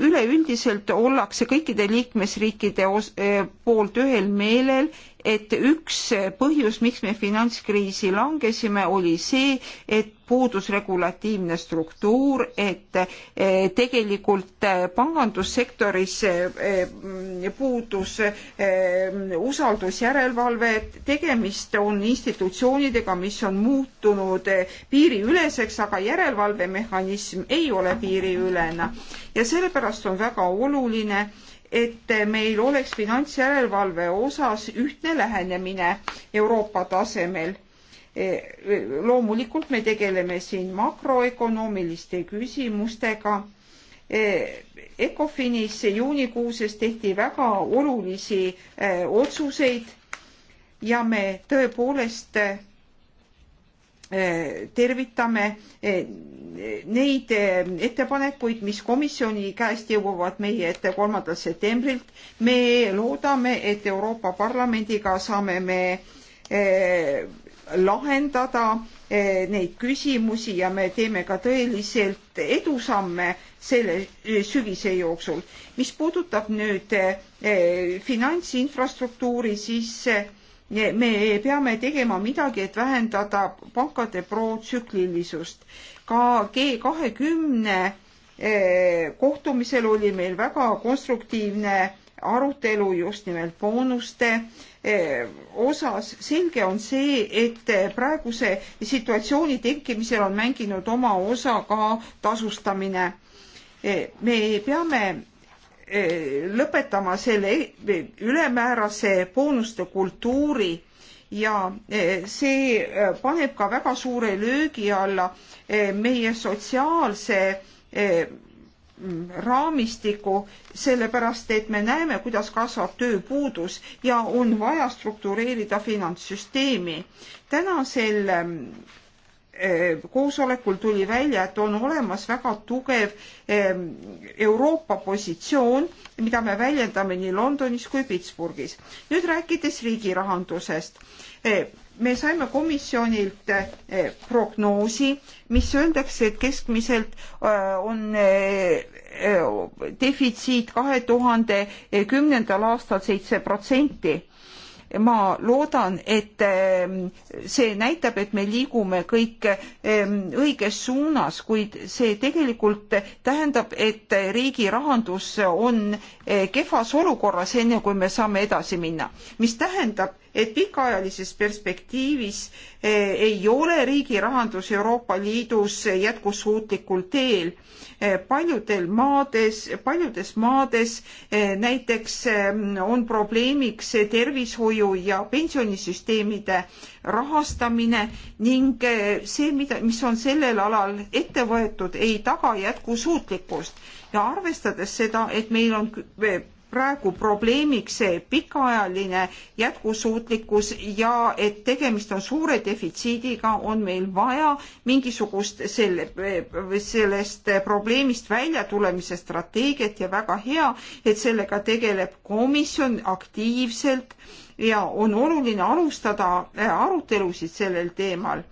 üleüldiselt ollakse kõikide liikmesriikide eh, poolt ühel meelel et üks põhjus, miks me finantskriisi langesime, oli see, et puudus regulatiivne struktuur, et eh, tegelikult eh, pangandussektoris eh, puudus usaldus järelevalve, et tegemist on institutsioonidega, mis on muutunud piiriüleseks, aga järelevalvemehhanism ei ole piiriülene ja sellepärast on väga oluline, et meil oleks finantsjärelevalve osas ühtne lähenemine Euroopa tasemel. E, loomulikult me tegeleme siin makroökonoomiliste küsimustega. E, Ecofinis juunikuuses tehti väga olulisi e, otsuseid ja me tõepoolest Äh, tervitame äh, neid äh, ettepanekuid, mis komisjoni käest jõuavad meie ette kolmandalt septembrilt. me loodame, et Euroopa Parlamendiga saame me lahendada neid küsimusi ja me teeme ka tõeliselt edusamme selle sügise jooksul. mis puudutab nüüd finantsinfrastruktuuri, siis me peame tegema midagi, et vähendada pankade protsüklilisust. ka G kahekümne eh, kohtumisel oli meil väga konstruktiivne arutelu just nimelt boonuste eh, osas. selge on see, et praeguse situatsiooni tekkimisel on mänginud oma osa ka tasustamine. Eh, me peame Eh, lõpetama selle ülemäärase boonuste kultuuri ja eh, see eh, paneb ka väga suure löögi alla meie sotsiaalse raamistiku, sellepärast et me näeme, kuidas kasvab tööpuudus ja on vaja struktureerida finantssüsteemi. tänasel Eh, koosolekul tuli välja, et on olemas väga tugev eh, Euroopa positsioon, mida me väljendame nii Londonis kui Pittsburghis. nüüd rääkides riigi rahandusest, eh, me saime komisjonilt prognoosi, mis öeldakse, et keskmiselt on defitsiit kahe tuhande kümnendal aastal seitse protsenti ma loodan, et ehm, see näitab, et me liigume kõik ehm, õiges suunas, kuid see tegelikult tähendab, et riigi rahandus on eh, kehvas olukorras, enne kui me saame edasi minna, mis tähendab, et pikaajalises perspektiivis eh, ei ole riigi rahandus Euroopa Liidus jätkusuutlikul teel. Eh, paljudel maades, paljudes maades eh, näiteks on probleemiks tervishoiu ja pensionisüsteemide rahastamine ning see, mida, mis on sellel alal ette võetud, ei taga jätkusuutlikkust ja arvestades seda, et meil on praegu probleemiks see pikaajaline jätkusuutlikkus ja et tegemist on suure defitsiidiga, on meil vaja mingisugust selle, sellest probleemist väljatulemise strateegiat ja väga hea, et sellega tegeleb komisjon aktiivselt ja on oluline alustada arutelusid sellel teemal.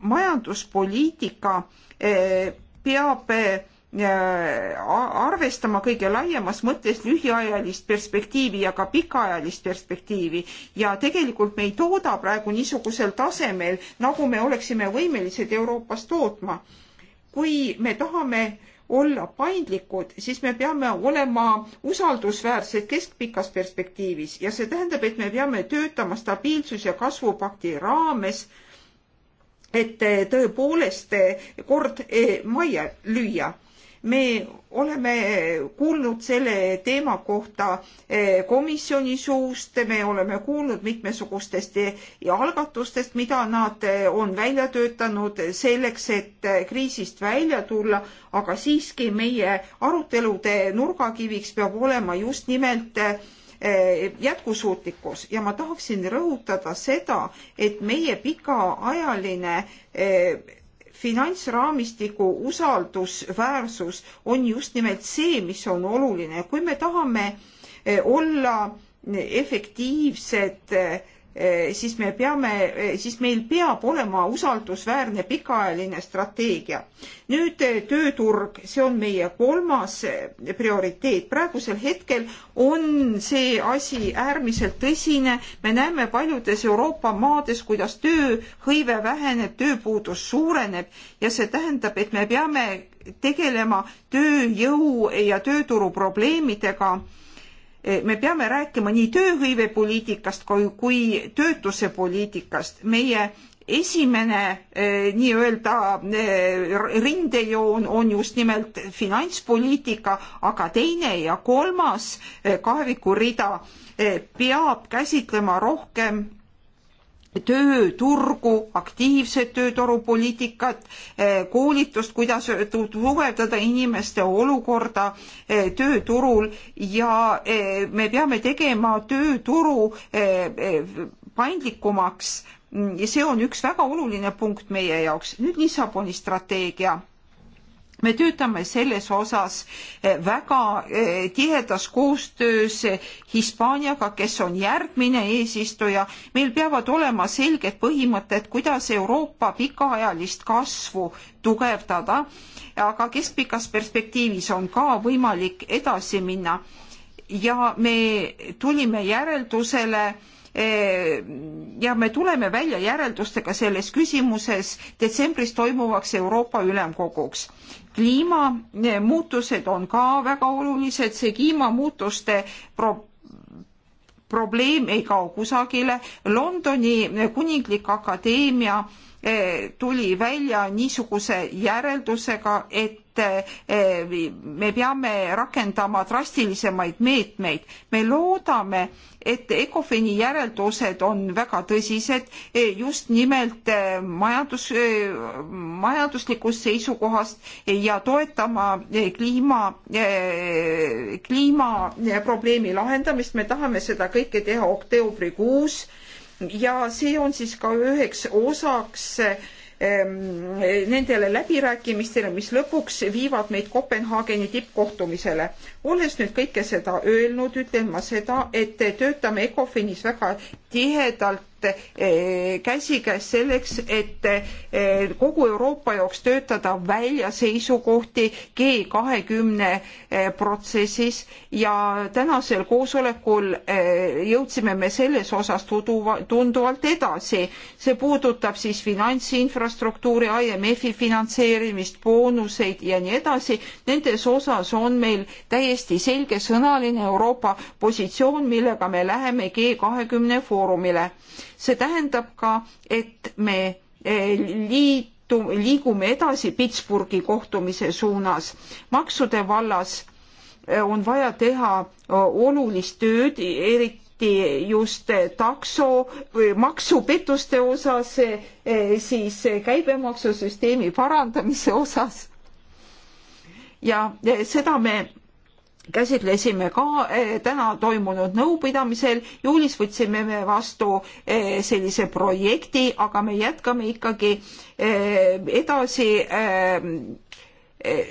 majanduspoliitika eh, peab eh, Äh, arvestama kõige laiemas mõttes lühiajalist perspektiivi ja ka pikaajalist perspektiivi ja tegelikult me ei tooda praegu niisugusel tasemel, nagu me oleksime võimelised Euroopas tootma. kui me tahame olla paindlikud, siis me peame olema usaldusväärsed keskpikas perspektiivis ja see tähendab, et me peame töötama stabiilsus- ja kasvupakti raames, et tõepoolest kord eh, majja lüüa me oleme kuulnud selle teema kohta eh, komisjoni suust, me oleme kuulnud mitmesugustest eh, algatustest, mida nad eh, on välja töötanud selleks, et kriisist välja tulla, aga siiski meie arutelude nurgakiviks peab olema just nimelt jätkusuutlikkus ja ma tahaksin rõhutada seda, et meie pikaajaline finantsraamistiku usaldusväärsus on just nimelt see, mis on oluline. kui me tahame eh, olla eh, efektiivsed eh, Eh, siis me peame, eh, siis meil peab olema usaldusväärne pikaajaline strateegia. nüüd eh, tööturg, see on meie kolmas prioriteet. praegusel hetkel on see asi äärmiselt tõsine. me näeme paljudes Euroopa maades, kuidas tööhõive väheneb, tööpuudus suureneb ja see tähendab, et me peame tegelema tööjõu ja tööturu probleemidega Eh, me peame rääkima nii tööhõivepoliitikast kui, kui töötuse poliitikast. meie esimene eh, nii-öelda eh, rindejoon on just nimelt finantspoliitika, aga teine ja kolmas kaevikurida peab käsitlema rohkem tööturgu, aktiivset töötorupoliitikat, eh, koolitust, kuidas tugevdada inimeste olukorda eh, tööturul ja eh, me peame tegema tööturu paindlikumaks mm, ja see on üks väga oluline punkt meie jaoks. nüüd Lissaboni strateegia me töötame selles osas eh, väga eh, tihedas koostöös eh, Hispaaniaga, kes on järgmine eesistuja. meil peavad olema selged põhimõtted, kuidas Euroopa pikaajalist kasvu tugevdada, aga keskpikas perspektiivis on ka võimalik edasi minna. ja me tulime järeldusele, ja me tuleme välja järeldustega selles küsimuses detsembris toimuvaks Euroopa Ülemkoguks kliimamuutused eh, on ka väga olulised, see kliimamuutuste pro-, probleem ei kao kusagile. Londoni Kuninglik Akadeemia äh, Eh, tuli välja niisuguse järeldusega, et eh, me peame rakendama drastilisemaid meetmeid. me loodame, et ECOFIN-i järeldused on väga tõsised eh, just nimelt majandus, majanduslikust seisukohast ja toetama kliima, kliimaprobleemi lahendamist. me tahame seda kõike teha oktoobrikuus ja see on siis ka üheks osaks ehm, nendele läbirääkimistele, mis lõpuks viivad meid Kopenhaageni tippkohtumisele. olles nüüd kõike seda öelnud, ütlen ma seda, et töötame ECOFINis väga tihedalt eh, käsikäes selleks, et eh, kogu Euroopa jaoks töötada välja seisukohti G kahekümne eh, protsessis ja tänasel koosolekul jõudsime me selles osas tuduva, tunduvalt edasi. see puudutab siis finantsinfrastruktuuri, IMF-i finantseerimist, boonuseid ja nii edasi. Nendes osas on meil täiesti selgesõnaline Euroopa positsioon, millega me läheme G kahekümne foorumile Foorumile. see tähendab ka, et me eh, liitu, liigume edasi Pittsburghi kohtumise suunas. maksude vallas eh, on vaja teha eh, olulist tööd, eriti eriti just takso või maksupettuste osas, siis käibemaksusüsteemi parandamise osas. ja seda me käsitlesime ka eh, täna toimunud nõupidamisel. juulis võtsime me vastu eh, sellise projekti, aga me jätkame ikkagi eh, edasi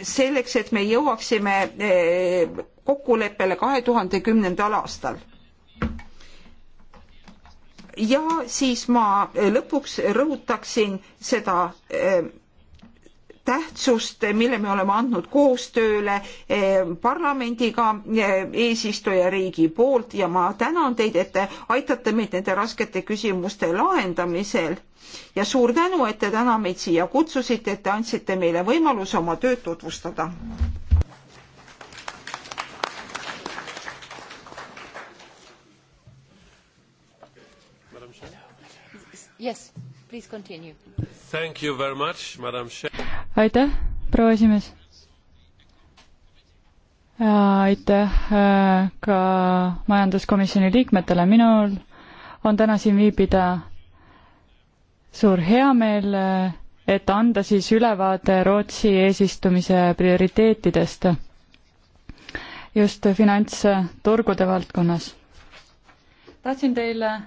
selleks, et me jõuaksime kokkuleppele kahe tuhande kümnendal aastal ja siis ma lõpuks rõhutaksin seda tähtsust, mille me oleme andnud koostööle eh, parlamendiga eh, eesistujariigi poolt ja ma tänan teid, et te aitate meid nende raskete küsimuste lahendamisel. ja suur tänu, et te täna meid siia kutsusite, et te andsite meile võimaluse oma tööd tutvustada. Yes, please continue. Thank you very much, madam Chair aitäh, proua esimees. aitäh äh, ka majanduskomisjoni liikmetele, minul on täna siin viibida suur heameel, äh, et anda siis ülevaade Rootsi eesistumise prioriteetidest just finantsturgude valdkonnas. tahtsin teile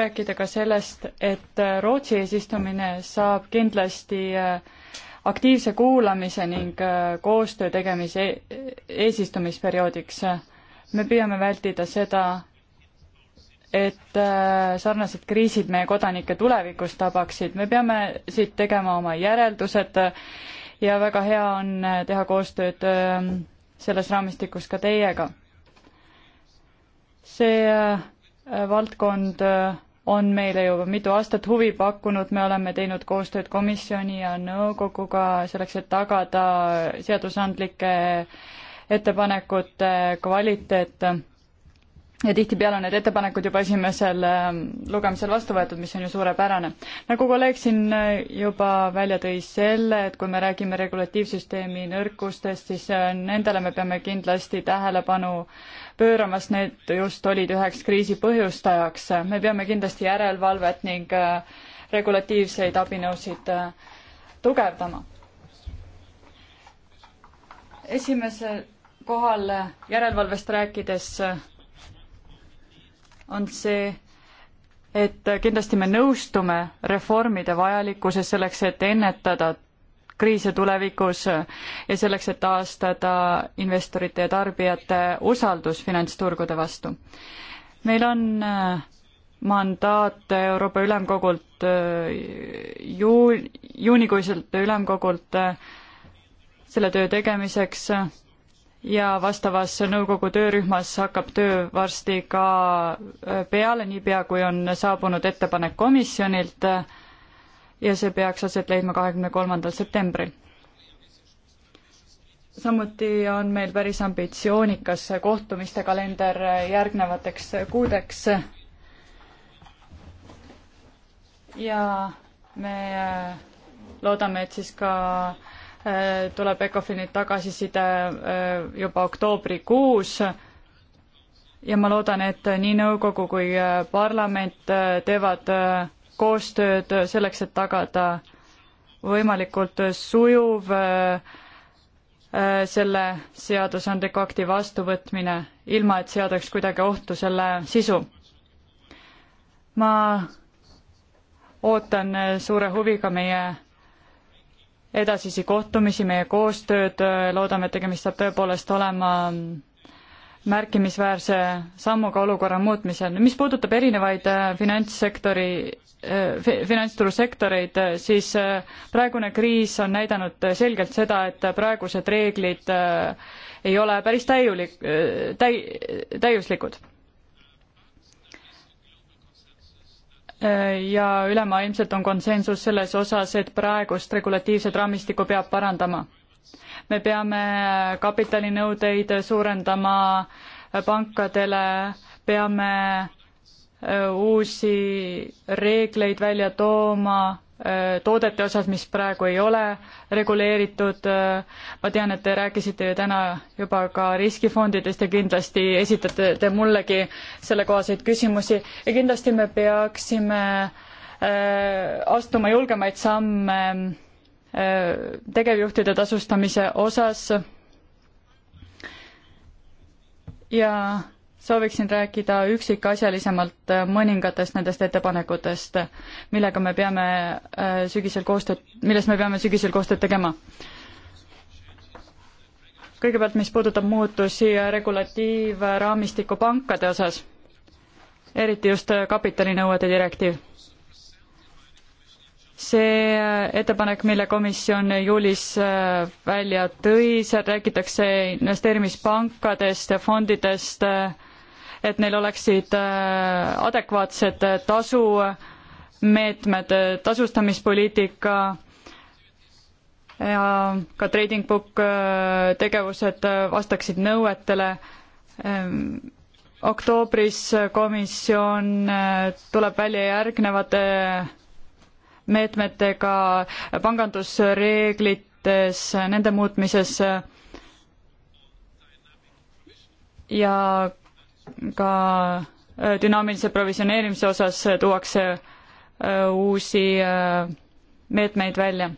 rääkida ka sellest, et äh, Rootsi eesistumine saab kindlasti äh, aktiivse kuulamise ning äh, koostöö tegemise e-, eesistumisperioodiks. me püüame vältida seda, et sarnased kriisid meie kodanikke tulevikus tabaksid, me peame siit tegema oma järeldused ja väga hea on teha koostööd ähm, selles raamistikus ka teiega. see valdkond on meile juba mitu aastat huvi pakkunud, me oleme teinud koostööd komisjoni ja nõukoguga selleks, et tagada seadusandlike ettepanekute kvaliteet. ja tihtipeale on need ettepanekud juba esimesel ähm, lugemisel vastu võetud, mis on ju suurepärane. nagu kolleeg siin äh, juba välja tõi selle, et kui me räägime regulatiivsüsteemi nõrkustest, siis äh, nendele me peame kindlasti tähelepanu pööramas, need just olid üheks kriisi põhjustajaks. me peame kindlasti järelevalvet ning äh, regulatiivseid abinõusid äh, tugevdama. esimesel kohal äh, järelevalvest rääkides on see, et kindlasti me nõustume reformide vajalikkuses selleks, et ennetada kriise tulevikus ja selleks, et taastada investorite ja tarbijate usaldus finantsturgude vastu. meil on äh, mandaat Euroopa Ülemkogult äh, ju-, juunikuiselt ülemkogult äh, selle töö tegemiseks ja vastavas nõukogu töörühmas hakkab töö varsti ka peale, niipea kui on saabunud ettepanek komisjonilt äh, ja see peaks aset leidma kahekümne kolmandal septembril. samuti on meil päris ambitsioonikas kohtumiste kalender järgnevateks kuudeks. ja me äh, loodame, et siis ka äh, tuleb ECOFIN-i tagasiside äh, juba oktoobrikuus ja ma loodan, et nii nõukogu kui parlament teevad koostööd selleks, et tagada võimalikult sujuv äh, selle seadusandliku akti vastuvõtmine, ilma et seadaks kuidagi ohtu selle sisu. ma ootan suure huviga meie edasisi kohtumisi, meie koostööd, loodame, et tegemist saab tõepoolest olema märkimisväärse sammuga olukorra muutmisel. mis puudutab erinevaid äh, finantssektori, äh, finantsturusektoreid, äh, siis praegune kriis on näidanud selgelt seda, et praegused reeglid ei ole päris täiulik, täi-, täiuslikud. ja ülemaailmselt on konsensus selles osas, et praegust regulatiivset raamistikku peab parandama me peame kapitalinõudeid suurendama pankadele, peame e, uusi reegleid välja tooma e, toodete osas, mis praegu ei ole reguleeritud. E, ma tean, et te rääkisite ju täna juba ka riskifondidest ja kindlasti esitate te mullegi sellekohaseid küsimusi ja kindlasti me peaksime astuma julgemaid samme Äh, tegevjuhtide tasustamise osas. ja sooviksin rääkida üksikasjalisemalt äh, mõningatest nendest ettepanekutest, millega me peame äh, sügisel koostööd, milles me peame sügisel koostööd tegema. kõigepealt, mis puudutab muutusi regulatiivraamistiku pankade osas, eriti just kapitalinõuete direktiiv see äh, ettepanek, mille komisjon juulis äh, välja tõi, seal räägitakse investeerimispankadest ja fondidest, äh, et neil oleksid adekvaatsed tasumeetmed, tasustamispoliitika ja ka trading book tegevused vastaksid nõuetele ähm, oktoobris komisjon tuleb välja järgnevate meetmetega, pangandusreeglites, nende muutmises ja ka äh, dünaamilise provisioneerimise osas tuuakse äh, uusi äh, meetmeid välja.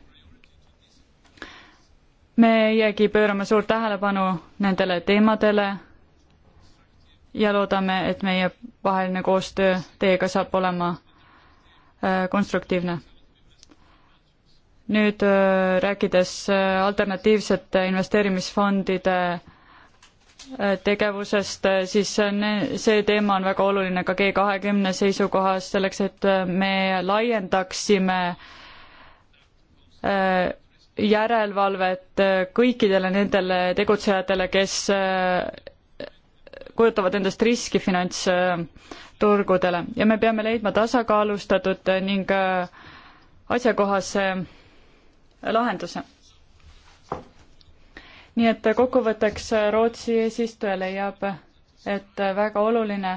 meiegi pöörame suurt tähelepanu nendele teemadele ja loodame, et meie vaheline koostöö teiega saab olema konstruktiivne nüüd äh, rääkides äh, alternatiivsete investeerimisfondide äh, tegevusest, siis see teema on väga oluline ka G kahekümne seisukohas, selleks et me laiendaksime järelevalvet kõikidele nendele tegutsejatele, kes kujutavad endast riski finantsturgudele ja me peame leidma tasakaalustatud ning asjakohase lahenduse. nii et kokkuvõtteks Rootsi eesistuja leiab, et väga oluline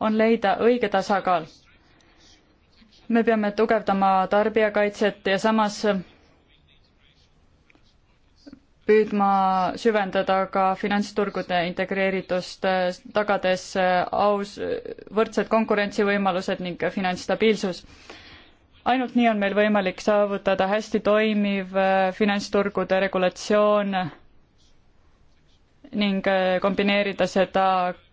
on leida õige tasakaal. me peame tugevdama tarbijakaitset ja samas püüdma süvendada ka finantsturgude integreeritust, tagades aus, võrdsed konkurentsivõimalused ning finantsstabiilsus ainult nii on meil võimalik saavutada hästi toimiv äh, finantsturgude regulatsioon ning äh, kombineerida seda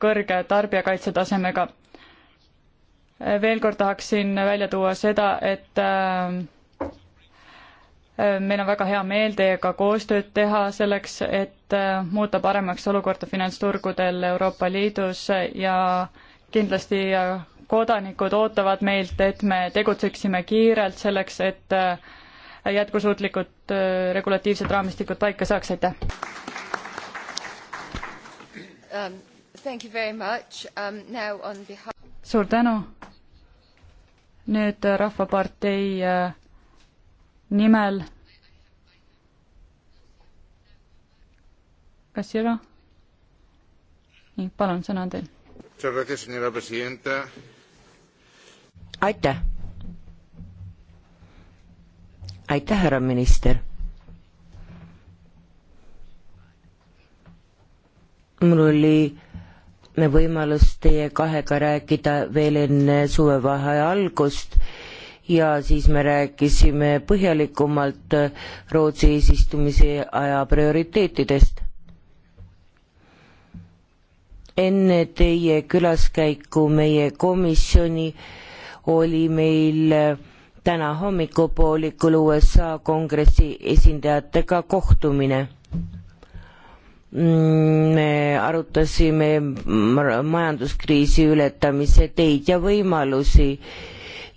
kõrge tarbijakaitsetasemega. Äh, veel kord tahaksin välja tuua seda, et meil on väga hea meel teiega koostööd teha selleks, et muuta paremaks olukorda finantsturgudel Euroopa Liidus ja kindlasti kodanikud ootavad meilt, et me tegutseksime kiirelt selleks, et äh, jätkusuutlikud äh, regulatiivsed raamistikud paika saaks, aitäh um,! Um, behalf... suur tänu! nüüd äh, Rahvapartei nimel. kas Jüro? nii, palun, sõna on teil aitäh. aitäh, härra minister. mul oli võimalus teie kahega rääkida veel enne suvevaheaja algust ja siis me rääkisime põhjalikumalt Rootsi eesistumise aja prioriteetidest. enne teie külaskäiku meie komisjoni äh, oli meil täna hommikupoolikul USA kongressi esindajatega kohtumine. me arutasime majanduskriisi ületamise teid ja võimalusi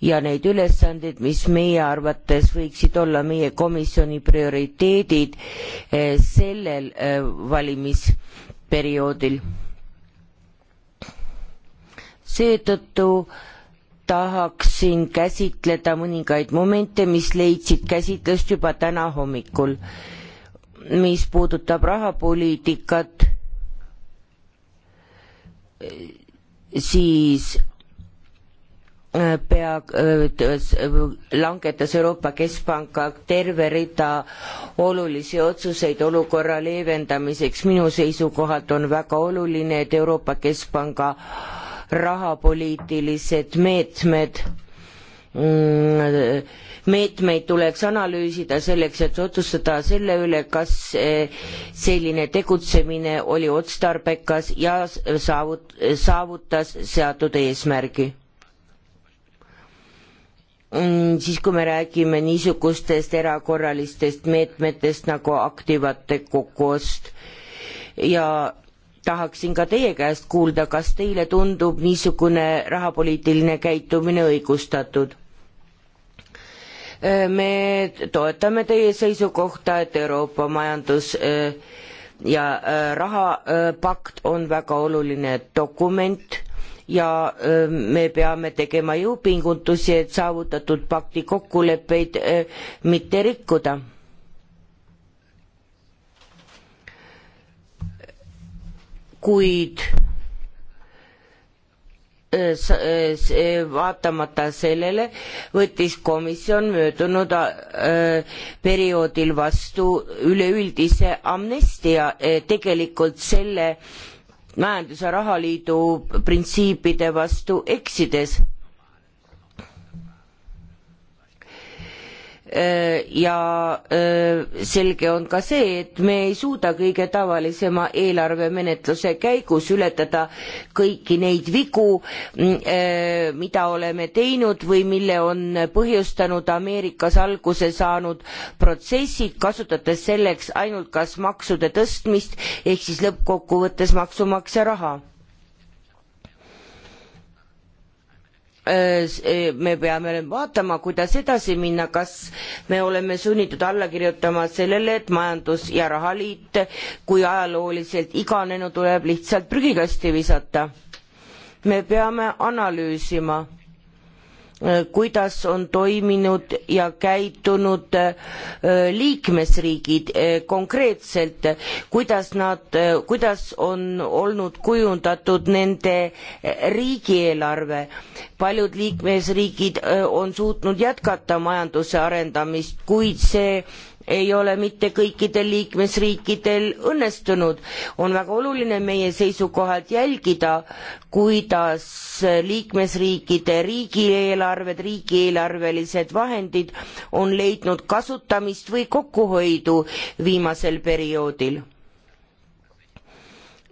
ja neid ülesandeid, mis meie arvates võiksid olla meie komisjoni prioriteedid eh, sellel eh, valimisperioodil. seetõttu äh, tahaksin käsitleda mõningaid momente, mis leidsid käsitlust juba täna hommikul. mis puudutab rahapoliitikat, siis äh, pea äh, langetas Euroopa Keskpank terve rida olulisi otsuseid olukorra leevendamiseks. minu seisukohalt on väga oluline, et Euroopa Keskpanga rahapoliitilised meetmed, mm, meetmeid tuleks analüüsida selleks, et otsustada selle üle, kas eh, selline tegutsemine oli otstarbekas ja saavut-, saavutas seatud eesmärgi mm, siis kui me räägime niisugustest erakorralistest meetmetest nagu aktivate kokkuost ja tahaksin ka teie käest kuulda, kas teile tundub niisugune rahapoliitiline käitumine õigustatud? me toetame teie seisukohta, et Euroopa majandus ja rahapakt on väga oluline dokument ja me peame tegema jõupingutusi, et saavutatud pakti kokkuleppeid mitte rikkuda kuid äh, äh, vaatamata sellele võttis komisjon möödunud äh, perioodil vastu üleüldise amnestia tegelikult selle majandus ja rahaliidu printsiipide vastu eksides Äh, ja äh, selge on ka see, et me ei suuda kõige tavalisema eelarvemenetluse käigus ületada kõiki neid vigu, mm, äh, mida oleme teinud või mille on põhjustanud Ameerikas alguse saanud protsessid, kasutades selleks ainult kas maksude tõstmist ehk siis lõppkokkuvõttes maksumaksja raha Äh, äh, me peame vaatama, kuidas edasi minna, kas me oleme sunnitud alla kirjutama sellele, et majandus- ja rahaliit kui ajalooliselt iganenu tuleb lihtsalt prügikasti visata. me peame analüüsima Äh, kuidas on toiminud ja käitunud äh, liikmesriigid äh, konkreetselt, kuidas nad, kuidas on olnud kujundatud nende riigieelarve. paljud liikmesriigid on suutnud jätkata majanduse arendamist, kuid see ei ole mitte kõikidel liikmesriikidel õnnestunud. on väga oluline meie seisukohalt jälgida, kuidas liikmesriikide riigieelarved, riigieelarvelised vahendid on leidnud kasutamist või kokkuhoidu viimasel perioodil.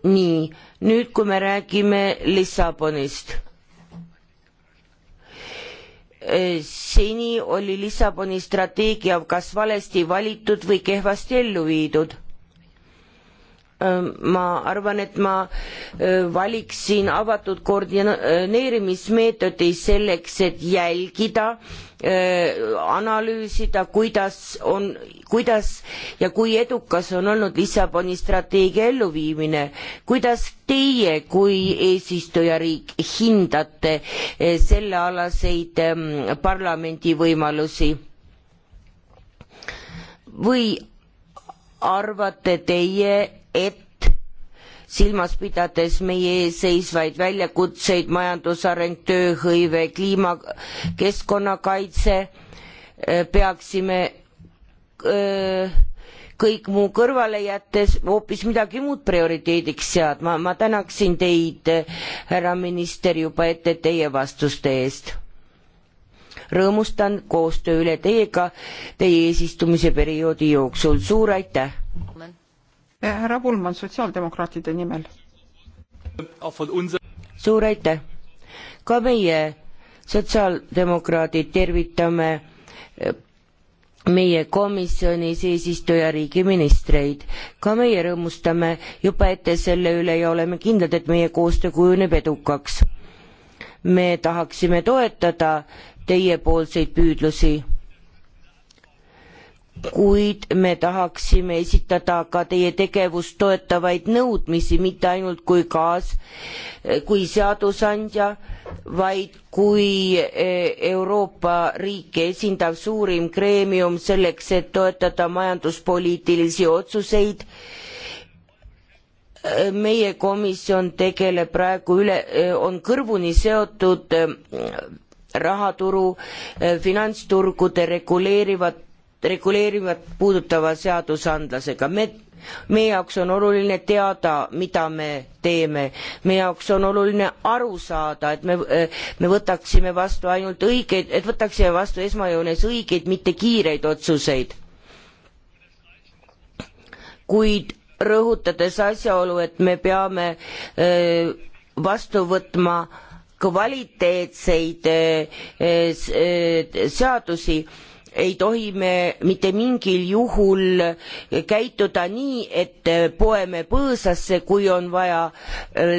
nii, nüüd kui me räägime Lissabonist seni oli Lissaboni strateegia kas valesti valitud või kehvasti ellu viidud ma arvan, et ma valiksin avatud koordineerimismeetodi selleks, et jälgida, analüüsida, kuidas on, kuidas ja kui edukas on olnud Lissaboni strateegia elluviimine. kuidas teie kui eesistujariik hindate sellealaseid parlamendi võimalusi? või arvate teie, et silmas pidades meie ees seisvaid väljakutseid, majandusareng, tööhõive, kliima, keskkonnakaitse, äh, peaksime öö, äh, kõik muu kõrvale jättes hoopis midagi muud prioriteediks seadma. ma tänaksin teid, äh, härra minister, juba ette teie vastuste eest. rõõmustan koostöö üle teiega teie eesistumise perioodi jooksul, suur aitäh! härra Pullmann sotsiaaldemokraatide nimel. suur aitäh! ka meie, sotsiaaldemokraadid, tervitame eh, meie komisjonis eesistujariigi ministreid. ka meie rõõmustame juba ette selle üle ja oleme kindlad, et meie koostöö kujuneb edukaks. me tahaksime toetada teiepoolseid püüdlusi kuid me tahaksime esitada ka teie tegevust toetavaid nõudmisi, mitte ainult kui kaas, kui seadusandja, vaid kui e, Euroopa riike esindav suurim kreemium selleks, et toetada majanduspoliitilisi otsuseid e, meie komisjon tegeleb praegu üle, e, on kõrvuni seotud rahaturu finantsturgude reguleerivat reguleerivat puudutava seadusandlasega. me, meie jaoks on oluline teada, mida me teeme, meie jaoks on oluline aru saada, et me, me võtaksime vastu ainult õigeid, et võtaksime vastu esmajoones õigeid, mitte kiireid otsuseid. kuid rõhutades asjaolu, et me peame öö, vastu võtma kvaliteetseid öö, öö, seadusi, ei tohi me mitte mingil juhul käituda nii, et poeme põõsasse, kui on vaja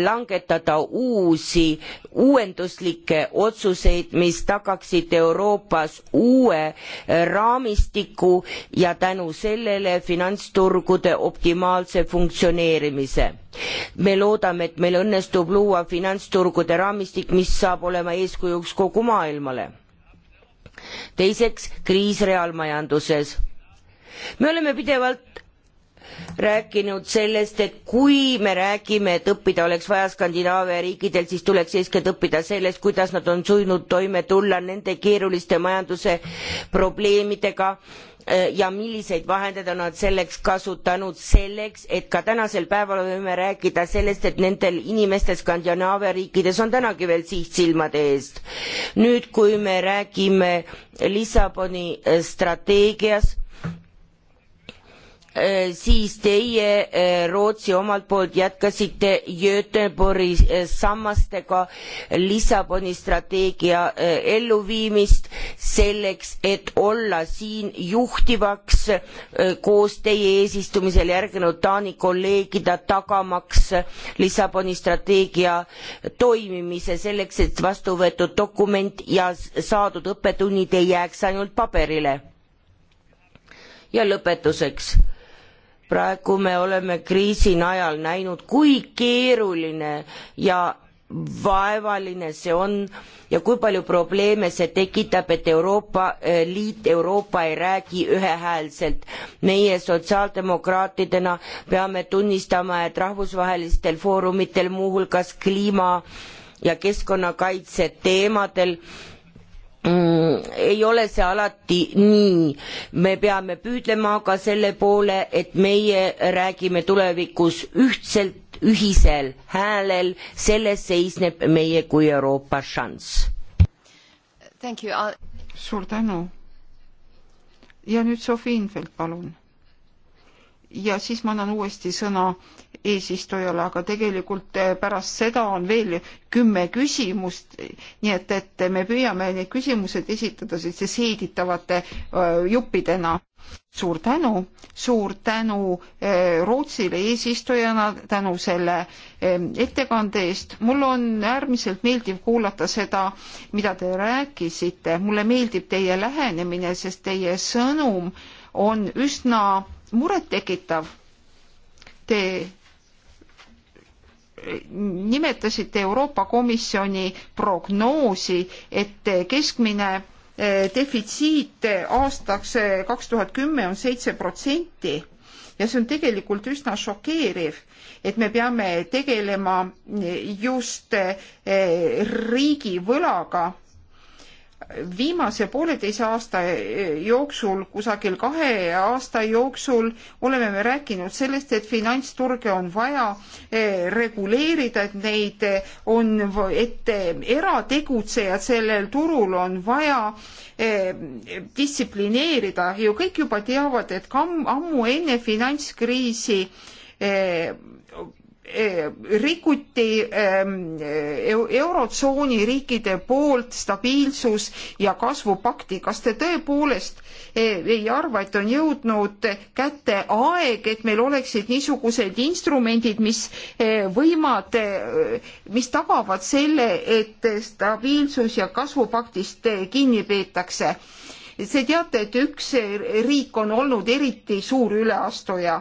langetada uusi, uuenduslikke otsuseid, mis tagaksid Euroopas uue raamistiku ja tänu sellele finantsturgude optimaalse funktsioneerimise. me loodame, et meil õnnestub luua finantsturgude raamistik, mis saab olema eeskujuks kogu maailmale teiseks, kriis reaalmajanduses. me oleme pidevalt rääkinud sellest, et kui me räägime, et õppida oleks vaja Skandinaavia riikidelt, siis tuleks eeskätt õppida sellest, kuidas nad on suutnud toime tulla nende keeruliste majanduse probleemidega Äh, ja milliseid vahendeid on nad selleks kasutanud selleks et ka tänasel päeval võime rääkida sellest et nendel inimestel skandinaavia riikides on tänagi veel siht silmade eest nüüd kui me räägime lissaboni äh, strateegias Äh, siis teie äh, Rootsi omalt poolt jätkasite Göteborgi äh, sammastega Lissaboni strateegia elluviimist selleks, et olla siin juhtivaks koos teie eesistumisel järgnenud Taani kolleegide tagamaks Lissaboni strateegia toimimise selleks, et vastu võetud dokument ja saadud õppetunnid ei jääks ainult paberile. ja lõpetuseks praegu me oleme kriisi najal näinud, kui keeruline ja vaevaline see on ja kui palju probleeme see tekitab, et Euroopa eh, Liit, Euroopa ei räägi ühehäälselt. meie sotsiaaldemokraatidena peame tunnistama, et rahvusvahelistel foorumitel, muuhulgas kliima ja keskkonnakaitse teemadel, Mm, ei ole see alati nii. me peame püüdlema ka selle poole, et meie räägime tulevikus ühtselt, ühisel häälel, selles seisneb meie kui Euroopa šanss. suur tänu. ja nüüd Sofi Infeld, palun. ja siis ma annan uuesti sõna eesistujale, aga tegelikult eh, pärast seda on veel kümme küsimust, nii et, et me püüame need küsimused esitada sellise seeditavate eh, juppidena. suur tänu, suur tänu eh, Rootsile eesistujana, tänu selle ettekande eest. mul on äärmiselt meeldiv kuulata seda, mida te rääkisite. mulle meeldib teie lähenemine, sest teie sõnum on üsna murettekitav. Te nimetasite Euroopa Komisjoni prognoosi, et keskmine eh, defitsiit aastaks eh, kaks tuhat kümme on seitse protsenti ja see on tegelikult üsna šokeeriv, et me peame tegelema eh, just riigivõlaga viimase pooleteise aasta jooksul, kusagil kahe aasta jooksul oleme me rääkinud sellest, et finantsturge on vaja eh, reguleerida, et neid eh, on, et eh, erategutsejad sellel turul on vaja distsiplineerida. ju kõik juba teavad, et kam-, ammu enne finantskriisi Eh, rikuti ehm, e, Eurotsooni riikide poolt stabiilsus ja kasvupakti. kas te tõepoolest e, ei arva, et on jõudnud kätte aeg, et meil oleksid niisugused instrumendid, mis e, võimad, mis tagavad selle, et stabiilsus ja kasvupaktist kinni peetakse? see teate, et üks riik on olnud eriti suur üleastuja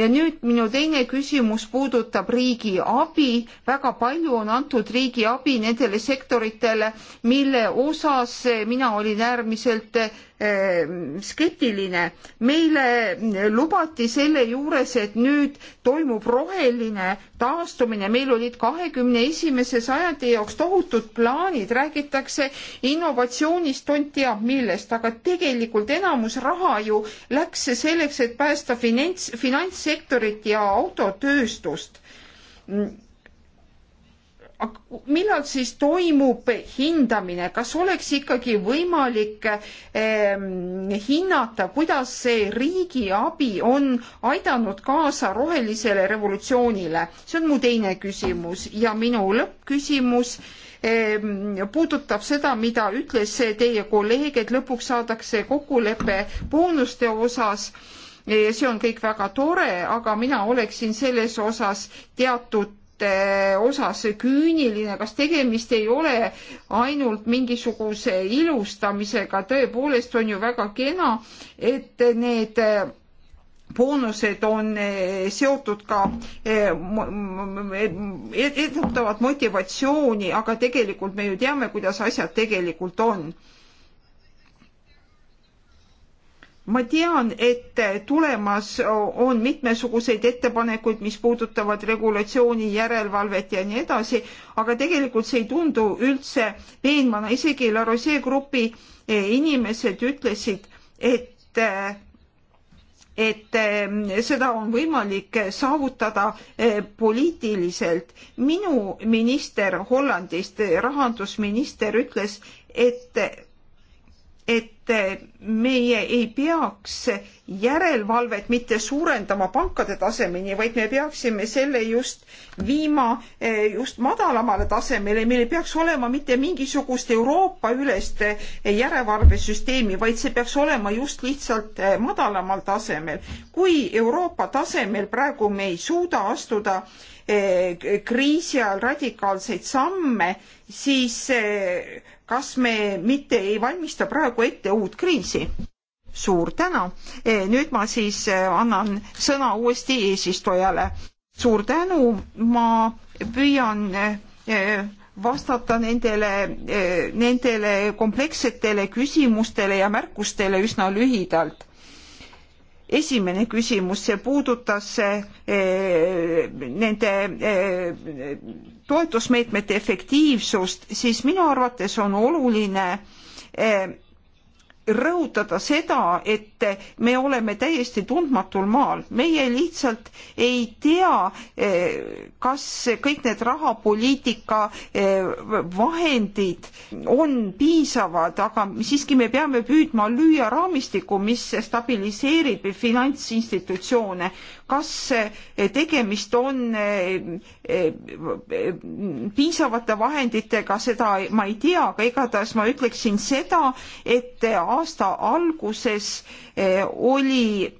ja nüüd minu teine küsimus puudutab riigi abi. väga palju on antud riigi abi nendele sektoritele, mille osas mina olin äärmiselt Eh, skeptiline. meile lubati selle juures, et nüüd toimub roheline taastumine, meil olid kahekümne esimese sajandi jaoks tohutud plaanid, räägitakse innovatsioonist, tont teab millest, aga tegelikult enamus raha ju läks selleks, et päästa finants, finantssektorit ja autotööstust millal siis toimub hindamine, kas oleks ikkagi võimalik ehm, hinnata, kuidas see riigi abi on aidanud kaasa rohelisele revolutsioonile? see on mu teine küsimus ja minu lõppküsimus ehm, puudutab seda, mida ütles teie kolleeg, et lõpuks saadakse kokkulepe boonuste osas see on kõik väga tore, aga mina oleksin selles osas teatud osas küüniline, kas tegemist ei ole ainult mingisuguse ilustamisega, tõepoolest on ju väga kena, et need äh, boonused on äh, seotud ka äh, e-, edutavad motivatsiooni, aga tegelikult me ju teame, kuidas asjad tegelikult on ma tean, et tulemas on mitmesuguseid ettepanekuid, mis puudutavad regulatsiooni, järelevalvet ja nii edasi, aga tegelikult see ei tundu üldse veenvana, isegi La Rosee grupi eh, inimesed ütlesid, et eh, et eh, seda on võimalik saavutada poliitiliselt. minu minister Hollandist, rahandusminister ütles, et et meie ei peaks järelevalvet mitte suurendama pankade tasemeni, vaid me peaksime selle just viima eh, just madalamale tasemele, meil ei peaks olema mitte mingisugust Euroopa ülest eh, järelevalvesüsteemi, vaid see peaks olema just lihtsalt eh, madalamal tasemel. kui Euroopa tasemel praegu me ei suuda astuda kriisi ajal radikaalseid samme, siis kas me mitte ei valmista praegu ette uut kriisi? suur tänu. E, nüüd ma siis e, annan sõna uuesti eesistujale. suur tänu, ma püüan e, vastata nendele, nendele komplekssetele küsimustele ja märkustele üsna lühidalt esimene küsimus, see puudutas eh, nende eh, toetusmeetmete efektiivsust, siis minu arvates on oluline eh, rõhutada seda, et me oleme täiesti tundmatul maal, meie lihtsalt ei tea, eh, kas kõik need rahapoliitika eh, vahendid on piisavad, aga siiski me peame püüdma lüüa raamistikku, mis stabiliseerib finantsinstitutsioone kas eh, tegemist on eh, eh, piisavate vahenditega, seda ma ei tea, aga igatahes ma ütleksin seda, et aasta alguses oli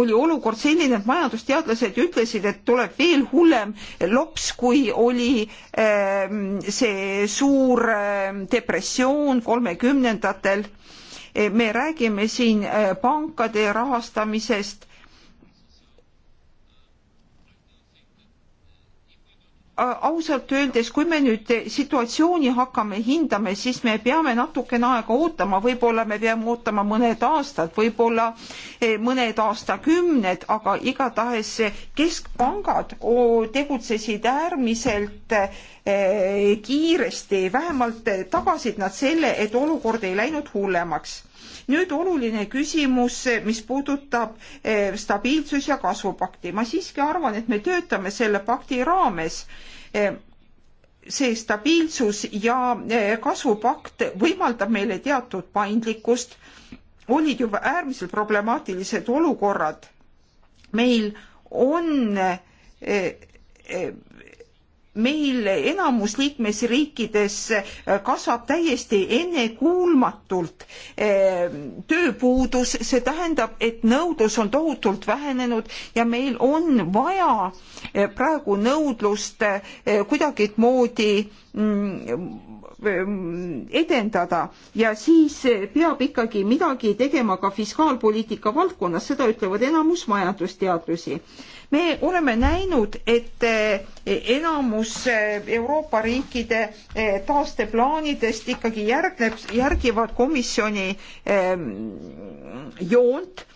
oli olukord selline, et majandusteadlased ütlesid, et tuleb veel hullem lops, kui oli ehm, see suur ehm, depressioon kolmekümnendatel. me räägime siin pankade rahastamisest Äh, ausalt öeldes, kui me nüüd situatsiooni hakkame hindame, siis me peame natukene aega ootama, võib-olla me peame ootama mõned aastad, võib-olla eh, mõned aastakümned, aga igatahes keskpangad tegutsesid äärmiselt eh, kiiresti, vähemalt tagasid nad selle, et olukord ei läinud hullemaks nüüd oluline küsimus, mis puudutab eh, stabiilsus- ja kasvupakti. ma siiski arvan, et me töötame selle pakti raames eh, see stabiilsus ja eh, kasvupakt võimaldab meile teatud paindlikkust. olid juba äärmiselt problemaatilised olukorrad. meil on meil enamus liikmesriikides kasvab täiesti ennekuulmatult eh, tööpuudus, see tähendab, et nõudlus on tohutult vähenenud ja meil on vaja eh, praegu nõudlust eh, kuidagimoodi mm, edendada ja siis peab ikkagi midagi tegema ka fiskaalpoliitika valdkonnas, seda ütlevad enamus majandusteadlasi. me oleme näinud, et eh, enamus eh, Euroopa riikide eh, taasteplaanidest ikkagi järgneb, järgivad komisjoni ehm, joont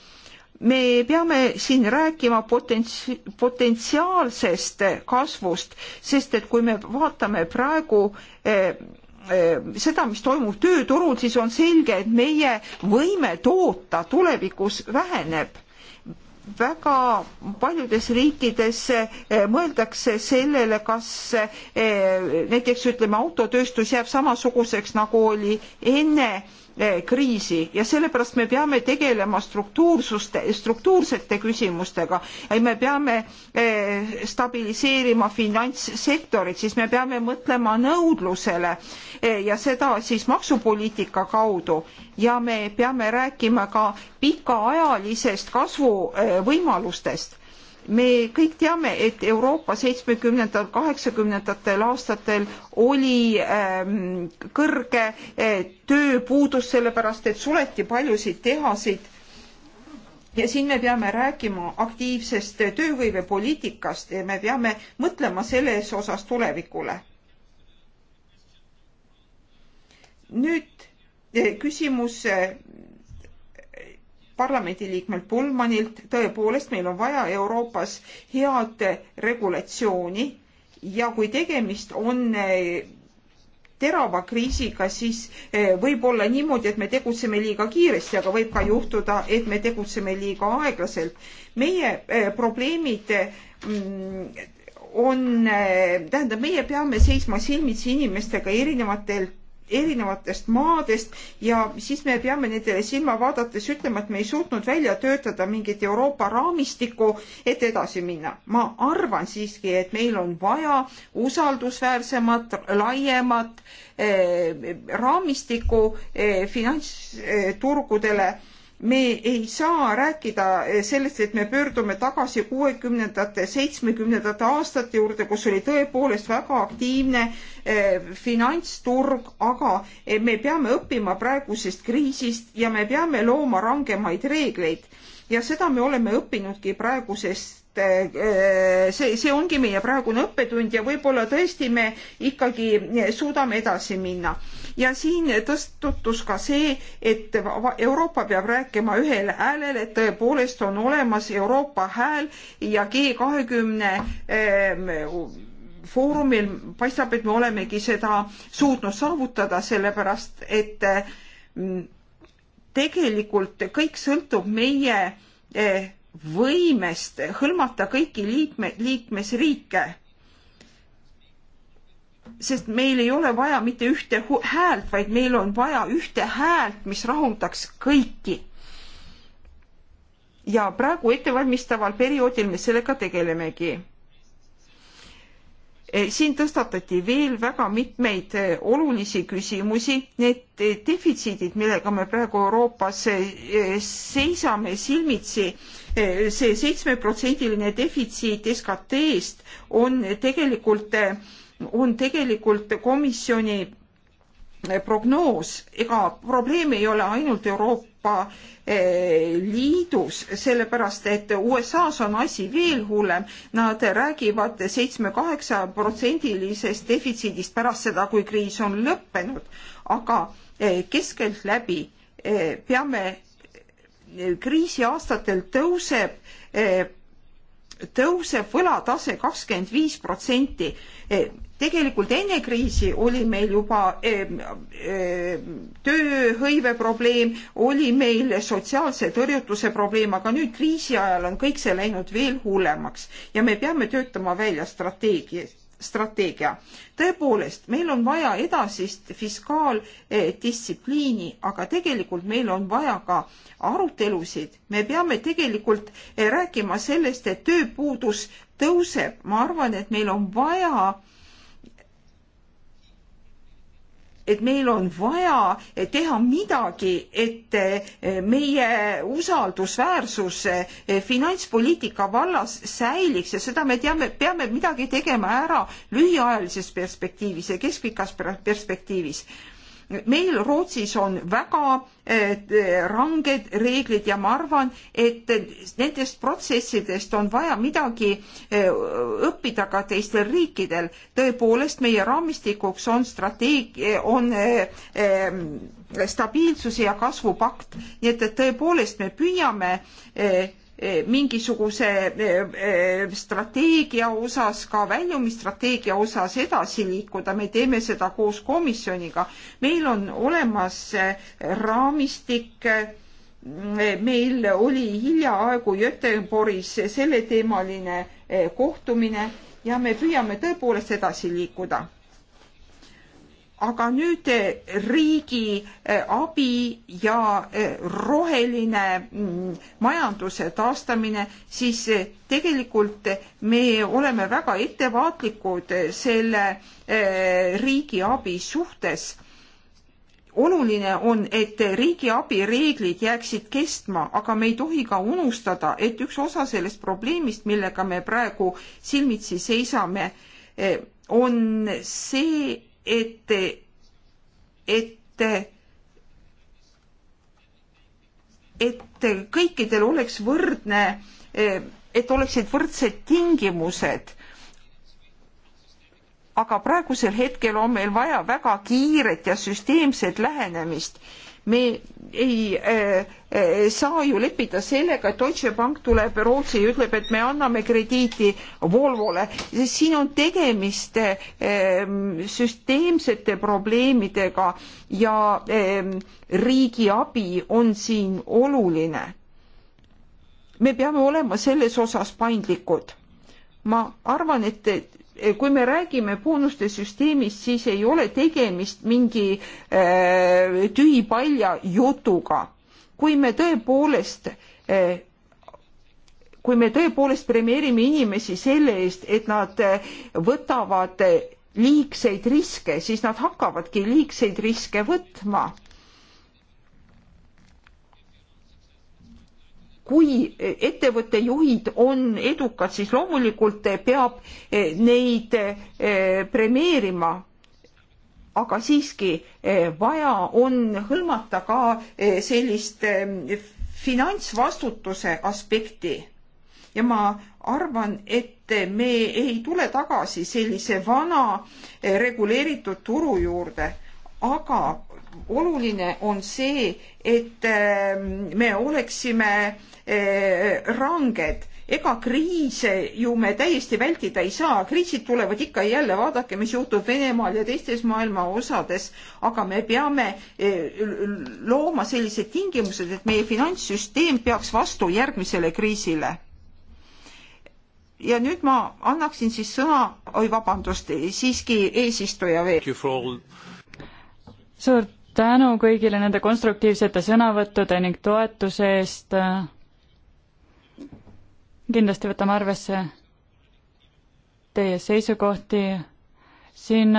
me peame siin rääkima potentsi-, potentsiaalsest kasvust, sest et kui me vaatame praegu Äh, seda, mis toimub tööturul, siis on selge, et meie võime toota tulevikus väheneb väga paljudes riikides äh, mõeldakse sellele, kas äh, näiteks ütleme, autotööstus jääb samasuguseks, nagu oli enne Eh, kriisi ja sellepärast me peame tegelema struktuursuste, struktuursete küsimustega. me peame eh, stabiliseerima finantssektorit, siis me peame mõtlema nõudlusele eh, ja seda siis maksupoliitika kaudu ja me peame rääkima ka pikaajalisest kasvuvõimalustest me kõik teame, et Euroopa seitsmekümnendal, kaheksakümnendatel aastatel oli ähm, kõrge äh, tööpuudus, sellepärast et suleti paljusid tehasid ja siin me peame rääkima aktiivsest tööhõivepoliitikast ja me peame mõtlema selles osas tulevikule. nüüd äh, küsimus äh, parlamendiliikmelt Pullmanilt, tõepoolest, meil on vaja Euroopas head regulatsiooni ja kui tegemist on eh, terava kriisiga, siis eh, võib olla niimoodi, et me tegutseme liiga kiiresti, aga võib ka juhtuda, et me tegutseme liiga aeglaselt. meie eh, probleemid mm, on, tähendab, meie peame seisma silmitsi inimestega erinevatelt erinevatest maadest ja siis me peame nendele silma vaadates ütlema, et me ei suutnud välja töötada mingit Euroopa raamistikku, et edasi minna. ma arvan siiski, et meil on vaja usaldusväärsemat, laiemat eh, raamistikku eh, finantsturgudele eh, me ei saa rääkida eh, sellest, et me pöördume tagasi kuuekümnendate, seitsmekümnendate aastate juurde, kus oli tõepoolest väga aktiivne eh, finantsturg, aga eh, me peame õppima praegusest kriisist ja me peame looma rangemaid reegleid. ja seda me oleme õppinudki praegusest eh, eh, see, see ongi meie praegune õppetund ja võib-olla tõesti me ikkagi suudame edasi minna ja siin tõstutus ka see, et Euroopa peab rääkima ühel häälel, et tõepoolest on olemas Euroopa hääl ja G kahekümne foorumil paistab, et me olemegi seda suutnud saavutada, sellepärast et mm, tegelikult kõik sõltub meie eh, võimest hõlmata kõiki liikme, liikmesriike sest meil ei ole vaja mitte ühte häält, vaid meil on vaja ühte häält, mis rahuldaks kõiki. ja praegu ettevalmistaval perioodil me sellega tegelemegi e, siin tõstatati veel väga mitmeid e, olulisi küsimusi. Need e, defitsiidid, millega me praegu Euroopas seisame silmitsi see, see seitsmeprotsendiline defitsiit SKT-st on tegelikult on tegelikult komisjoni prognoos, ega probleem ei ole ainult Euroopa eh, Liidus, sellepärast et USA-s on asi veel hullem. Nad räägivad seitsme-kaheksa protsendilisest defitsiidist pärast seda, kui kriis on lõppenud, aga eh, keskeltläbi eh, peame, kriisi aastatel tõuseb tõuseb võlatase kakskümmend viis protsenti tegelikult enne kriisi oli meil juba eh, eh, tööhõive probleem, oli meil sotsiaalse tõrjutuse probleem, aga nüüd kriisi ajal on kõik see läinud veel hullemaks ja me peame töötama välja strateegia strateegia. tõepoolest, meil on vaja edasist fiskaaldistsipliini, aga tegelikult meil on vaja ka arutelusid. me peame tegelikult eh, rääkima sellest, et tööpuudus tõuseb. ma arvan, et meil on vaja äh, et meil on vaja eh, teha midagi, et eh, meie usaldusväärsus eh, finantspoliitika vallas säiliks ja seda me teame, peame midagi tegema ära lühiajalises perspektiivis ja keskpikas perspektiivis meil Rootsis on väga eh, ranged reeglid ja ma arvan, et nendest protsessidest on vaja midagi eh, õppida ka teistel riikidel. tõepoolest, meie raamistikuks on strateegia, on eh, stabiilsuse ja kasvu pakt, nii et, et tõepoolest me püüame Eh, mingisuguse eh, eh, strateegia osas, ka väljumisstrateegia osas edasi liikuda, me teeme seda koos komisjoniga. meil on olemas raamistik, meil oli hiljaaegu Göteborgis selleteemaline kohtumine ja me püüame tõepoolest edasi liikuda aga nüüd eh, riigi eh, abi ja eh, roheline mm, majanduse taastamine, siis tegelikult me oleme väga ettevaatlikud selle riigi abi suhtes. oluline on, et riigi abi reeglid jääksid kestma, aga me ei tohi ka unustada, et üks osa sellest probleemist, millega me praegu silmitsi seisame, on see, et, et, et kõikidel oleks võrdne, et oleksid võrdsed tingimused. aga praegusel hetkel on meil vaja väga kiiret ja süsteemset lähenemist me ei äh, äh, saa ju leppida sellega, et Deutsche Bank tuleb Rootsi ja ütleb, et me anname krediiti Volvole, sest siin on tegemist äh, süsteemsete probleemidega ja riigi abi on siin oluline. me peame olema selles osas paindlikud ma arvan, et kui me räägime boonuste süsteemist, siis ei ole tegemist mingi äh, tühipalja jutuga. kui me tõepoolest äh, kui me tõepoolest premeerime inimesi selle eest, et nad äh, võtavad liigseid riske, siis nad hakkavadki liigseid riske võtma kui eh, ettevõtte juhid on edukad, siis loomulikult eh, peab eh, neid premeerima. aga siiski vaja on hõlmata ka sellist finantsvastutuse aspekti. ja ma arvan, et me ei tule tagasi sellise vana reguleeritud turu juurde, aga oluline on see, et ähm, me oleksime äh, ranged, ega kriise ju me täiesti vältida ei saa, kriisid tulevad ikka ja jälle, vaadake, mis juhtub Venemaal ja teistes maailma osades, aga me peame äh, looma sellised tingimused, et meie finantssüsteem peaks vastu järgmisele kriisile ja nüüd ma annaksin siis sõna, oi vabandust, siiski eesistuja veel. suur tänu kõigile nende konstruktiivsete sõnavõttude ning toetuse eest. kindlasti võtame arvesse teie seisukohti siin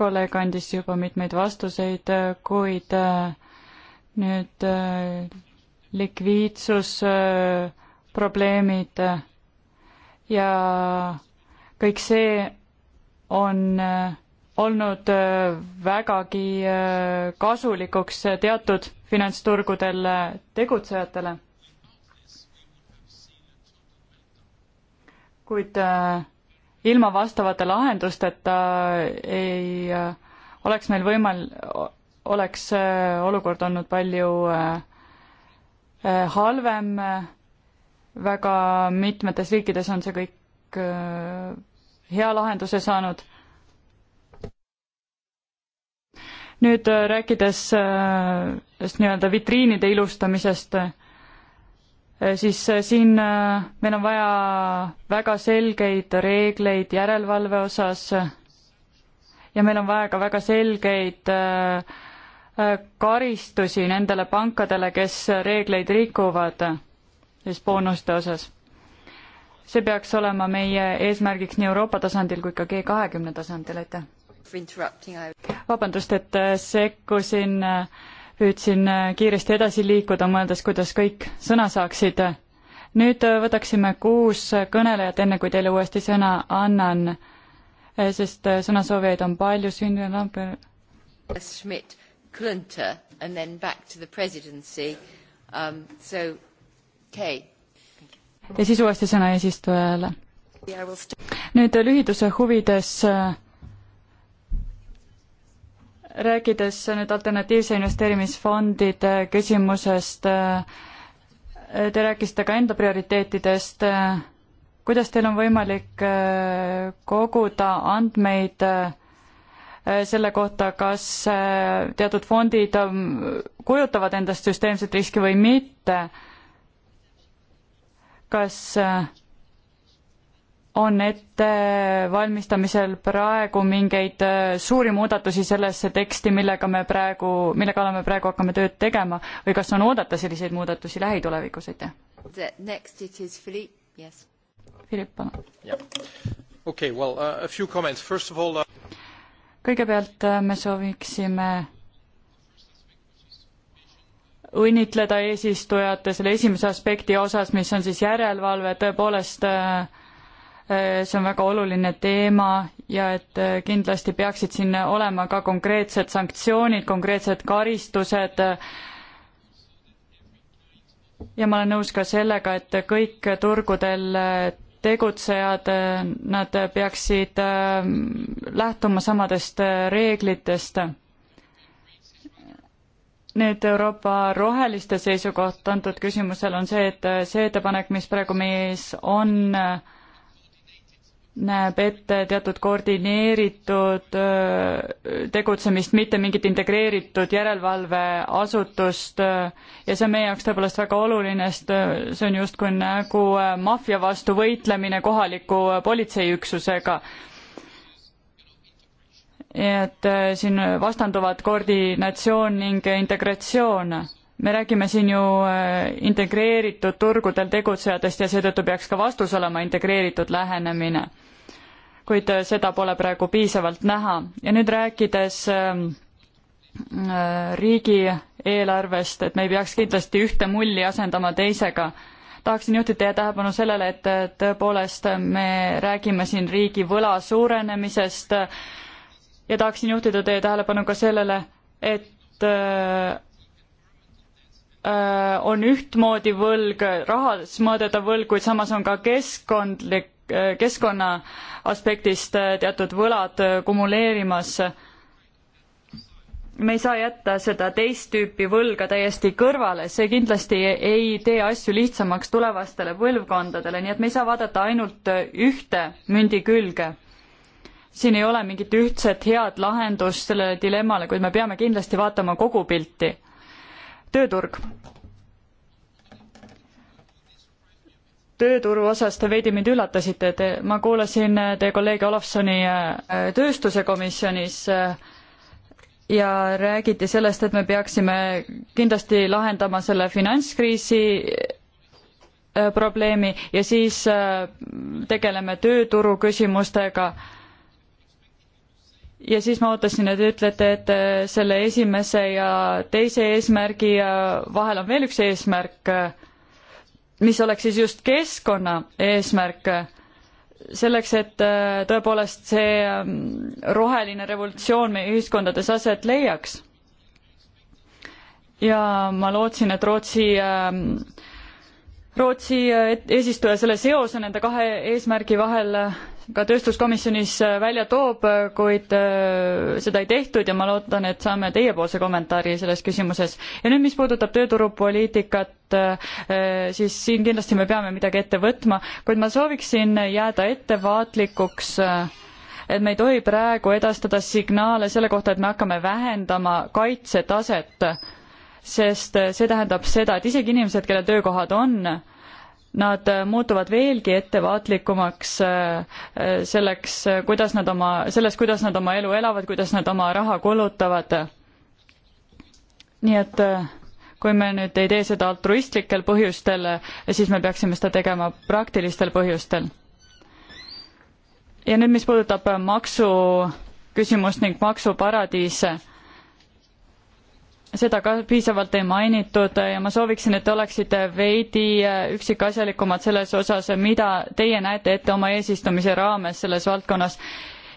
kolleeg andis juba mitmeid vastuseid, kuid äh, nüüd äh, likviidsusprobleemid äh, ja kõik see on olnud äh, vägagi äh, kasulikuks teatud finantsturgudel äh, tegutsejatele. kuid ilma vastavate lahendusteta ei oleks meil võimal-, oleks olukord olnud palju halvem, väga mitmetes riikides on see kõik hea lahenduse saanud nüüd äh, rääkides sellest äh, nii-öelda vitriinide ilustamisest, äh, siis siin meil on vaja väga selgeid reegleid järelevalve osas ja meil on vaja ka väga selgeid karistusi nendele pankadele, kes reegleid rikuvad, siis boonuste osas. see peaks olema meie eesmärgiks nii Euroopa tasandil kui ka G kahekümne tasandil, aitäh! vabandust, et äh, sekkusin, äh, püüdsin äh, kiiresti edasi liikuda, mõeldes, kuidas kõik sõna saaksid. nüüd võtaksime kuus kõnelejat, enne kui teile uuesti sõna annan, sest sõnasoovijaid on palju, Sündinud Lamber. Schmidt, Klunter and then back to the presidency um,. So Kay. ja siis uuesti sõna eesistujale. nüüd lühiduse huvides äh, rääkides nüüd alternatiivse investeerimisfondide küsimusest, te rääkisite ka enda prioriteetidest, kuidas teil on võimalik äh, koguda andmeid äh, selle kohta, kas äh, teatud fondid ähm, kujutavad endast süsteemset riski või mitte, kas on ettevalmistamisel praegu mingeid äh, suuri muudatusi sellesse teksti, millega me praegu, mille kallal me praegu hakkame tööd tegema või kas on oodata selliseid muudatusi lähitulevikus, aitäh? Next it is Philippe, yes. Philippe, palun yeah.. Okay, well uh, a few comments, first of all uh... kõigepealt äh, me sooviksime õnnitleda eesistujat selle esimese aspekti osas, mis on siis järelevalve, tõepoolest uh, Äh, see on väga oluline teema ja et äh, kindlasti peaksid siin olema ka konkreetsed sanktsioonid, konkreetsed karistused. ja ma olen nõus ka sellega, et kõik turgudel äh, tegutsejad, nad peaksid lähtuma samadest reeglitest. nüüd Euroopa roheliste seisukoht antud küsimusel on see, et see ettepanek, mis praegu meie ees on, näeb ette teatud koordineeritud tegutsemist, mitte mingit integreeritud järelevalveasutust ja see on meie jaoks tõepoolest väga oluline, sest see on justkui nagu maffia vastu võitlemine kohaliku politseiüksusega. et siin vastanduvad koordinatsioon ning integratsioon me räägime siin ju integreeritud turgudel tegutsejatest ja seetõttu peaks ka vastus olema integreeritud lähenemine kuid äh, seda pole praegu piisavalt näha ja nüüd rääkides ähm, äh, riigieelarvest, et me ei peaks kindlasti ühte mulli asendama teisega. tahaksin juhtida teie tähelepanu sellele, et äh, tõepoolest me räägime siin riigi võla suurenemisest ja tahaksin juhtida teie tähelepanu ka sellele, et on ühtmoodi võlg, rahas mõõdetav võlg, kuid samas on ka keskkondlik keskkonna aspektist teatud võlad kumuleerimas. me ei saa jätta seda teist tüüpi võlga täiesti kõrvale, see kindlasti ei tee asju lihtsamaks tulevastele põlvkondadele, nii et me ei saa vaadata ainult ühte mündi külge siin ei ole mingit ühtset head lahendust sellele dilemmale, kuid me peame kindlasti vaatama kogupilti. tööturg tööturu osas te veidi mind üllatasite, te, ma kuulasin äh, teie kolleegi Olafsoni äh, tööstuse komisjonis äh, ja räägiti sellest, et me peaksime kindlasti lahendama selle finantskriisi probleemi ja siis tegeleme tööturu küsimustega. ja siis ma ootasin, et te ütlete, et selle esimese ja teise eesmärgi vahel on veel üks eesmärk mis oleks siis just keskkonna eesmärk, selleks, et äh, tõepoolest see ähm, roheline revolutsioon meie ühiskondades aset leiaks. ja ma lootsin, et Rootsi ähm, Rootsi äh, eesistuja selle seose nende kahe eesmärgi vahel ka tööstuskomisjonis äh, välja toob, äh, kuid äh, seda ei tehtud ja ma loodan, et saame teiepoolse kommentaari selles küsimuses. ja nüüd, mis puudutab tööturupoliitikat, siis siin kindlasti me peame midagi ette võtma, kuid ma sooviksin jääda ettevaatlikuks et me ei tohi praegu edastada signaale selle kohta, et me hakkame vähendama kaitsetaset, sest see tähendab seda, et isegi inimesed, kelle töökohad on nad äh, muutuvad veelgi ettevaatlikumaks äh, äh, selleks, kuidas nad oma, selles, kuidas nad oma elu elavad, kuidas nad oma raha kulutavad. nii et kui me nüüd ei tee seda altruistlikel põhjustel, siis me peaksime seda tegema praktilistel põhjustel. ja nüüd, mis puudutab maksu küsimust ning maksuparadiise seda ka piisavalt ei mainitud ja ma sooviksin, et te oleksite veidi äh, üksikasjalikumad selles osas, mida teie näete ette oma eesistumise raames selles valdkonnas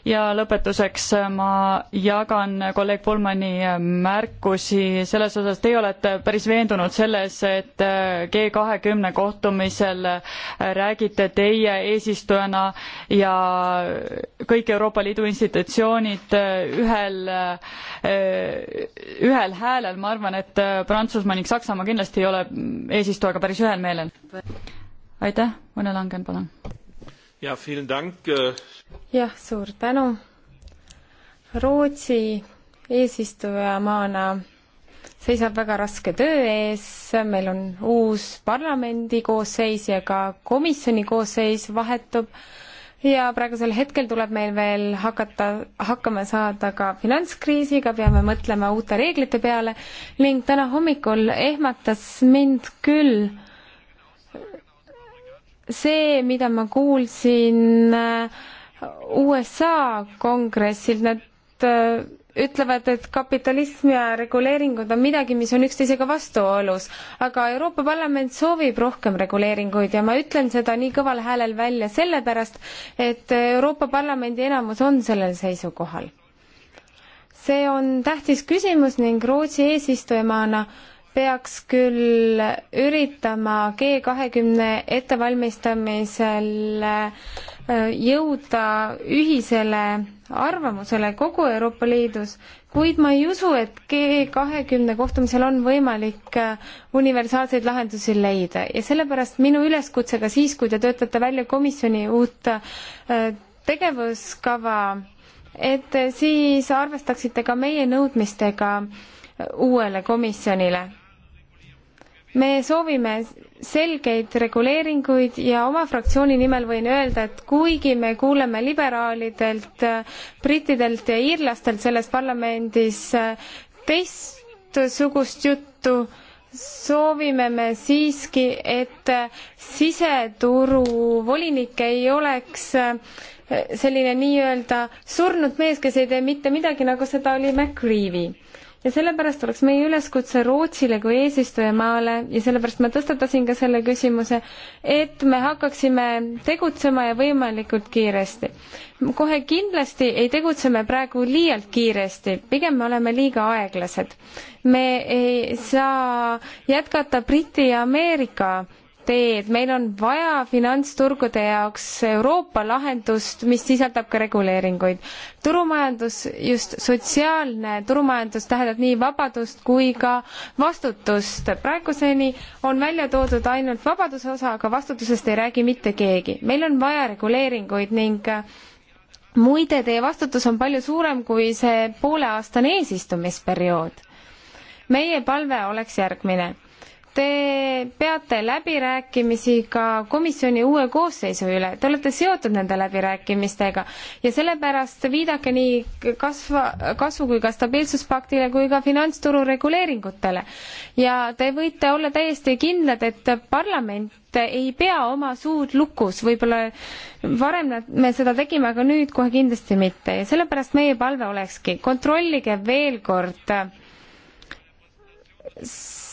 ja lõpetuseks äh, ma jagan kolleeg Polmani äh, märkusi selles osas, teie olete päris veendunud selles, et äh, G kahekümne kohtumisel räägite teie eesistujana ja kõik Euroopa Liidu institutsioonid ühel, ühel häälel, ma arvan, et Prantsusmaa ning Saksamaa kindlasti ei ole mm, eesistujaga päris ühel meelel. aitäh, Mõne Langen, palun. Äh, jah, suur tänu. Rootsi eesistujamaana seisab väga raske töö ees, meil on uus parlamendi koosseis ja ka komisjoni koosseis vahetub ja praegusel hetkel tuleb meil veel hakata, hakkama saada ka finantskriisiga, peame mõtlema uute reeglite peale ning täna hommikul ehmatas mind küll see, mida ma kuulsin äh, USA kongressilt, nad äh, ütlevad, et kapitalism ja reguleeringud on midagi, mis on üksteisega vastuolus. aga Euroopa Parlament soovib rohkem reguleeringuid ja ma ütlen seda nii kõval häälel välja sellepärast, et Euroopa Parlamendi enamus on sellel seisukohal. see on tähtis küsimus ning Rootsi eesistujamaana peaks küll üritama G kahekümne ettevalmistamisel äh, jõuda ühisele arvamusele kogu Euroopa Liidus, kuid ma ei usu, et G kahekümne kohtumisel on võimalik äh, universaalseid lahendusi leida ja sellepärast minu üleskutse ka siis, kui te töötate välja komisjoni uut äh, tegevuskava, et siis arvestaksite ka meie nõudmistega uuele komisjonile me soovime selgeid reguleeringuid ja oma fraktsiooni nimel võin öelda, et kuigi me kuuleme liberaalidelt, brittidelt ja iirlastelt selles parlamendis teistsugust juttu, soovime me siiski, et siseturu volinik ei oleks selline nii-öelda surnud mees, kes ei tee mitte midagi, nagu seda oli MacRivi ja sellepärast oleks meie üleskutse Rootsile kui eesistujamaale ja sellepärast ma tõstatasin ka selle küsimuse, et me hakkaksime tegutsema ja võimalikult kiiresti. kohe kindlasti ei tegutse me praegu liialt kiiresti, pigem me oleme liiga aeglased. me ei saa jätkata Briti ja Ameerika teed, meil on vaja finantsturgude jaoks Euroopa lahendust, mis sisaldab ka reguleeringuid. turumajandus, just sotsiaalne turumajandus tähendab nii vabadust kui ka vastutust. praeguseni on välja toodud ainult vabaduse osa, aga vastutusest ei räägi mitte keegi. meil on vaja reguleeringuid ning äh, muide, teie vastutus on palju suurem kui see pooleaastane eesistumisperiood. meie palve oleks järgmine Te peate läbirääkimisi ka komisjoni uue koosseisu üle, te olete seotud nende läbirääkimistega ja sellepärast viidake nii kasva, kasvu kui ka stabiilsuspaktile kui ka finantsturu reguleeringutele. ja te võite olla täiesti kindlad, et parlament ei pea oma suud lukus, võib-olla varem nad, me seda tegime, aga nüüd kohe kindlasti mitte ja sellepärast meie palve olekski, kontrollige veel kord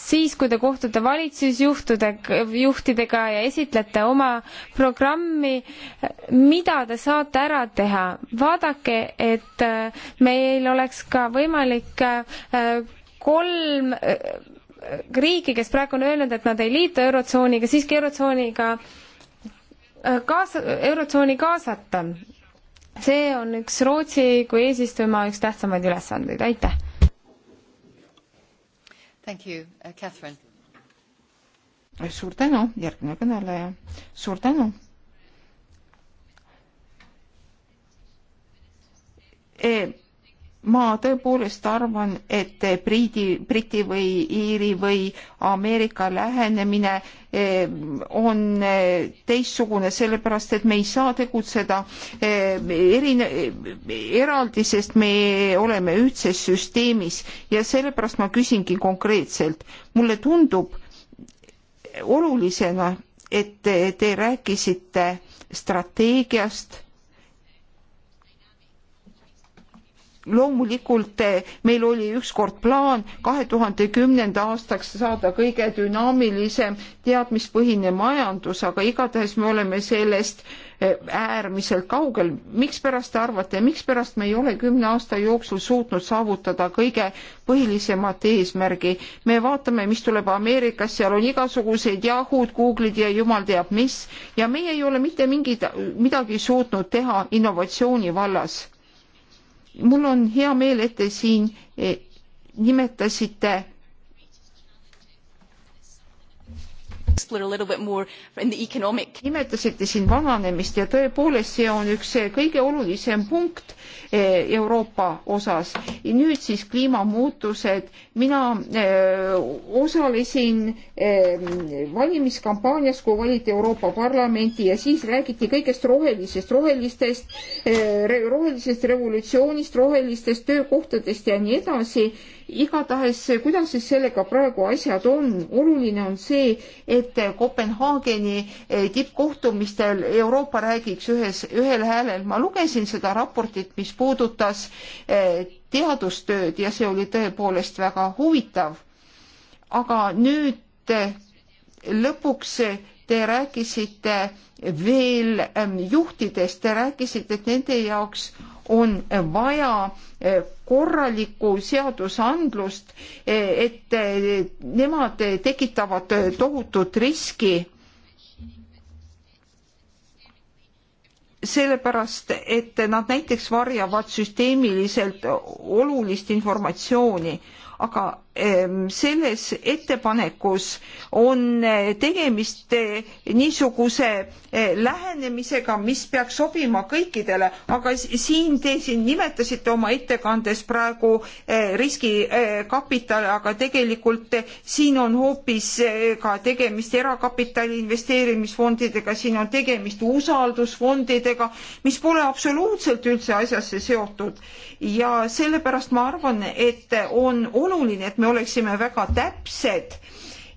siis, kui te kohtute valitsusjuhtidega ja esitlete oma programmi, mida te saate ära teha. vaadake, et äh, meil oleks ka võimalik äh, kolm äh, riiki, kes praegu on öelnud, et nad ei liitu Eurotsooniga, siiski Eurotsooniga kaasa, Eurotsooni kaasata. see on üks Rootsi kui eesistujamaa üks tähtsamaid ülesandeid, aitäh! Thank you uh,, Catherine. suur tänu, järgmine kõneleja, suur tänu. E ma tõepoolest arvan, et Briti, Briti või Iiri või Ameerika lähenemine eh, on eh, teistsugune, sellepärast et me ei saa tegutseda eh, erine-, eraldi, sest me oleme ühtses süsteemis ja sellepärast ma küsingi konkreetselt. mulle tundub olulisena, et te rääkisite strateegiast loomulikult eh, meil oli ükskord plaan kahe tuhande kümnenda aastaks saada kõige dünaamilisem teadmispõhine majandus, aga igatahes me oleme sellest eh, äärmiselt kaugel. mikspärast te arvate, mikspärast me ei ole kümne aasta jooksul suutnud saavutada kõige põhilisemat eesmärgi? me vaatame, mis tuleb Ameerikas, seal on igasuguseid Yahoo'd, Google'id ja jumal teab mis ja meie ei ole mitte mingit, midagi suutnud teha innovatsiooni vallas mul on hea meel, et te siin eh, nimetasite nimetasite siin vananemist ja tõepoolest, see on üks eh, kõige olulisem punkt eh, Euroopa osas. nüüd siis kliimamuutused. mina öö, eh, osalesin öö, valimiskampaanias, kui valiti Euroopa Parlamenti ja siis räägiti kõigest rohelisest, rohelistest, rohelisest revolutsioonist, rohelistest töökohtadest ja nii edasi igatahes, kuidas siis sellega praegu asjad on, oluline on see, et Kopenhaageni eh, tippkohtumistel Euroopa räägiks ühes, ühel häälel. ma lugesin seda raportit, mis puudutas eh, teadustööd ja see oli tõepoolest väga huvitav. aga nüüd eh, lõpuks te rääkisite veel juhtidest, te rääkisite, et nende jaoks on vaja korralikku seadusandlust, et nemad tekitavad tohutut riski. sellepärast, et nad näiteks varjavad süsteemiliselt olulist informatsiooni, aga Ehm, selles ettepanekus on eh, tegemist eh, niisuguse eh, lähenemisega, mis peaks sobima kõikidele, aga siin te siin nimetasite oma ettekandes praegu riskikapitali, aga tegelikult siin on hoopis ka tegemist erakapitali investeerimisfondidega, siin on tegemist usaldusfondidega, mis pole absoluutselt üldse asjasse seotud ja sellepärast ma arvan, et on oluline, et me oleksime väga täpsed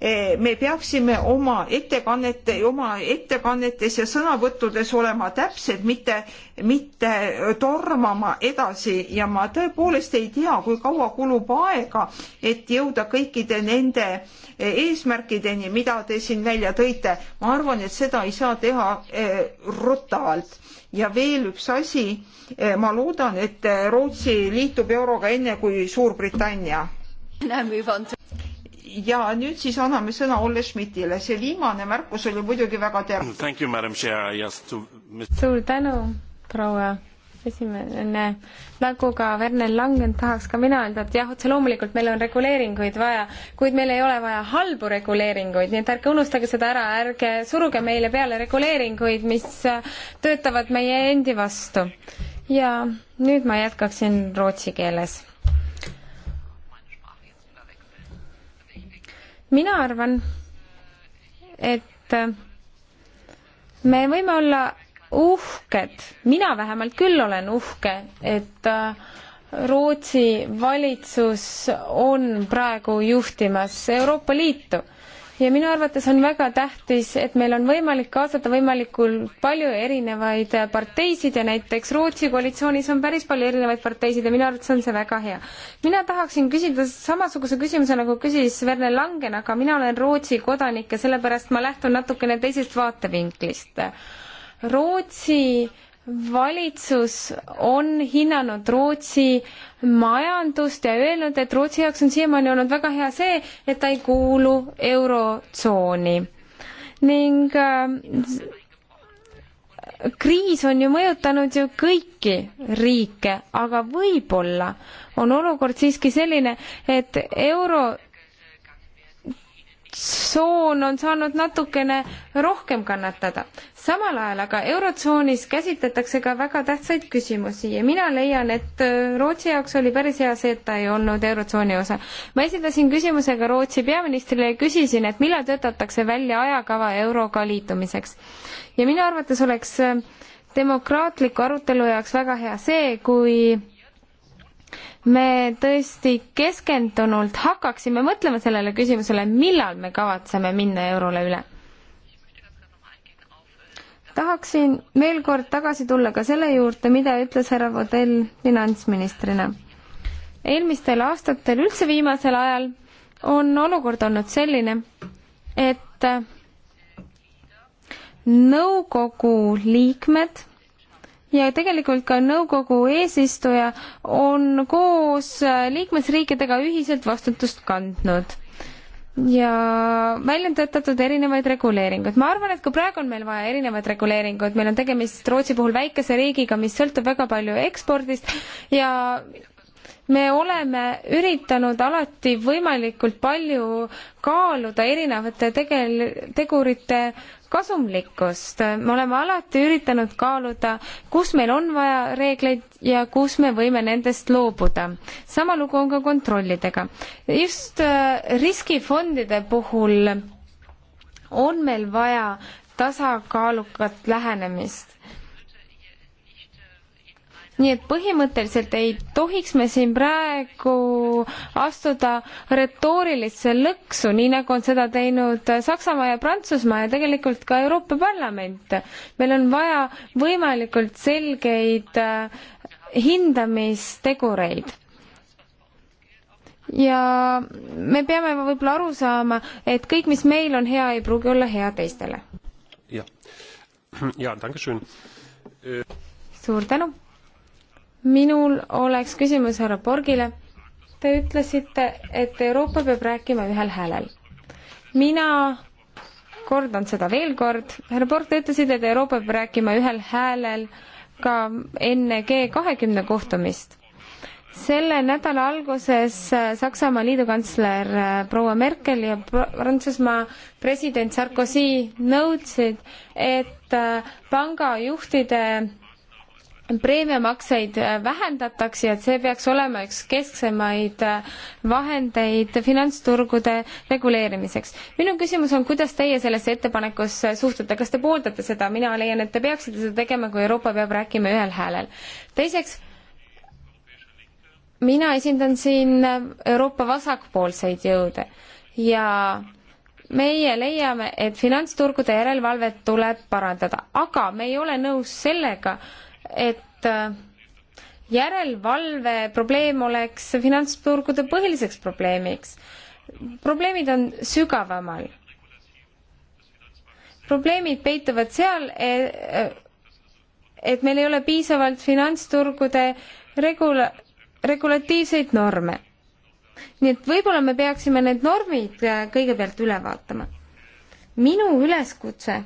eh, me peaksime oma ettekannete, oma ettekannetes ja sõnavõttudes olema täpsed, mitte, mitte tormama edasi ja ma tõepoolest ei tea, kui kaua kulub aega, et jõuda kõikide nende eesmärkideni, mida te siin välja tõite. ma arvan, et seda ei saa teha eh, rutavalt ja veel üks asi, eh, ma loodan, et Rootsi liitub euroga enne kui Suurbritannia ja nüüd siis anname sõna Olle Schmidtile. see viimane märkus oli muidugi väga terav. Yes, to... suur tänu, proua esimene. nagu ka Werner Langen tahaks ka mina öelda, et jah, otse loomulikult meil on reguleeringuid vaja, kuid meil ei ole vaja halbu reguleeringuid, nii et ärge unustage seda ära, ärge suruge meile peale reguleeringuid, mis töötavad meie endi vastu. ja nüüd ma jätkaksin rootsi keeles mina arvan, et me võime olla uhked, mina vähemalt küll olen uhke, et äh, Rootsi valitsus on praegu juhtimas Euroopa Liitu ja minu arvates on väga tähtis, et meil on võimalik kaasata võimalikult palju erinevaid parteisid ja näiteks Rootsi koalitsioonis on päris palju erinevaid parteisid ja minu arvates on see väga hea. mina tahaksin küsida samasuguse küsimuse, nagu küsis Verne Langen, aga mina olen Rootsi kodanik ja sellepärast ma lähtun natukene teisest vaatevinklist. Rootsi äh, valitsus on hinnanud Rootsi majandust ja öelnud, et Rootsi jaoks on siiamaani olnud väga hea see, et ta ei kuulu eurotsooni ning äh, kriis on ju mõjutanud ju kõiki riike, aga võib-olla on olukord siiski selline, et euro eurotsoon on saanud natukene rohkem kannatada. samal ajal aga eurotsoonis käsitletakse ka väga tähtsaid küsimusi ja mina leian, et äh, Rootsi jaoks oli päris hea see, et ta ei olnud eurotsooni osa. ma esitasin küsimuse ka Rootsi peaministrile ja küsisin, et millal töötatakse välja ajakava euroga liitumiseks. ja minu arvates oleks äh, demokraatliku arutelu jaoks väga hea see, kui me tõesti keskendunult hakkaksime mõtlema sellele küsimusele, millal me kavatseme minna eurole üle. tahaksin veel kord tagasi tulla ka selle juurde, mida ütles härra Vodel finantsministrina. eelmistel aastatel, üldse viimasel ajal, on olukord olnud selline, et nõukogu liikmed ja tegelikult ka nõukogu eesistuja on koos liikmesriikidega ühiselt vastutust kandnud ja välja on töötatud erinevaid reguleeringuid. ma arvan, et ka praegu on meil vaja erinevaid reguleeringuid, meil on tegemist Rootsi puhul väikese riigiga, mis sõltub väga palju ekspordist ja me oleme üritanud alati võimalikult palju kaaluda erinevate tegel-, tegurite kasumlikkust. me oleme alati üritanud kaaluda, kus meil on vaja reegleid ja kus me võime nendest loobuda. sama lugu on ka kontrollidega. just äh, riskifondide puhul on meil vaja tasakaalukat lähenemist nii et põhimõtteliselt ei tohiks me siin praegu astuda retoorilisse lõksu, nii nagu on seda teinud Saksamaa ja Prantsusmaa ja tegelikult ka Euroopa Parlament. meil on vaja võimalikult selgeid äh, hindamistegureid ja me peame võib-olla aru saama, et kõik, mis meil on hea, ei pruugi olla hea teistele. jah, ja, ja, danke schön. Äh, suur tänu minul oleks küsimus härra Borgile. Te ütlesite, et Euroopa peab rääkima ühel häälel. mina kordan seda veel kord, härra Borg, te ütlesite, et Euroopa peab rääkima ühel häälel ka enne G kahekümne kohtumist selle nädala alguses äh, Saksamaa liidukantsler äh, proua Merkel ja Prantsusmaa president Sarkozy nõudsid, et äh, pangajuhtide preemiamakseid äh, vähendatakse ja et see peaks olema üks kesksemaid äh, vahendeid finantsturgude reguleerimiseks. minu küsimus on, kuidas teie sellesse ettepanekusse suhtute, kas te pooldate seda, mina leian, et te peaksite seda tegema, kui Euroopa peab rääkima ühel häälel. teiseks, mina esindan siin äh, Euroopa vasakpoolseid jõude ja meie leiame, et finantsturgude järelevalvet tuleb parandada, aga me ei ole nõus sellega, et äh, järelevalve probleem oleks finantsturgude põhiliseks probleemiks. probleemid on sügavamal. probleemid peituvad seal, e, e, et meil ei ole piisavalt finantsturgude regula-, regulatiivseid norme. nii et võib-olla me peaksime need normid äh, kõigepealt üle vaatama. minu üleskutse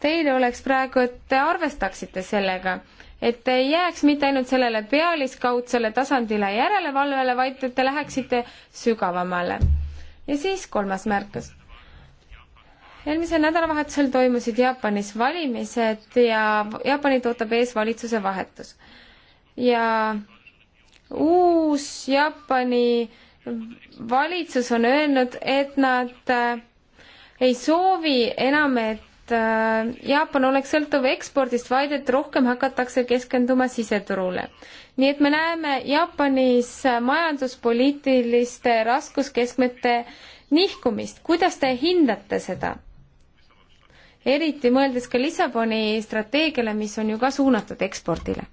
teile oleks praegu, et te arvestaksite sellega, et te ei jääks mitte ainult sellele pealiskaudsele tasandile järelevalvele, vaid et te läheksite sügavamale. ja siis kolmas märkus. eelmisel nädalavahetusel toimusid Jaapanis valimised ja Jaapanit ootab ees valitsuse vahetus. ja uus Jaapani valitsus on öelnud, et nad äh, ei soovi enam, et Äh, Jaapan oleks sõltuv ekspordist, vaid et rohkem hakatakse keskenduma siseturule. nii et me näeme Jaapanis majanduspoliitiliste raskuskeskmete nihkumist, kuidas te hindate seda? eriti mõeldes ka Lissaboni strateegiale, mis on ju ka suunatud ekspordile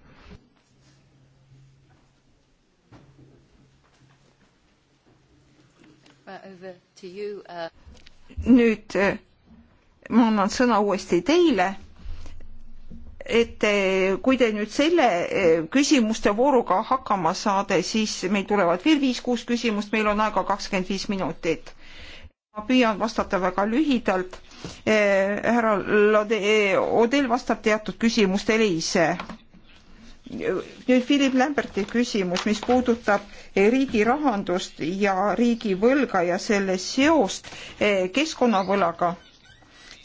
uh, uh. nüüd uh, ma annan sõna uuesti teile, et eh, kui te nüüd selle eh, küsimuste vooruga hakkama saade, siis meil tulevad veel viis-kuus küsimust, meil on aega kakskümmend viis minutit. ma püüan vastata väga lühidalt. Eh, härra Odel vastab teatud küsimustele ise nüüd Philip Lamberti küsimus, mis puudutab riigi rahandust ja riigivõlga ja selle seost keskkonnavõlaga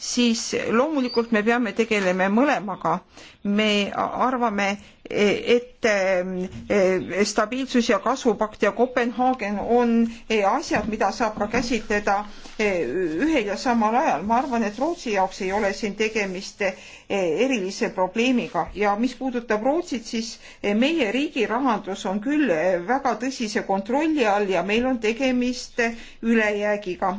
siis loomulikult me peame tegelema mõlemaga. me arvame, et eh, stabiilsus ja kasvupakt ja Kopenhaagen on eh, asjad, mida saab ka käsitleda eh, ühel ja samal ajal. ma arvan, et Rootsi jaoks ei ole siin tegemist erilise probleemiga ja mis puudutab Rootsit, siis meie riigi rahandus on küll väga tõsise kontrolli all ja meil on tegemist ülejäägiga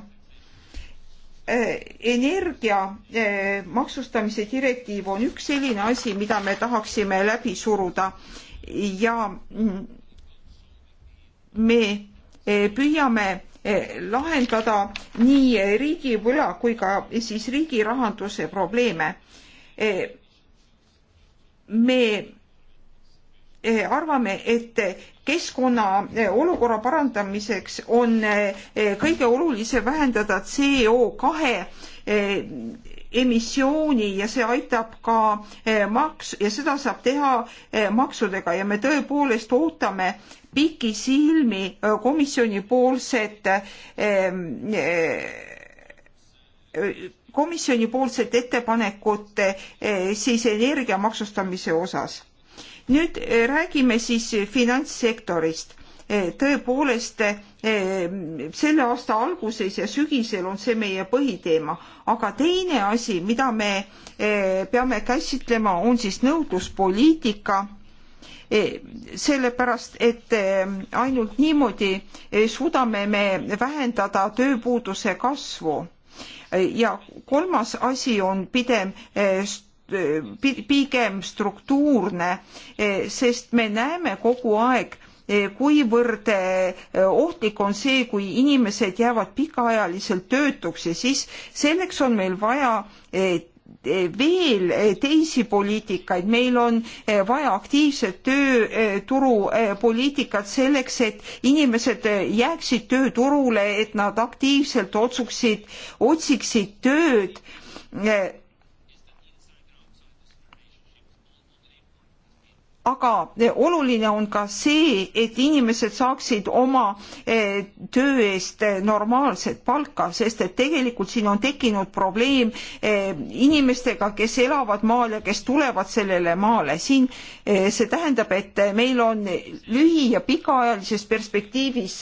Eh, energia eh, maksustamise direktiiv on üks selline asi, mida me tahaksime läbi suruda ja mm, me eh, püüame lahendada nii riigivõla kui ka siis riigi rahanduse probleeme. me arvame, et keskkonna eh, olukorra parandamiseks on eh, eh, kõige olulisem vähendada CO kahe emissiooni ja see aitab ka maks ja seda saab teha maksudega ja me tõepoolest ootame pikisilmi komisjoni poolset komisjoni poolset ettepanekut siis energia maksustamise osas nüüd eh, räägime siis eh, finantssektorist. Eh, tõepoolest selle aasta alguses ja sügisel on see meie põhiteema, aga teine asi, mida me peame käsitlema, on siis nõudluspoliitika sellepärast, et ainult niimoodi suudame me vähendada tööpuuduse kasvu. ja kolmas asi on pidev st pigem struktuurne, sest me näeme kogu aeg, kuivõrd eh, ohtlik on see, kui inimesed jäävad pikaajaliselt töötuks ja siis selleks on meil vaja eh, eh, veel teisi poliitikaid, meil on vaja aktiivset tööturupoliitikat selleks, et inimesed jääksid tööturule, et nad aktiivselt otsuksid, otsiksid tööd aga eh, oluline on ka see, et inimesed saaksid oma eh, töö eest eh, normaalset palka, sest et tegelikult siin on tekkinud probleem inimestega, kes elavad maal ja kes tulevad sellele maale. siin see tähendab, et meil on lühi- ja pikaajalises perspektiivis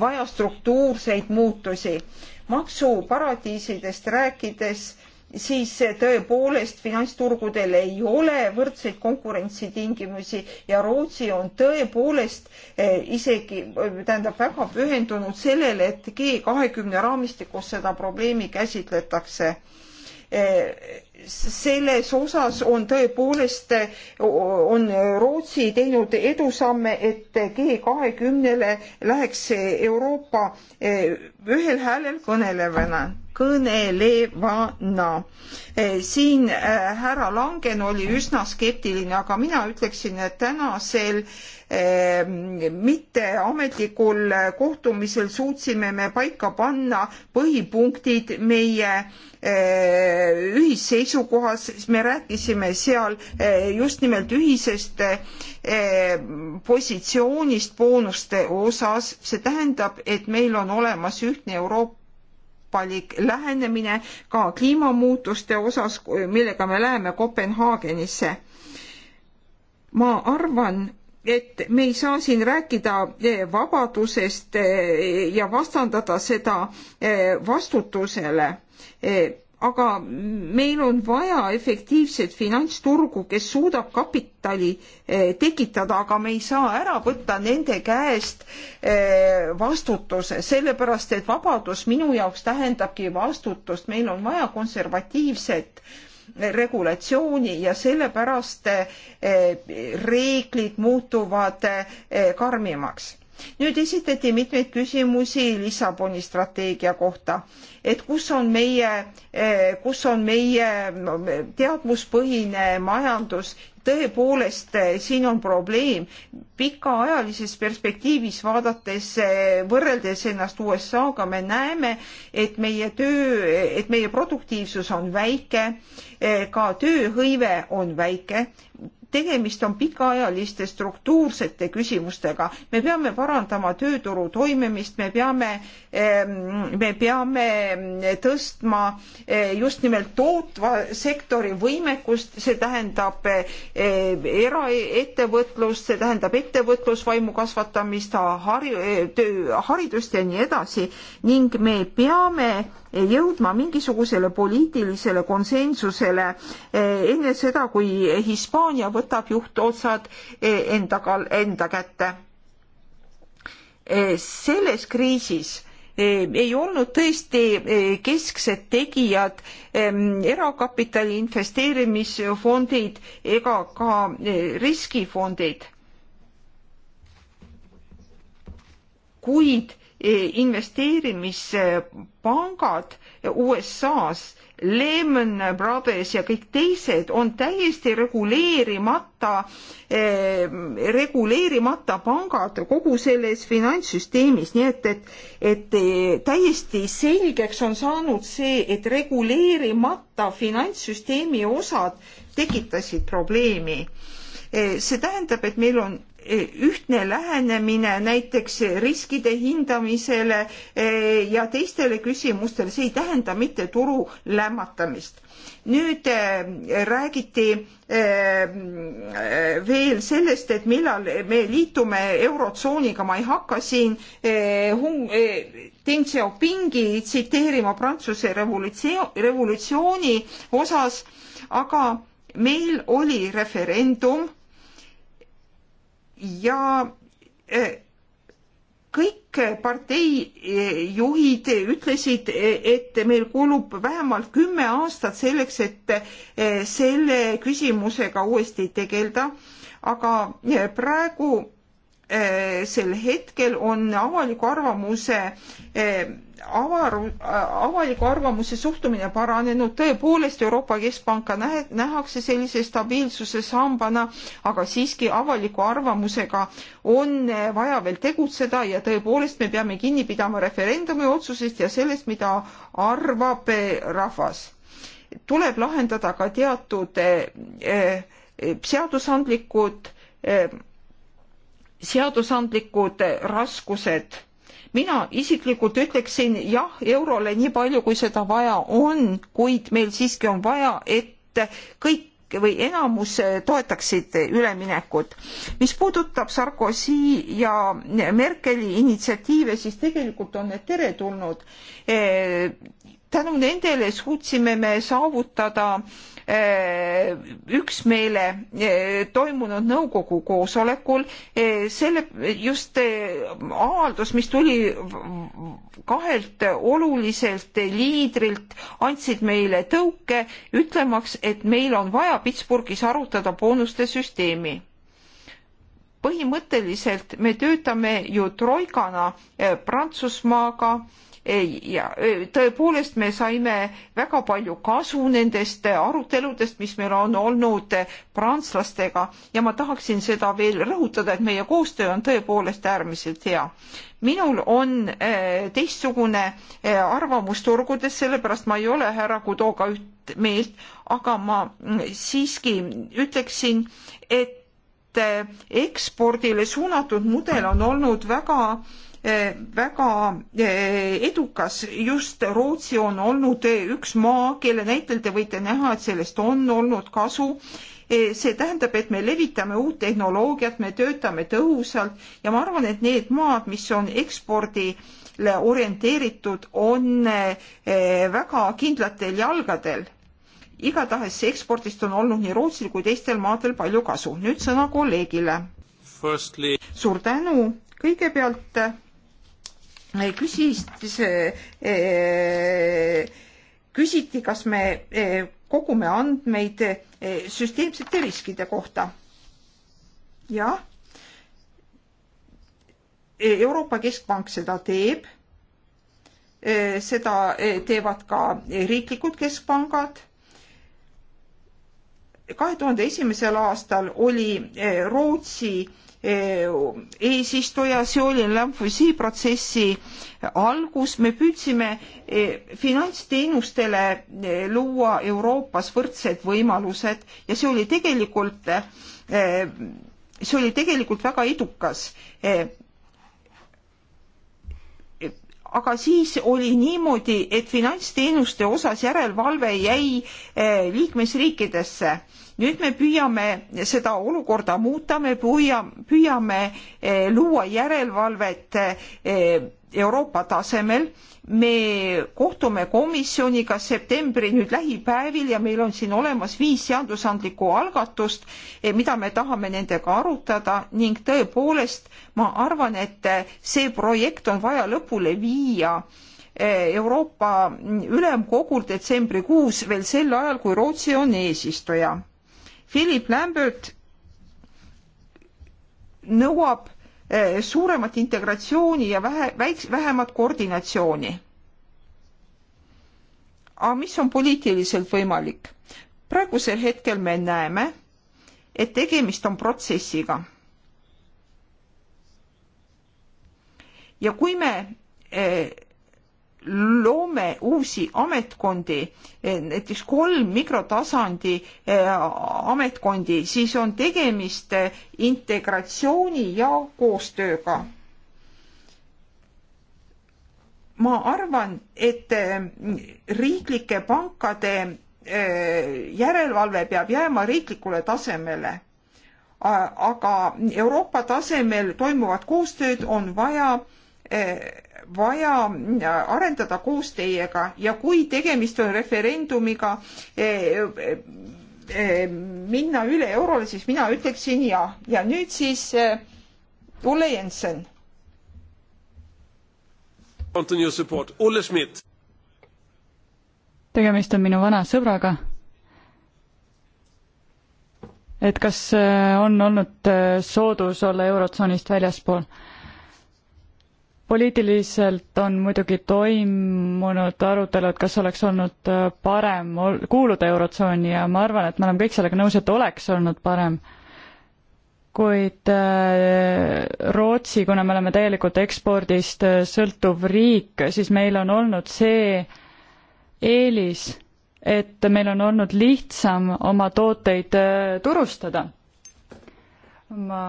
vaja struktuurseid muutusi. maksuparadiisidest rääkides siis tõepoolest finantsturgudel ei ole võrdseid konkurentsitingimusi ja Rootsi on tõepoolest eh, isegi, eh, tähendab väga pühendunud sellele, et G kahekümne raamistikus seda probleemi käsitletakse eh, selles osas on tõepoolest, on Rootsi teinud edusamme, et G kahekümnele läheks Euroopa ühel häälel kõnelevana kõnelevana. Eh, siin eh, härra Langen oli üsna skeptiline, aga mina ütleksin, et tänasel eh, mitteametlikul kohtumisel suutsime me paika panna põhipunktid meie ühisseisukohas, me rääkisime seal just nimelt ühisest positsioonist boonuste osas, see tähendab, et meil on olemas ühtne Euroopa euroopalik lähenemine ka kliimamuutuste osas, millega me läheme Kopenhaagenisse. ma arvan, et me ei saa siin rääkida eh, vabadusest eh, ja vastandada seda eh, vastutusele aga meil on vaja efektiivset finantsturgu, kes suudab kapitali eh, tekitada, aga me ei saa ära võtta nende käest eh, vastutuse, sellepärast et vabadus minu jaoks tähendabki vastutust, meil on vaja konservatiivset eh, regulatsiooni ja sellepärast reeglid muutuvad karmimaks nüüd esitati mitmeid küsimusi Lissaboni strateegia kohta, et kus on meie, eh, kus on meie teadmuspõhine majandus, tõepoolest eh, siin on probleem. pikaajalises perspektiivis vaadates, eh, võrreldes ennast USA-ga, me näeme, et meie töö, et meie produktiivsus on väike, ka tööhõive on väike tegemist on pikaajaliste struktuursete küsimustega. me peame parandama tööturu toimimist, me peame, me peame tõstma eh, just nimelt tootva sektori võimekust, see tähendab eh, eraettevõtlust, see tähendab ettevõtlusvaimu kasvatamist, hari-, töö, haridust ja nii edasi ning me peame jõudma mingisugusele poliitilisele konsensusele eh, enne seda, kui Hispaania võtab võtab juhtotsad e, endaga, enda kätte. E, selles kriisis e, ei olnud tõesti kesksed tegijad erakapitali investeerimisfondid ega ka riskifondid. kuid investeerimispangad USA-s Lehman Brothers ja kõik teised on täiesti reguleerimata eh,, reguleerimata pangad kogu selles finantssüsteemis, nii et, et, et eh, täiesti selgeks on saanud see, et reguleerimata finantssüsteemi osad tekitasid probleemi Eh, see tähendab, et meil on eh, ühtne lähenemine näiteks riskide hindamisele eh, ja teistele küsimustele, see ei tähenda mitte turu lämmatamist. nüüd räägiti veel sellest, et millal me liitume Eurotsooniga, ma ei hakka siin Deng Xiaopingi tsiteerima Prantsuse revolutsioon, revolutsiooni osas, aga meil oli referendum ja e, kõik parteijuhid e, ütlesid, e, et meil kulub vähemalt kümme aastat selleks, et selle küsimusega uuesti tegeleda, aga praegu sel hetkel on avaliku arvamuse avaru, avaliku arvamuse suhtumine paranenud, tõepoolest Euroopa Keskpanka nähe, nähakse sellise stabiilsuse sambana, aga siiski avaliku arvamusega on vaja veel tegutseda ja tõepoolest me peame kinni pidama referendumi otsusest ja sellest, mida arvab rahvas. tuleb lahendada ka teatud eh, eh, seadusandlikud, eh, seadusandlikud raskused mina isiklikult ütleksin jah eurole nii palju, kui seda vaja on, kuid meil siiski on vaja, et kõik või enamus toetaksid üleminekut. mis puudutab Sarkozy ja Merkeli initsiatiive, siis tegelikult on need teretulnud. tänu nendele suutsime me saavutada Äh, üksmeele äh, toimunud nõukogu koosolekul äh, selle just avaldus, mis tuli kahelt oluliselt liidrilt, andsid meile tõuke ütlemaks, et meil on vaja Pittsburghis arutada boonuste süsteemi põhimõtteliselt me töötame ju troikana Prantsusmaaga ja tõepoolest me saime väga palju kasu nendest aruteludest, mis meil on olnud prantslastega ja ma tahaksin seda veel rõhutada, et meie koostöö on tõepoolest äärmiselt hea minul on teistsugune arvamus turgudes, sellepärast ma ei ole härra Kudoga üht meelt, aga ma mm, siiski ütleksin, et ekspordile suunatud mudel on olnud väga väga eh, edukas. just Rootsi on olnud eh, üks maa, kelle näitel te võite näha, et sellest on olnud kasu. Eh, see tähendab, et me levitame uut tehnoloogiat, me töötame tõhusalt ja ma arvan, et need maad, mis on ekspordile orienteeritud, on väga kindlatel jalgadel igatahes ekspordist on olnud nii Rootsil kui teistel maadel palju kasu. nüüd sõna kolleegile. suur tänu, kõigepealt küsis, eh, eh, küsiti, kas me eh, kogume andmeid süsteemsete riskide kohta. jah. Euroopa Keskpank seda teeb. seda teevad ka riiklikud keskpangad kahe tuhande esimesel aastal oli Rootsi Eh, eesistuja, see oli Lamfusi protsessi algus, me püüdsime eh, finantsteenustele eh, luua Euroopas võrdsed võimalused ja see oli tegelikult, see oli tegelikult väga edukas aga siis oli niimoodi, et finantsteenuste osas järelevalve jäi liikmesriikidesse nüüd me püüame seda olukorda muuta, me püüame, püüame eh, luua järelevalvet eh, Euroopa tasemel. me kohtume komisjoniga septembri nüüd lähipäevil ja meil on siin olemas viis seadusandlikku algatust, eh, mida me tahame nendega arutada ning tõepoolest ma arvan, et see projekt on vaja lõpule viia Euroopa Ülemkogul detsembrikuus veel sel ajal, kui Rootsi on eesistuja Philip Lambert nõuab eh, suuremat integratsiooni ja vähe, väiks, vähemat koordinatsiooni. aga mis on poliitiliselt võimalik? praegusel hetkel me näeme, et tegemist on protsessiga. ja kui me eh, loome uusi ametkondi, eh, näiteks kolm mikrotasandi eh, ametkondi, siis on tegemist eh, integratsiooni ja koostööga ma arvan, et riiklike pankade järelevalve peab jääma riiklikule tasemele. aga Euroopa tasemel toimuvat koostööd on vaja vaja äh, arendada koos teiega ja kui tegemist on referendumiga äh, äh, minna üle eurole, siis mina ütleksin ja. ja nüüd siis Olle Jensen. Continue support, Olle Schmidt. tegemist on minu vana sõbraga et kas on olnud soodus olla Eurotsoonist väljaspool? poliitiliselt on muidugi toimunud arutelud, kas oleks olnud äh, parem kuuluda Eurotsooni ja ma arvan, et me oleme kõik sellega nõus, et oleks olnud parem. kuid äh, Rootsi, kuna me oleme täielikult ekspordist äh, sõltuv riik, siis meil on olnud see eelis, et meil on olnud lihtsam oma tooteid turustada. ma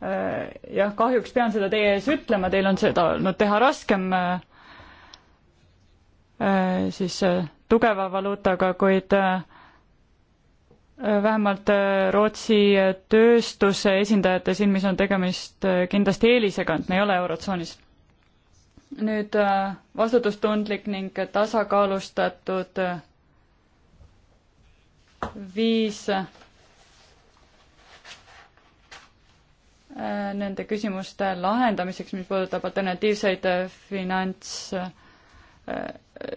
Äh, jah, kahjuks pean seda teie ees ütlema, teil on seda olnud teha raskem äh, äh, siis tugeva valuutaga, kuid vähemalt Rootsi tööstuse esindajate silmis on tegemist kindlasti eelisega, et me ei ole Eurotsoonis. nüüd vastutustundlik ning tasakaalustatud viis Äh, nende küsimuste lahendamiseks, mis puudutab alternatiivseid äh, finants, äh,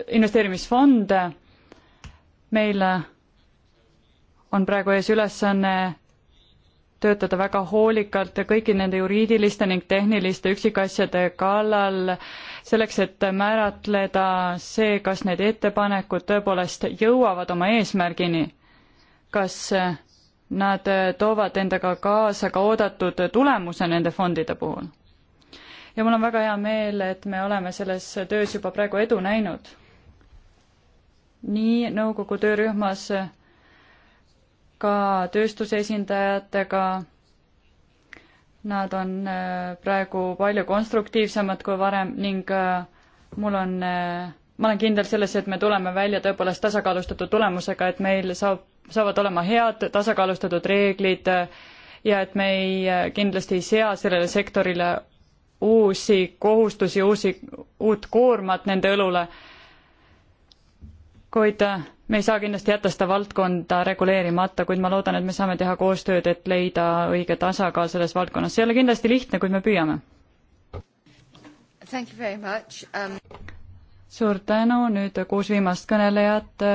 investeerimisfonde. meil on praegu ees ülesanne töötada väga hoolikalt kõigi nende juriidiliste ning tehniliste üksikasjade kallal, selleks et määratleda see, kas need ettepanekud tõepoolest jõuavad oma eesmärgini, kas nad äh, toovad endaga kaasa ka oodatud tulemuse nende fondide puhul. ja mul on väga hea meel, et me oleme selles töös juba praegu edu näinud. nii nõukogu töörühmas ka tööstuse esindajatega, nad on äh, praegu palju konstruktiivsemad kui varem ning äh, mul on ma olen kindel selles, et me tuleme välja tõepoolest tasakaalustatud tulemusega, et meil saab saavad olema head tasakaalustatud reeglid ja et me ei, kindlasti ei sea sellele sektorile uusi kohustusi, uusi, uut koormat nende õlule. kuid me ei saa kindlasti jätta seda valdkonda reguleerimata, kuid ma loodan, et me saame teha koostööd, et leida õige tasakaal selles valdkonnas. see ei ole kindlasti lihtne, kuid me püüame. Um... suur tänu, nüüd kuus viimast kõnelejat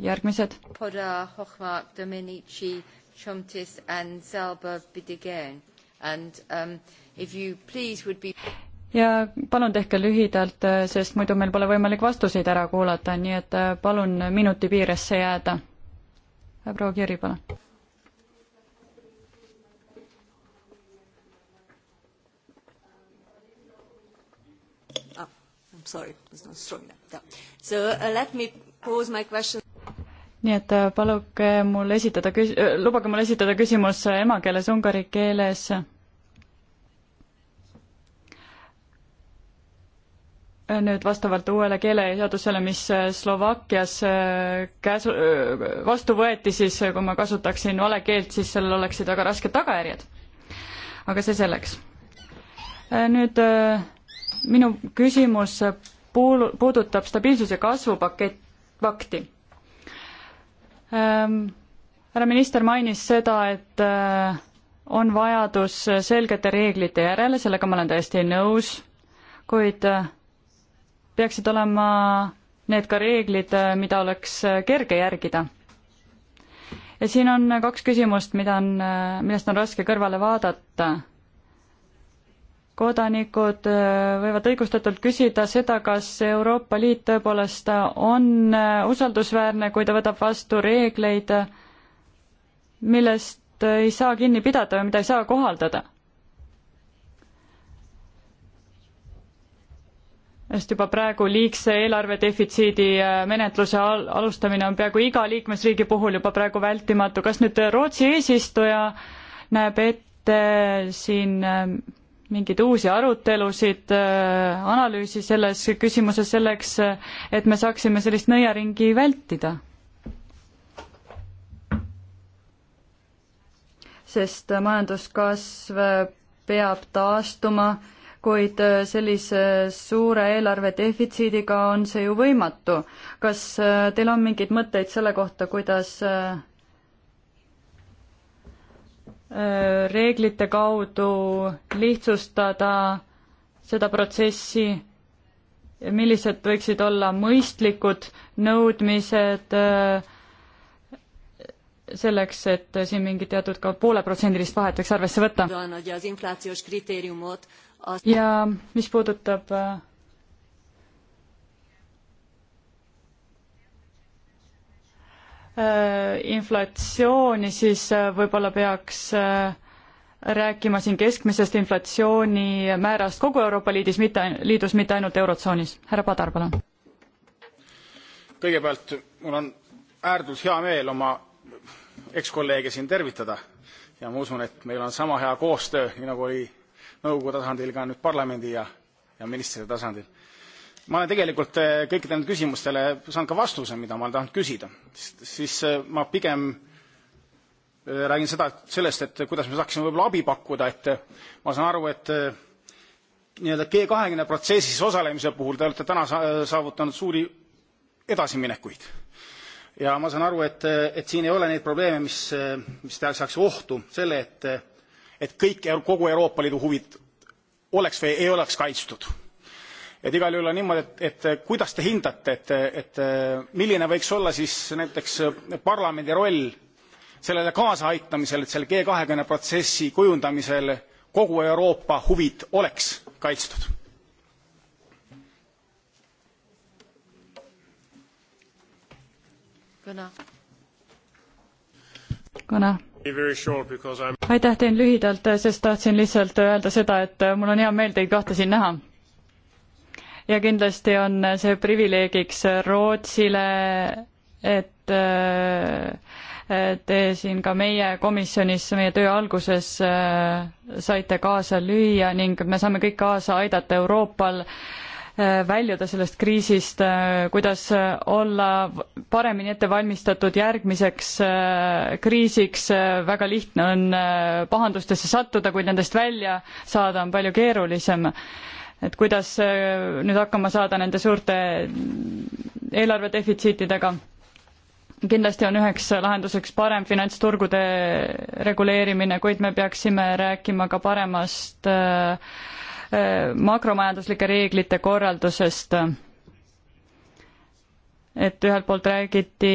järgmised. Poda, Hochmark, Domenici, Chomtis and Zalba Bidigen and um, if you please would be ja palun tehke lühidalt, äh, sest muidu meil pole võimalik vastuseid ära kuulata, nii et äh, palun minuti piiresse jääda. proua Kiri, palun. Ah, sorry, it's not strong enough. So uh, let me nii et äh, paluge mul esitada küs-, äh, lubage mul esitada küsimus äh, emakeeles, ungari keeles. nüüd vastavalt uuele keeleseadusele, mis Slovakkias käsu-, vastu võeti, siis kui ma kasutaksin vale keelt, siis sellel oleksid väga rasked tagajärjed. aga see selleks. nüüd minu küsimus puudutab stabiilsuse kasvupaketti pakti ähm,. härra minister mainis seda, et äh, on vajadus selgete reeglite järele, sellega ma olen täiesti nõus, kuid äh, peaksid olema need ka reeglid, eh, mida oleks kerge järgida. ja siin on kaks küsimust, mida on, millest on raske kõrvale vaadata kodanikud äh, võivad õigustatult küsida seda, kas Euroopa Liit tõepoolest on äh, usaldusväärne, kui ta võtab vastu reegleid, millest ei saa kinni pidada või mida ei saa kohaldada. sest juba praegu liigse eelarvedefitsiidi äh, menetluse al alustamine on peaaegu iga liikmesriigi puhul juba praegu vältimatu. kas nüüd Rootsi eesistuja näeb ette siin mingeid uusi arutelusid, äh, analüüsi selles küsimuses selleks, et me saaksime sellist nõiaringi vältida? sest majanduskasv peab taastuma, kuid äh, sellise suure eelarve defitsiidiga on see ju võimatu. kas äh, teil on mingeid mõtteid selle kohta, kuidas Äh, reeglite kaudu lihtsustada seda protsessi, millised võiksid olla mõistlikud nõudmised äh, selleks, et siin mingi teatud ka pooleprotsendilist vahet võiks arvesse võtta. ja mis puudutab äh, Äh, inflatsiooni, siis äh, võib-olla peaks äh, rääkima siin keskmisest inflatsioonimäärast kogu Euroopa Liidis, mitte, liidus, mitte ainult Eurotsoonis. härra Padar, palun. kõigepealt mul on äärdult hea meel oma ekskolleege siin tervitada ja ma usun, et meil on sama hea koostöö, nii nagu oli nõukogu tasandil ka nüüd parlamendi ja, ja ministrite tasandil ma olen tegelikult eh, kõikidele nendele küsimustele saanud ka vastuse, mida ma olen tahtnud küsida. siis eh, ma pigem eh, räägin seda, et sellest, et kuidas me saaksime võib-olla abi pakkuda, et ma saan aru, et nii-öelda G kahekümne protsessis osalemise puhul te olete täna saavutanud suuri edasiminekuid. ja ma saan aru, et, et siin ei ole neid probleeme, mis, mis seaks ohtu selle, et, et kõik, kogu Euroopa Liidu huvid oleks või ei oleks kaitstud et igal juhul on niimoodi et, et kuidas te hindate et, et milline võiks olla siis näiteks parlamendi roll sellele kaasaaitamisel et selle g protsessi kujundamisel kogu euroopa huvid oleks kaitstud? kõne aitäh teen lühidalt sest tahtsin lihtsalt öelda seda et mul on hea meel teid kahte siin näha ja kindlasti on see privileegiks Rootsile, et äh, te siin ka meie komisjonis, meie töö alguses äh, saite kaasa lüüa ning me saame kõik kaasa aidata Euroopal äh, väljuda sellest kriisist, kuidas olla paremini ette valmistatud järgmiseks kriisiks, väga lihtne on pahandustesse sattuda, kuid nendest välja saada on palju keerulisem et kuidas äh, nüüd hakkama saada nende suurte eelarvedefitsiitidega. kindlasti on üheks lahenduseks parem finantsturgude reguleerimine, kuid me peaksime rääkima ka paremast äh, äh, makromajanduslike reeglite korraldusest. et ühelt poolt räägiti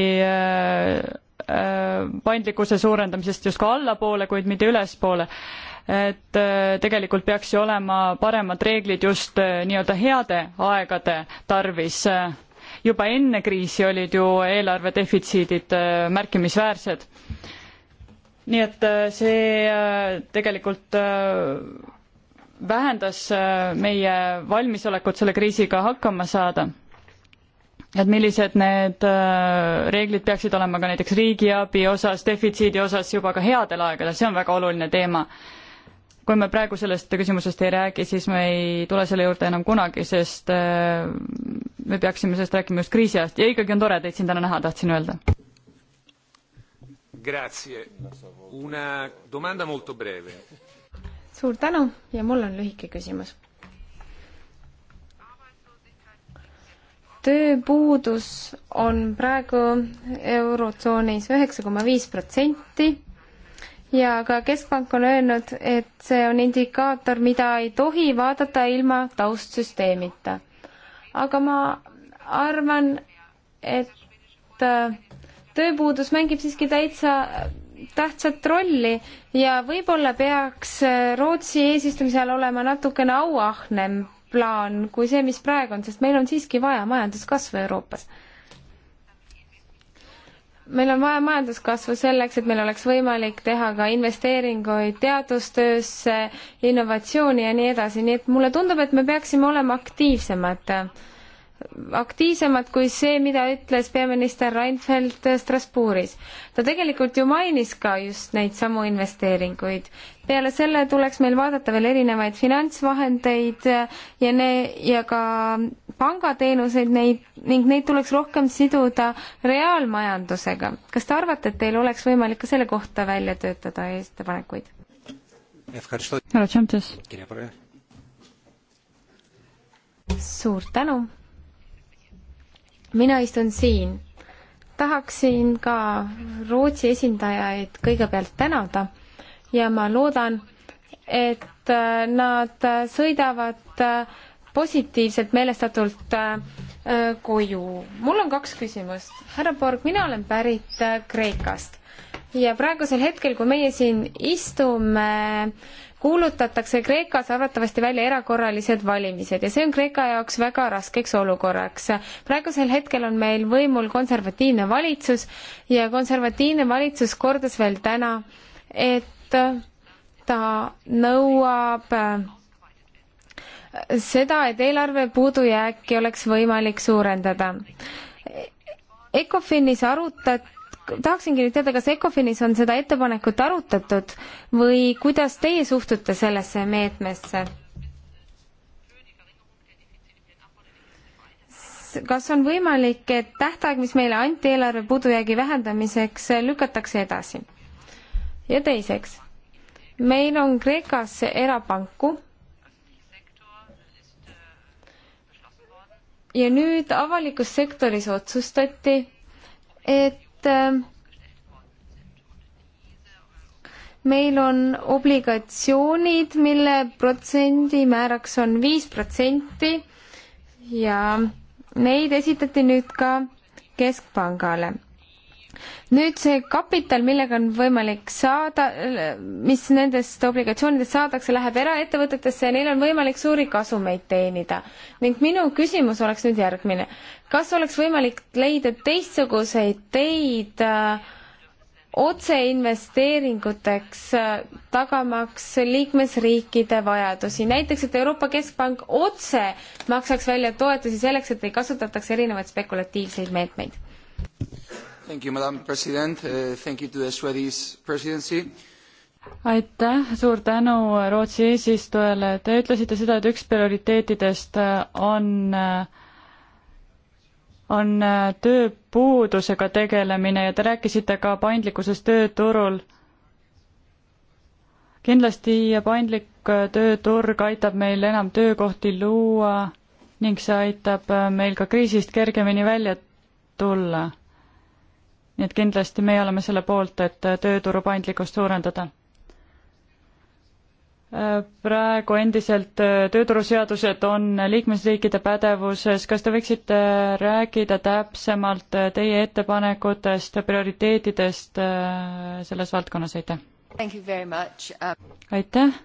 paindlikkuse suurendamisest just ka allapoole, kuid mitte ülespoole et äh, tegelikult peaks ju olema paremad reeglid just äh, nii-öelda heade aegade tarvis. juba enne kriisi olid ju eelarve defitsiidid äh, märkimisväärsed. nii et see tegelikult vähendas meie valmisolekut selle kriisiga hakkama saada et millised need reeglid peaksid olema ka näiteks riigiabi osas, defitsiidi osas juba ka headel aegadel, see on väga oluline teema kui me praegu sellest küsimusest ei räägi, siis me ei tule selle juurde enam kunagi, sest äh, me peaksime sellest rääkima just kriisi ajast ja ikkagi on tore teid siin täna näha, tahtsin öelda. suur tänu ja mul on lühike küsimus. tööpuudus on praegu Eurotsoonis üheksa koma viis protsenti ja ka Keskpank on öelnud, et see on indikaator, mida ei tohi vaadata ilma taustsüsteemita. aga ma arvan, et äh, tööpuudus mängib siiski täitsa tähtsat rolli ja võib-olla peaks äh, Rootsi eesistumise ajal olema natukene auahnem plaan kui see, mis praegu on, sest meil on siiski vaja majanduskasvu Euroopas meil on vaja majanduskasvu selleks, et meil oleks võimalik teha ka investeeringuid teadustöösse, innovatsiooni ja nii edasi, nii et mulle tundub, et me peaksime olema aktiivsemad aktiivsemad kui see, mida ütles peaminister Reinfeldt äh, Strasbourgis. ta tegelikult ju mainis ka just neid samu investeeringuid. peale selle tuleks meil vaadata veel erinevaid finantsvahendeid äh, ja ne- ja ka pangateenuseid neid ning neid tuleks rohkem siduda reaalmajandusega. kas te arvate, et teil oleks võimalik ka selle kohta välja töötada ettepanekuid? härra Tšamtšes. suur tänu mina istun siin. tahaksin ka Rootsi esindajaid kõigepealt tänada ja ma loodan, et äh, nad sõidavad äh, positiivselt meelestatult äh, koju. mul on kaks küsimust. härra Borg, mina olen pärit Kreekast ja praegusel hetkel, kui meie siin istume, kuulutatakse Kreekas arvatavasti välja erakorralised valimised ja see on Kreeka jaoks väga raskeks olukorraks. praegusel hetkel on meil võimul konservatiivne valitsus ja konservatiivne valitsus kordas veel täna, et ta nõuab äh, seda, et eelarve puudujääki oleks võimalik suurendada. ECOFINis arutati tahaksingi nüüd teada, kas ECOFINis on seda ettepanekut arutatud või kuidas teie suhtute sellesse meetmesse? kas on võimalik, et tähtaeg, mis meile anti eelarve puudujäägi vähendamiseks, lükatakse edasi? ja teiseks, meil on Kreekas erapanku ja nüüd avalikus sektoris otsustati, et et ähm, meil on obligatsioonid, mille protsendimääraks on viis protsenti ja neid esitati nüüd ka keskpangale nüüd see kapital, millega on võimalik saada, mis nendest obligatsioonidest saadakse, läheb eraettevõtetesse ja neil on võimalik suuri kasumeid teenida. ning minu küsimus oleks nüüd järgmine. kas oleks võimalik leida teistsuguseid teid äh, otseinvesteeringuteks äh, tagamaks liikmesriikide vajadusi, näiteks et Euroopa Keskpank otse maksaks välja toetusi selleks, et ei kasutataks erinevaid spekulatiivseid meetmeid? Thank you, madam president uh,, thank you to the Swedish presidency aitäh, suur tänu Rootsi eesistujale, te ütlesite seda, et üks prioriteetidest uh, on, uh, on uh, tööpuudusega tegelemine ja te rääkisite ka paindlikkusest tööturul. kindlasti paindlik tööturg aitab meil enam töökohti luua ning see aitab meil ka kriisist kergemini välja tulla nii et kindlasti meie oleme selle poolt, et tööturu paindlikkust suurendada. Äh, praegu endiselt äh, tööturuseadused on liikmesriikide pädevuses, kas te võiksite rääkida täpsemalt äh, teie ettepanekutest, prioriteetidest selles valdkonnas, aitäh! Uh, aitäh!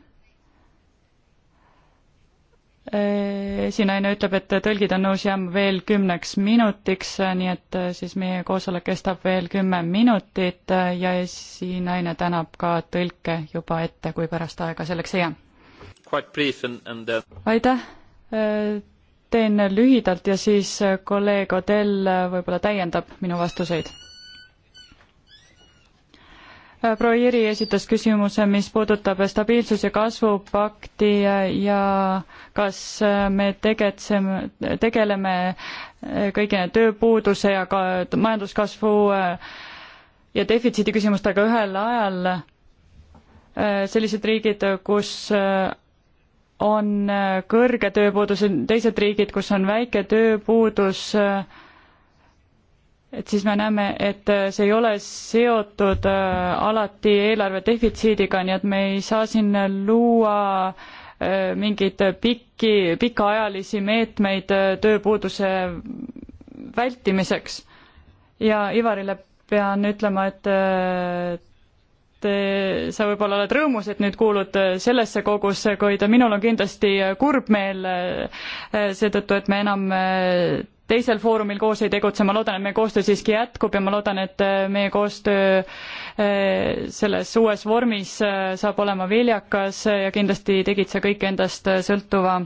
Äh, esinaine ütleb, et tõlgid on nõus jääma veel kümneks minutiks, nii et äh, siis meie koosolek kestab veel kümme minutit äh, ja esinaine tänab ka tõlke juba ette, kui pärast aega selleks ei jää. Uh, aitäh, teen lühidalt ja siis kolleeg Odell võib-olla täiendab minu vastuseid Äh, proua Jüri esitas küsimuse, mis puudutab stabiilsus- ja kasvupakti äh, ja kas äh, me tegetseme, tegeleme kõige tööpuuduse ja ka majanduskasvu ja defitsiidi küsimustega ühel ajal. sellised riigid, kus on kõrge tööpuudus ja teised riigid, kus on väike tööpuudus, et siis me näeme, et see ei ole seotud äh, alati eelarve defitsiidiga, nii et me ei saa siin luua äh, mingeid pikki, pikaajalisi meetmeid äh, tööpuuduse vältimiseks. ja Ivarile pean ütlema, et et sa võib-olla oled rõõmus, et nüüd kuulud sellesse kogusse, kuid minul on kindlasti kurb meel seetõttu, et me enam teisel foorumil koos ei tegutse, ma loodan, et meie koostöö siiski jätkub ja ma loodan, et äh, meie koostöö äh, selles uues vormis äh, saab olema viljakas ja kindlasti tegid sa kõik endast sõltuva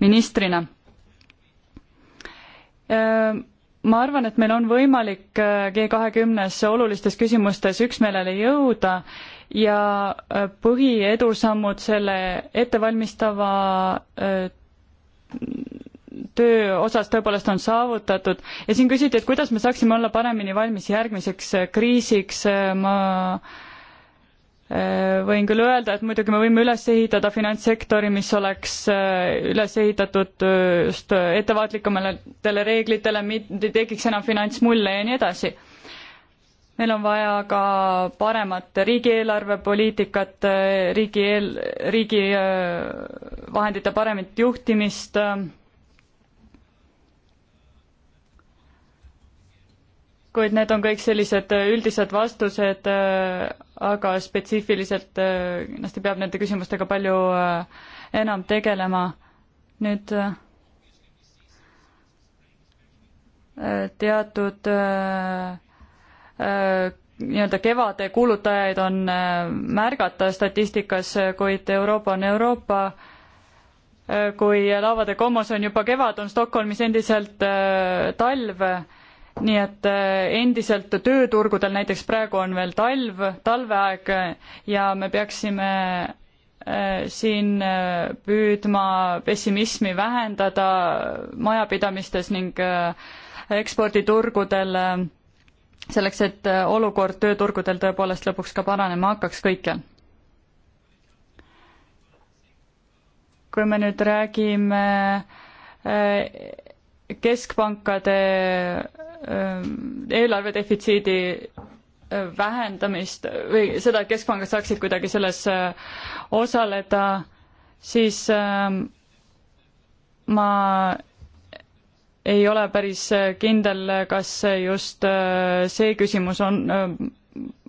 ministrina. ma arvan, et meil on võimalik G kahekümnes olulistes küsimustes üksmeelele jõuda ja põhiedusammud selle ettevalmistava töö osas tõepoolest on saavutatud ja siin küsiti, et kuidas me saaksime olla paremini valmis järgmiseks äh, kriisiks, äh, ma äh, võin küll öelda, et muidugi me võime üles ehitada finantssektori, mis oleks üles ehitatud just ettevaatlikumatele reeglitele, mitte ei tekiks enam finantsmulle ja nii edasi. meil on vaja ka paremat riigieelarvepoliitikat, riigi eel-, riigi vahendite paremat juhtimist kuid need on kõik sellised äh, üldised vastused, äh, aga spetsiifiliselt äh, kindlasti peab nende küsimustega palju enam tegelema. nüüd teatud nii-öelda kevade kuulutajaid on märgata statistikas, kuid Euroopa on Euroopa kui laevade kommos on juba kevad, on Stockholmis endiselt talv nii et äh, endiselt tööturgudel näiteks praegu on veel talv, talveaeg äh, ja me peaksime äh, siin püüdma pessimismi vähendada majapidamistes ning eksporditurgudel selleks, et olukord tööturgudel tõepoolest lõpuks ka paranema hakkaks kõikjal. kui me nüüd räägime keskpankade ähm, eelarve defitsiidi äh, vähendamist või seda, et keskpangad saaksid kuidagi selles äh, osaleda, siis ähm, ma ei ole päris äh, kindel, kas just see küsimus on ähm,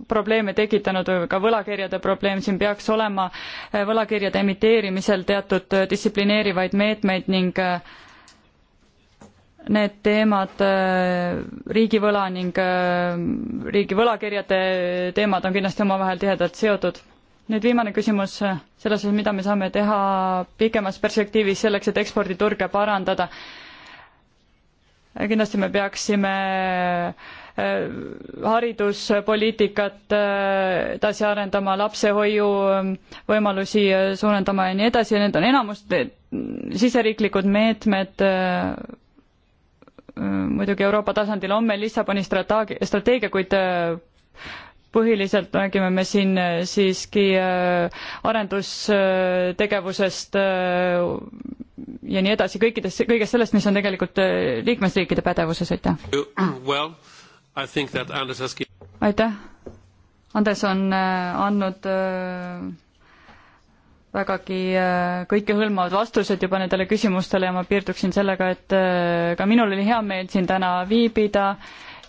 probleeme tekitanud või ka võlakirjade probleem, siin peaks olema võlakirjade emiteerimisel teatud distsiplineerivaid meetmeid ning äh, need teemad, äh, riigivõla ning äh, riigi võlakirjade teemad on kindlasti omavahel tihedalt seotud. nüüd viimane küsimus äh, selles osas, mida me saame teha pikemas perspektiivis selleks, et eksporditurge parandada. kindlasti me peaksime hariduspoliitikat edasi arendama, lapsehoiu võimalusi suurendama ja nii edasi ja need on enamus siseriiklikud meetmed, muidugi Euroopa tasandil on meil Lissaboni strateegia, strateegia, kuid äh, põhiliselt räägime me siin äh, siiski äh, arendustegevusest ja nii edasi, kõikidest, kõigest sellest, mis on tegelikult liikmesriikide pädevuses, aitäh well,. aitäh, Andres on andnud vägagi äh, kõikehõlmavad vastused juba nendele küsimustele ja ma piirduksin sellega, et äh, ka minul oli hea meel siin täna viibida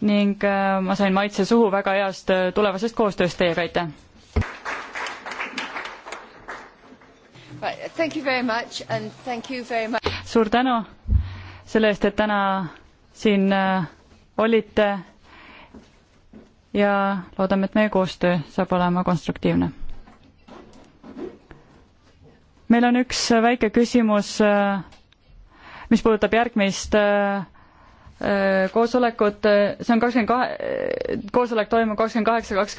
ning äh, ma sain maitse suhu väga heast tulevasest koostööst teiega, aitäh! suur tänu selle eest, et täna siin olite ja loodame, et meie koostöö saab olema konstruktiivne meil on üks äh, väike küsimus, äh, mis puudutab järgmist äh, koosolekut, see on kakskümmend kahe, koosolek toimub kakskümmend kaheksa, kakskümmend